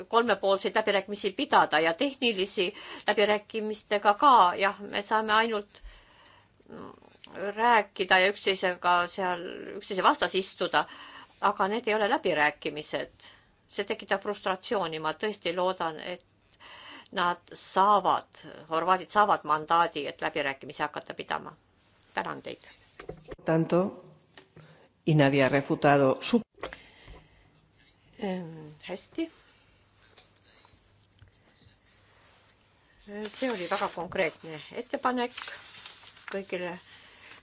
kolmepoolseid läbirääkimisi pidada ja tehnilisi läbirääkimistega ka, jah, me saame ainult rääkida ja üksteisega seal üksteise vastas istuda, aga need ei ole läbirääkimised see tekitab frustratsiooni, ma tõesti loodan, et nad saavad, horvaadid saavad mandaadi, et läbirääkimisi hakata pidama. tänan teid. Tanto y nadie ha refutado su. Ehm, hästi. see oli väga konkreetne ettepanek kõigile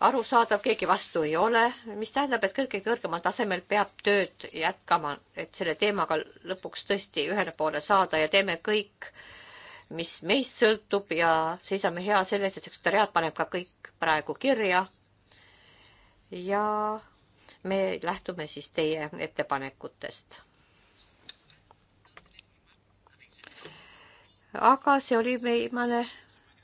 arusaadav, keegi vastu ei ole, mis tähendab, et kõige kõrgemal tasemel peab tööd jätkama, et selle teemaga lõpuks tõesti ühele poole saada ja teeme kõik, mis meist sõltub ja seisame hea selle eest, et sekretariaat paneb ka kõik praegu kirja. ja me lähtume siis teie ettepanekutest. aga see oli viimane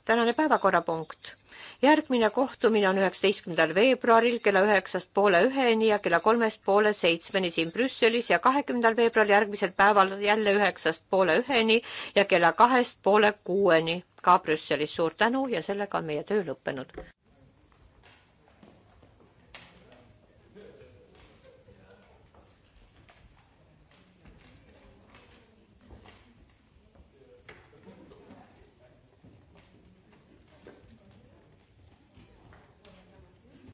tänane päevakorrapunkt järgmine kohtumine on üheksateistkümnendal veebruaril kella üheksast poole üheni ja kella kolmest poole seitsmeni siin Brüsselis ja kahekümnendal veebruaril järgmisel päeval jälle üheksast poole üheni ja kella kahest poole kuueni ka Brüsselis. suur tänu ja sellega on meie töö lõppenud.